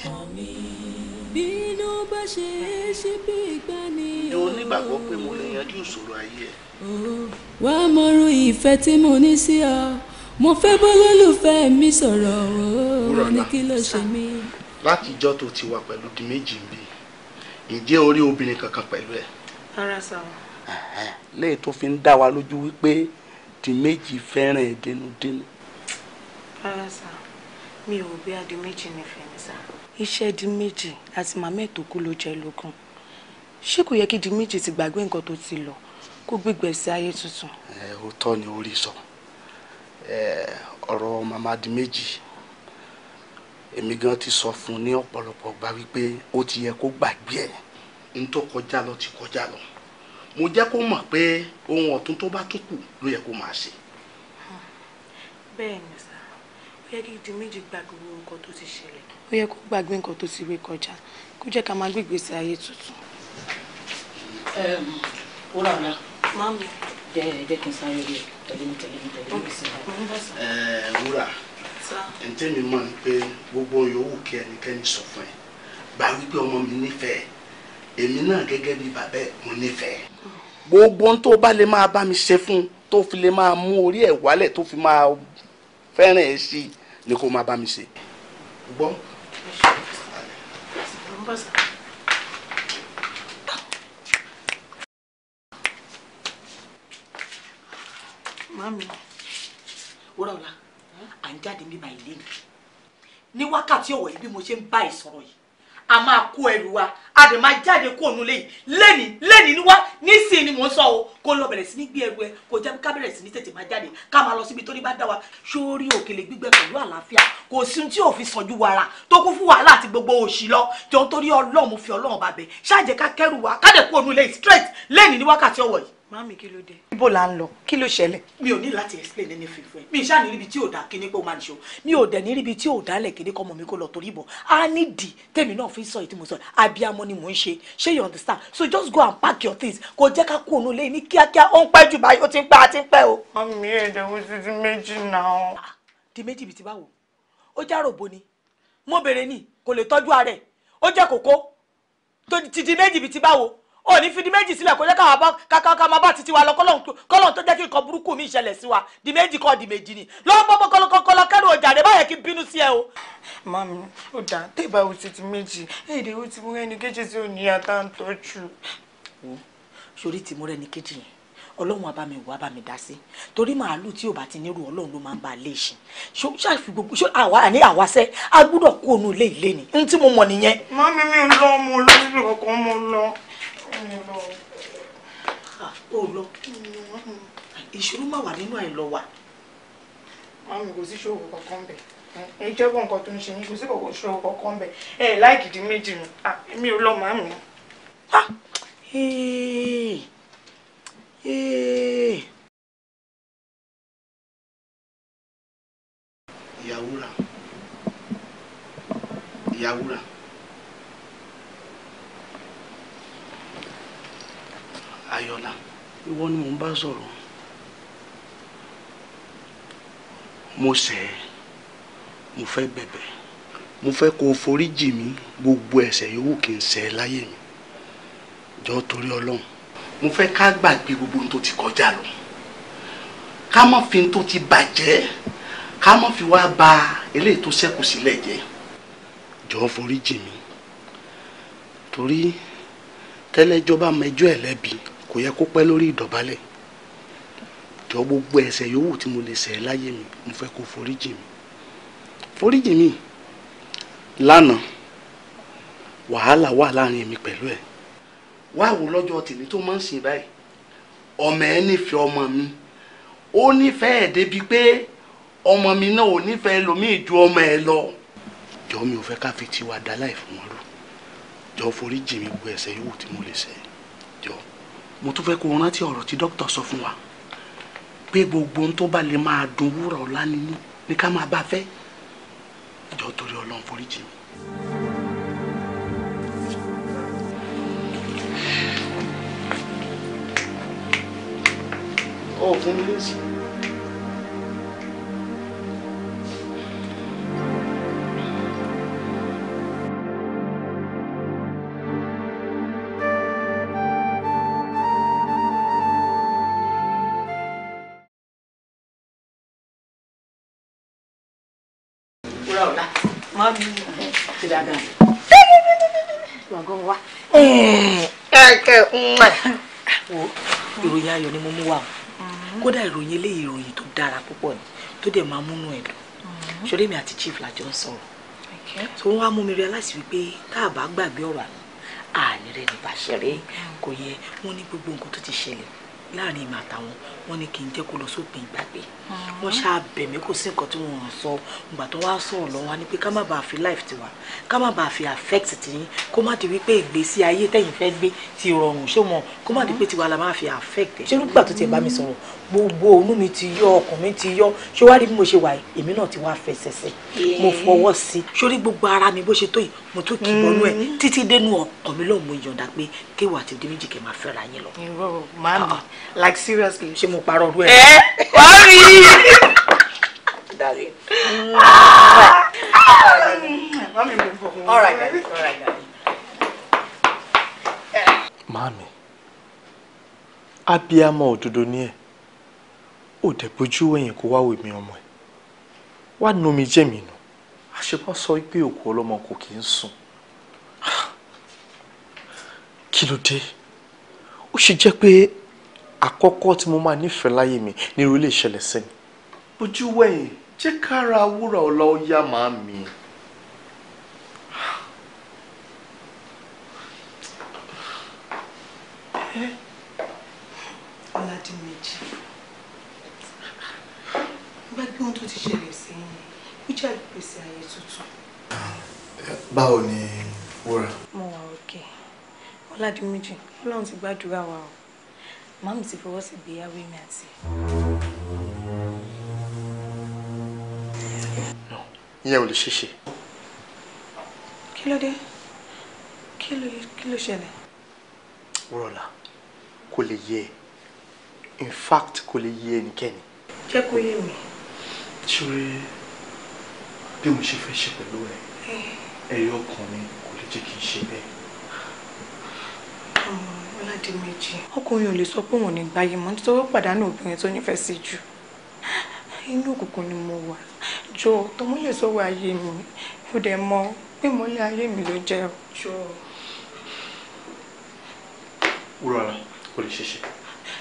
bínú bá ṣe é ṣe bí ìgbà ni. yóò nígbàgbọ́ pé mo lè yanjú ìṣòro ayé ẹ̀. wá mo ru ìfẹ́ tí mo ní sí ọ mo fẹ́ bọ́ lólùfẹ́ mi sọ̀rọ̀ o ní kí ló ṣe mí. láti ìjọ́ tó ti wà pẹ̀lú di méjì mi ǹjẹ́ o rí obìnrin kankan pẹ̀lú ẹ̀. rárá sá o. tó fi ń dá wa lójú wípé di méjì fẹ́ràn ẹ̀ dénúdénú rárá sá mi ò bí adi méjì nífẹ̀ẹ́ ni sá. iṣẹ́ di méjì àti màmá ẹ̀ tó kú ló jẹ́ lógún ṣé kò yẹ kí di méjì ti gbàgbé nǹkan tó ti lọ kó gbégbé sí ayé tuntun. ẹ ó tọ́ ni orí sọ ọ̀rọ̀ màmá di méjì èmi gan ti sọ fún un ní ọ̀pọ̀lọpọ̀ gba wípé ó ti yẹ kó gbàgbé ẹ̀ ń tó kọjá lọ ti kọjá lọ mo jẹ́ kó mọ̀ pé ohun ọ̀tún tó bá tún kù ló yẹ kó máa ṣe. bẹ́ẹ̀ni yẹ kí di méjì gbàgbé nǹkan tó ti ṣẹlẹ̀ ó yẹ kó gbàgbé nǹkan tó ti gbé kọjá kó jẹ́ ká máa gbé ìgbésí ayé tuntun. ó rà mí. má mi. jẹ jẹ kí n sáré rí ẹ tẹ̀lé mi tẹ̀lé mi tẹ̀lé mi sí i. wúrà ǹtẹ́ mi mọ̀ ni pé gbogbo yòówù kí ẹnikẹ́ni sọ fún ẹ gbà wípé ọmọ mi nífẹ̀ẹ́ èmi náà gẹ́gẹ́ bí bàbá ẹ̀ mo nífẹ̀ẹ́ gbogbo ohun tó bá lè máa bá mi ṣe fún tó fi lè máa mú orí ẹ̀ wálẹ̀ tó fi máa fẹ́ràn ẹ̀ sí i ni kó máa bá mi ṣe gbọ́. mami wúrọ̀ la à ń jáde níbàyí lé mi ní wákàtí ọ̀wọ̀ yìí bí mo ṣe ń bá ẹ yìí a máa kó ẹrù wa a dẹ̀ máa jáde kó òun lẹ́yìn lẹ́ni lẹ́ni níwá nísìnyí ni mò ń sọ o kó lọ bẹ̀rẹ̀ sí ní gbé ẹrù ẹ kó jẹ́ ká bẹ̀rẹ̀ sí ní tètè máa jáde ká máa lọ síbi tó ní bá dá wa sórí òkèlè gbígbẹ pẹ̀lú àlàáfíà kò sí tí ò fi sànjú wàrà tó kún fún wàhálà àti gbogbo òṣì lọ jọ nítorí ọlọ́run fi ọlọ́run bàbẹ̀ ṣáàjẹ́ ká kẹ́rù wa ká dẹ̀ kó òun lẹ́yìn straight lẹ́ni ni wákàtí ọ̀wọ̀ yìí mami kí ló dé. ibo la ń lọ kí ló ṣẹlẹ̀. mi ò ní láti explain anything fún ẹ mi ṣáà ní ríbi tí ò dá kíní pé ó máa nìṣó mi ò dẹ̀ ní ríbi tí ò dálẹ̀ kíní kọ́ ọmọ mi kó lọ torí ìbọn a ní dì tèmi náà fi sọ èyí tí mo sọ abiyamọ ni mò ń ṣe ṣé you understand so just go and pack your things kò jẹ́ ká kú ònú lé ní kíákíá ó ń pẹ́ jù báyìí ó ti ń pẹ́ àti ń pẹ́ o. mami ẹ̀dẹ̀wò ti di méjì náà. Ah, di méjì bíi báwo ó já ròbó ni mo bèrè ni kò lè tọ́jú ara ẹ̀ ó jẹ́ kókó ti di méjì bíi báwo ò ní fi di méjì sílẹ̀ kó jẹ́ káwa bá kákáká máa bá titi wa lọ kọ́lọ́n tó jẹ́ kí nǹkan burúkú mi ìṣẹ̀lẹ̀ sí wa di méjì kọ́ di méjì ni lọ́wọ́ bọ́bọ́ kọ́lọ́kọ́lọ́ kẹ́rù ọjà rẹ̀ báyẹn kí n bínú sí ẹ o. mami ó dà tẹ́bà ó ti ti méjì èdè ó ti mú ẹni kejì tí ò ní ata ń tọ́jú. wo sori ti mú ẹni kejì yẹn ọlọ́run abami ìwà abami dá sí torí màálù tí ò bá ti nírú ọlọ́run ló máa ń ba ilé ìṣìn ṣáàfi gbogbo ṣó àwa àní àwáṣẹ a kó onú ilé ìlé ni n tí mo mọ̀ nìyẹn. mami mi ń lọ mo lọ sílùú ọkọ lọ ó lọ ìṣòro má wà nínú àìlọ wa. màmí kò sí ṣòro kankan bẹ̀ ẹ jẹ́wọ́ nǹkan tó ń ṣe yín kò sí kòkò ṣòro kankan bẹ̀ ẹ láìkìdí méjì nù mi ò lọ màmí. ìyàwó rà ìyàwó rà. Ayọ̀lá ìwọ ni mò ń bá sọ̀rọ̀ mo ṣẹ̀ ẹ́ mo fẹ́ bẹ̀bẹ̀ mo fẹ́ kó o foríjì mí gbogbo ẹ̀ṣẹ̀ yòówù kí n ṣẹ̀ ẹ́ láyé mi jọ torí Ọlọ́run mo fẹ́ ká gbàgbé gbogbo ohun tó ti kọjá lọ ká má fi ohun tó ti bàjẹ́ ká má fi wá ba eléyìí tó ṣẹ́kù sílẹ̀ jẹ́ jọ foríjì mí torí tẹ́lẹ́jọ́ bá mẹjọ́ ẹ̀ lẹ́bi kò yẹ kó pẹ́ lórí ìdọ̀bálẹ̀ jọ gbogbo ẹ̀ṣẹ̀ yòówù tí mo lè ṣẹ̀ láyé mi mo fẹ́ kó foríjì mi foríjì mi lánàá wàhálà wà láàrin èmi pẹ̀lú ẹ̀ wá wò lọ́jọ́ tèmi tó máa ń sìn báyìí ọmọ ẹ nífẹ̀ẹ́ ọmọ mi ó nífẹ̀ẹ́ ẹ̀ débi pé ọmọ mi náà ò nífẹ̀ẹ́ lòmíì ju ọmọ ẹ lọ jọ mi ò fẹ́ ká fi tiwa dá láì fún wọn rú jọ foríjì mi gbogbo ẹ̀ṣẹ̀ yòówù tí mo lè ṣẹ̀ jọ mo tún fẹ́ kó rántí ọ̀rọ̀ tí dókítà sọ fún wa pé gbogbo ohun tó bá lè máa dùn wúrà ọ̀la nínú ni ká máa bá fẹ́ ìjọ torí ọlọ́run foríjì mi. ó fún mi lésì. wa. Eh, ìròyìn ayọ̀ ni mo mú wá o mm-hmm. kódà ìròyìn eléyìí ìròyìn tó dára púpọ̀ ni tó dẹ̀ máa múnú ẹ̀ dùn mm-hmm. ṣọlẹ́ mi àti chief làjọ ń sọ̀rọ̀ tó wọ́n á mú mi realize wípé tá a bá gbàgbé ọ̀rọ̀ àná àní rẹ̀ nípa ṣẹ̀rẹ̀ kò yẹ wọ́n ní gbogbo nǹkan tó ti ṣẹlẹ̀ láàrin ìmọ̀ àtàwọn wọ́n ní kí n jẹ́ kó lọ sópin ìgbàgbé. Ah. wọ́n ṣáà kò sí nǹkan tí wọ́n sọ ìgbà tó wá sọ̀rọ̀ lọ́wọ́ wa ni pé ká má bàa fi life tiwa ká má bàa fi affect tiyín kó má di wípé ìgbésí ayé tẹ̀yìn fẹ́ gbé ti rọrùn ṣé wọn kó má di pé tiwa la máa fi affect ẹ̀. ṣé nígbà tó tiẹ̀ bá mi sọ̀rọ̀ gbogbo onú mi ti yọ ọkàn mi ti yọ ṣé wàá rí bí mo ṣe wà èmi náà ti wá fẹsẹ̀ sí mo fọwọ́ sí i ṣórí gbogbo ara mi bó ṣe tó yìí mo tún kì í bọnú ẹ mm. títí dénú ọkàn mi lọ́hùn mo yọ̀ǹda pé kéwà àti dèméjì kì í máa fẹ́ra yín lọ. irọ́ màmí ah. like seriously. ṣé mo parọ́ ọdún ẹ̀. ẹ wàá rí i. Daddy. All right, darling. All right, darling. Mami, abiyamọ òdodo ni ẹ, ò dẹ̀ bójú wẹ̀yìn kó wá wè mí ọmọ ẹ̀. Wá nu mi jẹ́ mi nù, àṣepọ̀ sọ pé òkú ọlọ́mọ kò kì í sùn. Ah, kí ló dé? Ó ṣe jẹ́ pé àkọ́kọ́ tí mo máa nífẹ̀ẹ́ láyé mi ní irú ilé ìṣẹ̀lẹ̀ sí mi. ojú wẹ̀yìn jẹ́ kára wúrà ọ̀la ọ̀yá màá mi. ọ̀làdìmẹ̀jì gbàgbé ohun tó ti ṣẹlẹ̀ sí yín ó jẹ́ àgbèsè ayé tuntun. báwo ni wúrà. mo wà òkè ọ̀làdìmẹ̀jì ọlọ́run ti gbàdúrà wa o. Màmí ti fọwọ́ sí ìgbéyàwó èmi àti ẹ̀. Ìyẹn ò lè ṣe ṣe. Kí ló dé? Kí ló kí ló ṣẹlẹ̀? Wúrọ̀lá, kò lè yé ẹ. In fact, kò lè yé ẹnikẹ́ni. Jẹ́ kó yé mi. Ṣé bí mo ṣe fẹ́ ṣe pẹ̀lú ẹ? Ẹ̀rí ọkàn kò lè jẹ́ kí n ṣe bẹ́ẹ̀ di méjì ọkùnrin ò lè sọ pé òun ní gbáyé mọ́ nítorí ó pàdánù obìnrin tó nífẹ̀ẹ́ sí jù inú òkùnkùn ni mo wà jọ tọmọlẹ sọ̀rọ̀ ayé mi ó dẹ̀ mọ̀ pé mọ́lẹ̀ ayé mi ló jẹ́ jọ. wúrọ̀lá kò lè ṣeṣe.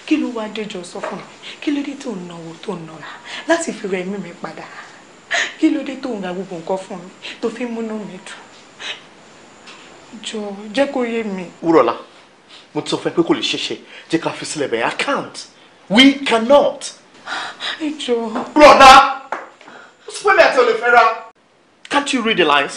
kí ló wá déjọ sọ fún mi kí ló dé tó ń náwó tó ń nọra láti fi rẹ ẹ̀mí mi padà kí ló dé tó ń ra gbogbo nǹkan fún mi tó fi múnú mi dùn jọ jẹ́ kó yé mi. wúrọ̀lá mo ti sọ fún ẹ pé kò lè ṣeéṣe jẹ́ ká fi sílẹ̀ bẹ̀yẹn I we cannot. ẹ jọ. brọ̀dá ó sì pẹ́ mi àti olè fẹ́ ra. Can't you read the lines?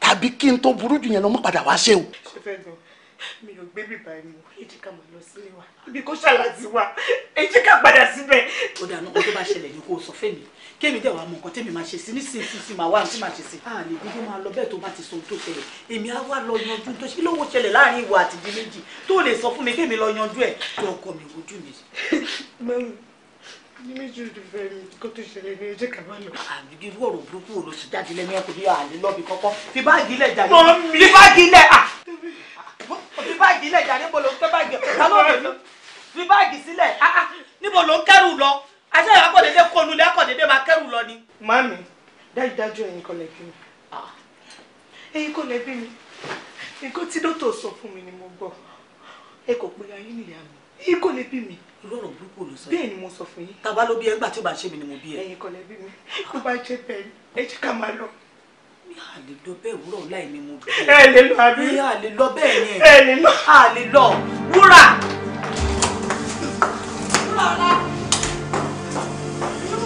tàbí kí n tó burú jù yẹn lọ mọ́ padà wá ṣe o. ṣe fẹ́ lọ mi ò gbé bíbá ẹ mọ èjì ká máa lọ sílé wa ibi kó ṣàlàyé wa èjì ká padà síbẹ̀. ó dà nǹkan tó bá ṣẹlẹ̀ ni kó o sọ fẹ́mi kémi dẹ̀ wá mọ nǹkan tẹ́mi máa ṣe sí ní sin wá àǹtí máa ṣe sí. a lè dídí máa lọ bẹ́ẹ̀ tó bá ti sọ tó ṣẹlẹ̀ èmi á wá lọ yanjú tó ṣe lówó ṣẹlẹ̀ láàrin ìwà àtìdí méjì tó lè sọ fún mi kémi lọ yanjú ẹ̀. ọkọ mi wojú mi ní méjì tó fẹ́ mi kó tó ṣẹlẹ̀ ní ẹjẹ́ kàmá lọ. àbí irú ọ̀rọ̀ burúkú wo ló sì jáde lẹ́nu ẹ̀kọ́ bí àlè lọ́bi kọ́kọ́ fi báàgì ilẹ̀ jáde. mọ mi fi báàgì ilẹ̀ à ah! fi báàgì ilẹ̀ jáde níbo ló ń kẹ́ báàgì ọ̀tá lọ́dọ̀ mi fi báàgì sílẹ̀ àà ah, ah! níbo ló ń kẹ́rù lọ àṣẹ ìwà kọ̀dédé kọnu lẹ́ kọ̀dédé máa kẹ́rù lọ ni. màmí dájúdájú ẹ̀yin kọ́ lẹ bí mi ẹ̀yin kọ́ lẹ bí mi nǹkan tí dótò sọ fún mi ni mo gbọ́ ẹ kò ayé nìyá mi ẹ̀yin kọ́ lẹ mi irú ọ̀rọ̀ burúkú ló sọ yìí. bẹ́ẹ̀ ni mo sọ fún yín. tàbá ló bí ẹ ńgbà tí ó bá ṣe mí ni mo bí ẹ. ẹ̀yin kọlẹ bí mi kó bá jẹ bẹ́ẹ̀ ẹ jẹ ká máa lọ. mi à lè lọ bẹ́ẹ̀ wúrọ̀ láì ní mo bí ẹ. ẹ lè lọ àbí. mi à lè lọ bẹ́ẹ̀ ni. ẹ lè lọ. a lè lọ wúrà. wúrà ọ̀la irú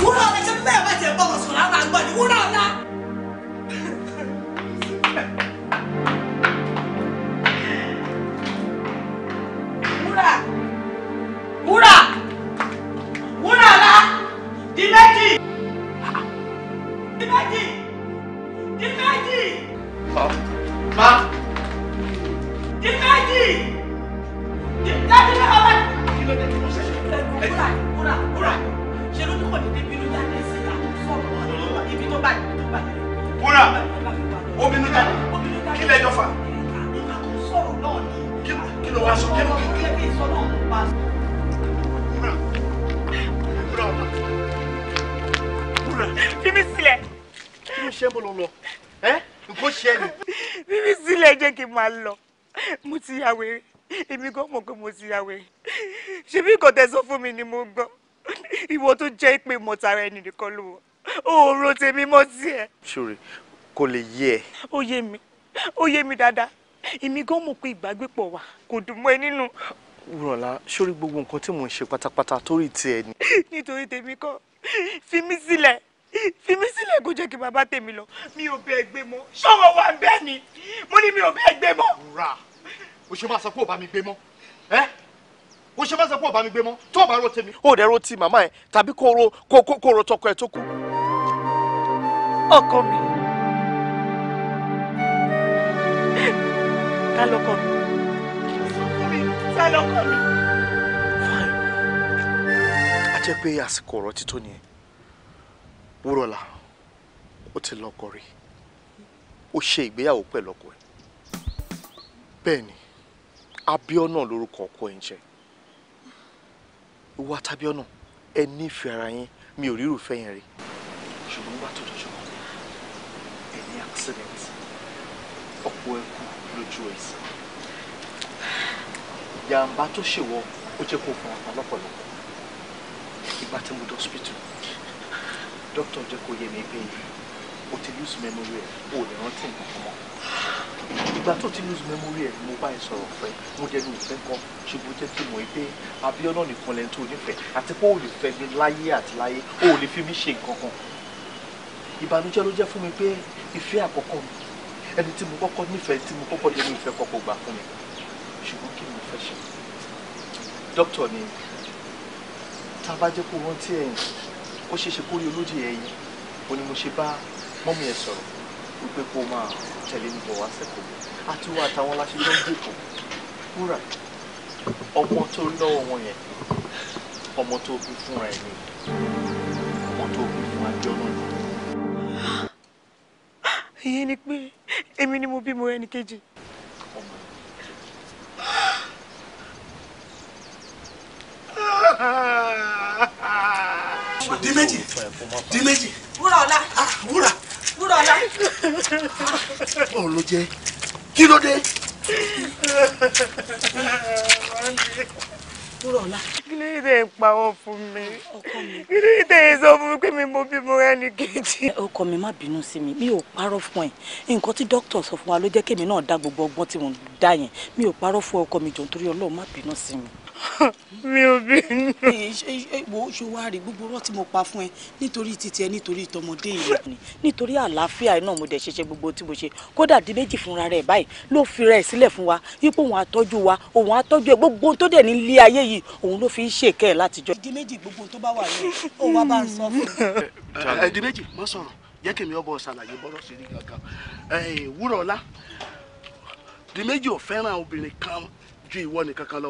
wúrà ọ̀la ṣé bẹ́ẹ̀ bá jẹ́ gbọ́dọ̀ sùn lára àgbọ̀dì wúrà ọ̀la. ya wèrè èmi gan mọ̀ pé mo ti ya wèrè ṣebí nǹkan tẹ sọ fún mi ni mo gbọ́ ìwọ tó jẹ́ pé mo tara ẹni nìkan ló wọ̀ òòrùn tèmi mọ́ tiẹ̀. ṣòro kò lè yé ẹ. ó yé mi ó yé mi dáadáa èmi gan mọ̀ pé ìbágbépọ̀ wa kò dùn mọ́ ẹ nínú. wúrọ̀lá sórí gbogbo nǹkan tí mò ń ṣe pátápátá torí tiẹ̀ ni. nítorí tèmi kọ́ fi mí sílẹ̀ fi mí sílẹ̀ kó jẹ́ kí bàbá tèmi lọ mi ò bẹ́ẹ̀ gbé mọ́ ṣọ́wọ́ wa bẹ́ẹ̀ ni mo ní mi ò bẹ́ẹ̀ gbé mọ́ o ṣe máa sọ pé ò bá mi gbé mọ́ ẹ́ o ṣe máa sọ pé ò bá mi gbé mọ́ tó o bá ro tèmi. o dẹ̀ ro ti màmá ẹ tàbí kó ro kó kó ro tọkọ ẹ tó kù. ọkọ mi ta lọkọ mi ta lọkọ mi. a jẹ́ pé àsìkò ọ̀rọ̀ títọ́ nìyẹn wúrọ̀lá o ti lọ́kọ rí ó ṣe ìgbéyàwó pẹ̀lú ọkọ ẹ̀ bẹ́ẹ̀ abiona lórúkọ ọkọ ẹ̀ ń jẹ́ ìwà tabiona ẹ nífẹ̀ẹ́ ara yín mi ò rí irúfẹ́ yẹn rí ṣùgbọ́n nígbà tó dọjọ́ ẹ ní accident ọ̀pọ̀ ẹ kú lójú ẹsẹ̀ yàǹbá tó ṣèwọ ó jẹ́ kó fún ọ̀pá lọ́pọ̀lọpọ̀ ìgbà tí mo dé hospital doctor jẹ́ kó yẹ mi pé o ti lose memory ẹ̀ o ò lè rántí nǹkan kan mọ́ ìgbà tó ti lose memory ẹ̀ mo bá ẹ sọ̀rọ̀ fẹ́ mo dẹnu ìfẹ́ kan ṣùgbọ́n jẹ́ kí mọ̀ pé Abíọ́nà nìkan lẹ́nu tó nífẹ̀ẹ́ àti pé ò lè fẹ́ mi láyé àti láyé ò lè fi mí ṣe nǹkan kan ìbànújẹ́ ló jẹ́ fún mi pé ìfẹ́ àkọ́kọ́ mi ẹni tí mo kọ́kọ́ nífẹ̀ẹ́ tí mo kọ́kọ́ dẹnu ìfẹ́ kọ́kọ́ gbà fún mi ṣùgbọ́n kí mo fẹ́ ṣe dókítà ni tá a bá jẹ́ kó rántí ẹ̀yìn ó ṣeé kó rí olójì ẹ̀yìn ó mo ṣe bá mọ́mí ẹ̀ sọ̀rọ̀ wípé kó máa tẹ̀lé mi bọ̀ wá sẹ́kọ̀ọ́ àti wà táwọn láṣẹ ló ń dìbò wúrà ọmọ tó lọ́wọ́ wọn yẹn ọmọ tó bí fúnra ẹ̀ ni ọmọ tó bí fún Abíọ́nà ni. ìyẹn ni pé èmi ni mo bímọ ẹnì kejì. di méjì di méjì. wúrà ọ̀la. Ah, wúrà búrọ̀lá. òun ló jẹ kí ló dé. búrọ̀lá. kí ló dé pa wọn fún mi kí ló dé sọ fún mi pé mi mo bímọ ẹni kejì. ọkọ mi má bínú sí mi mi ò parọ́ fún ẹ nǹkan tí dókítà sọ fún wa ló jẹ́ kémi náà dá gbogbo ọgbọ́n tí mo dá yẹn mi ò parọ́ fún ọkọ mi jọ̀ọ́ nítorí Ọlọ́run má bínú sí mi. mi ò bínú. ìwọ oṣù wa rí gbogbo ọ̀rọ̀ tí mo pa fún ẹ nítorí títí ẹ nítorí tọmọdé yìí ni. nítorí àlàáfíà iná mo dẹ̀ ṣẹṣẹ gbogbo tí mo ṣe kódà di méjì fúnra rẹ̀ báyìí ló fi rẹ̀ sílẹ̀ fún wa yípo òun àtọ́jú wa òun àtọ́jú ẹ gbogbo tó dẹ̀ ní ilé ayé yìí òun ló fi ń ṣèkẹ́ ẹ̀ látijọ́. ìdí méjì gbogbo tó bá wà ní òun wa bá ń sọ fún mi. ìdí méjì mo sọ̀rọ̀ jẹ́ kí mi ọbọ̀ ṣàlàyé bọ́rọ̀ sí rí gàgà wúrọ̀ ju ìwọ nìkan kan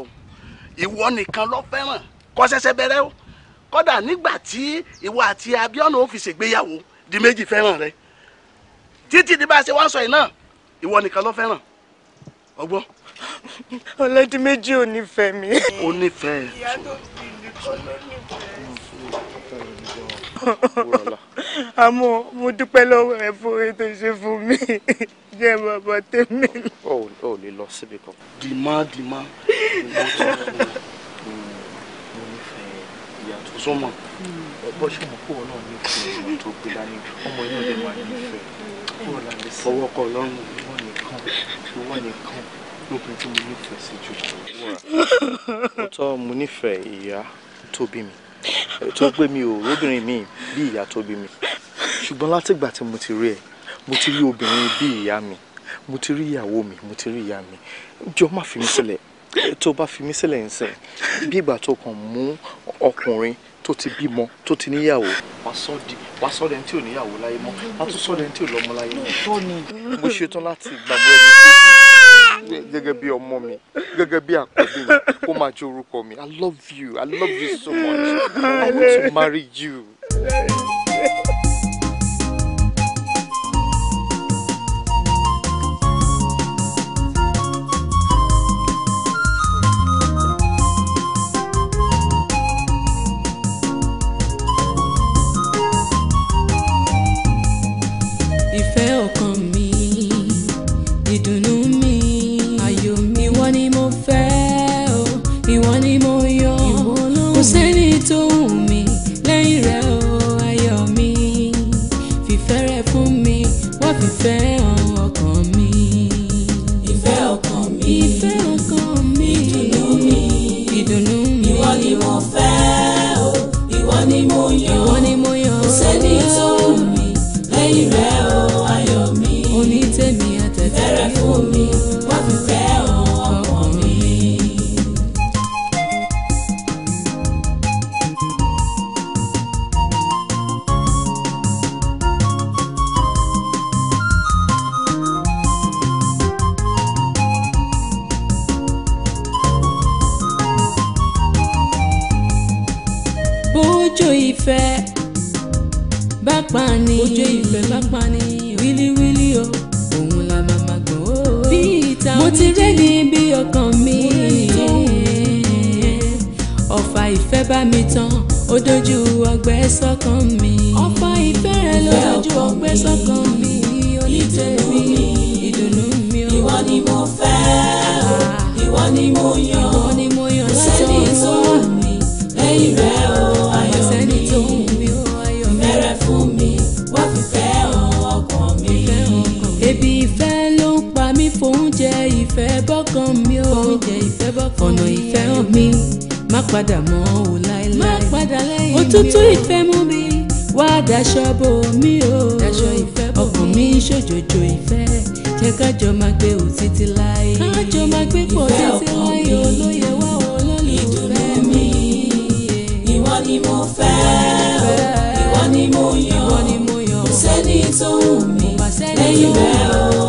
ìwọ nìkan ló fẹ́ràn kò ṣẹ̀ṣẹ̀ bẹ̀rẹ̀ o kódà nígbà tí ìwọ àti abiona ó fi ṣègbéyàwó di méjì fẹ́ràn rẹ títí di bá a ṣe wá sọ yìí náà ìwọ nìkan ló fẹ́ràn ọgbọ́n. ọlọ́dún méjì ò nífẹ̀ẹ́ mi. ó nífẹ̀ẹ́. ìyá tó bí nìkan ló ní. àmọ́ mo dúpẹ́ lọ́wọ́ ẹ fún orí tó ṣe fún mi jẹ́ bàbá tèmi. o ò lè lọ síbi kan. dìímá dìímá dìímá tó ń bọ̀ mo nífẹ̀ẹ́ ìyàtọ̀ ṣe mọ̀ kúrò náà nífẹ̀ẹ́ ọmọ tó gbé dání ọmọ inú ọdẹ máa nífẹ̀ẹ́ kúrò láti fọwọ́ kọ lọ́rùn ìwọ nìkan ìwọ nìkan lópin tí mo nífẹ̀ẹ́ sí jù. mo mo nífẹ̀ẹ́ ìyá tó bí mi tó gbé mi ò lóbìnrin mi bí ìyá tó bí mi ṣùgbọ́n látìgbà tí mo ti rí ẹ mo ti rí obìnrin bí ìyá mi mo ti rí ìyàwó mi mo ti rí ìyá mi jọ má fi mí sílẹ̀ tó bá fi mí sílẹ̀ ń sìn bí ìgbà tó kàn mú ọkùnrin tó ti bímọ tó ti níyàwó wàá sọ dẹni tí ò níyàwó láyé mọ́ wàá tún sọ dẹni tí ò lọ́mọ láyé mọ́ mo ṣetán láti gbàgbọ́ ẹni tó bí gẹ́gẹ́ bí ọmọ mi gẹ́gẹ́ bí àkọ́bí mi ó máa jẹ́ orúkọ mi I love you I love you so much I want to marry you. lápá ni ojú ìfẹ́ lápá ni wíliwíli o òun la máa ma gbọ́ bí ìta mo ti rẹ́ ní bí ọkàn mi ọ̀fà ìfẹ́ bá mi tán ó dojú ọgbẹ́ sọ́kàn mi ọ̀fà ìfẹ́ rẹ ló dojú ọgbẹ́ sọ́kàn mi onítẹ̀mí ìdùnnú mi o ìwọ ni mo fẹ́ ah. ìwọ ni mo yàn ìwọ ni mo yàn sẹ́ni tó wà lẹ́yìn rẹ o. ìfẹ́ bọ́kàn mi o oúnjẹ ìfẹ́ bọ́kàn mi ọ̀nà ìfẹ́ hàn mi má padà mọ́ o láéláé má padà lẹ́yìn mi o òtútù ìfẹ́ mú mi wá daṣọ bò mí o daṣọ ìfẹ́ bò mí ọkàn mi ṣòjòjò ìfẹ́ jẹ́ kájọ máa gbé o títí láé kájọ máa gbé pọ̀ títí láé olóye wá o olólùfẹ́ mi ìwọ ni mo fẹ́ ìwọ ni mo yàn kò sẹ́ni tó wù mí lẹ́yìn rẹ o.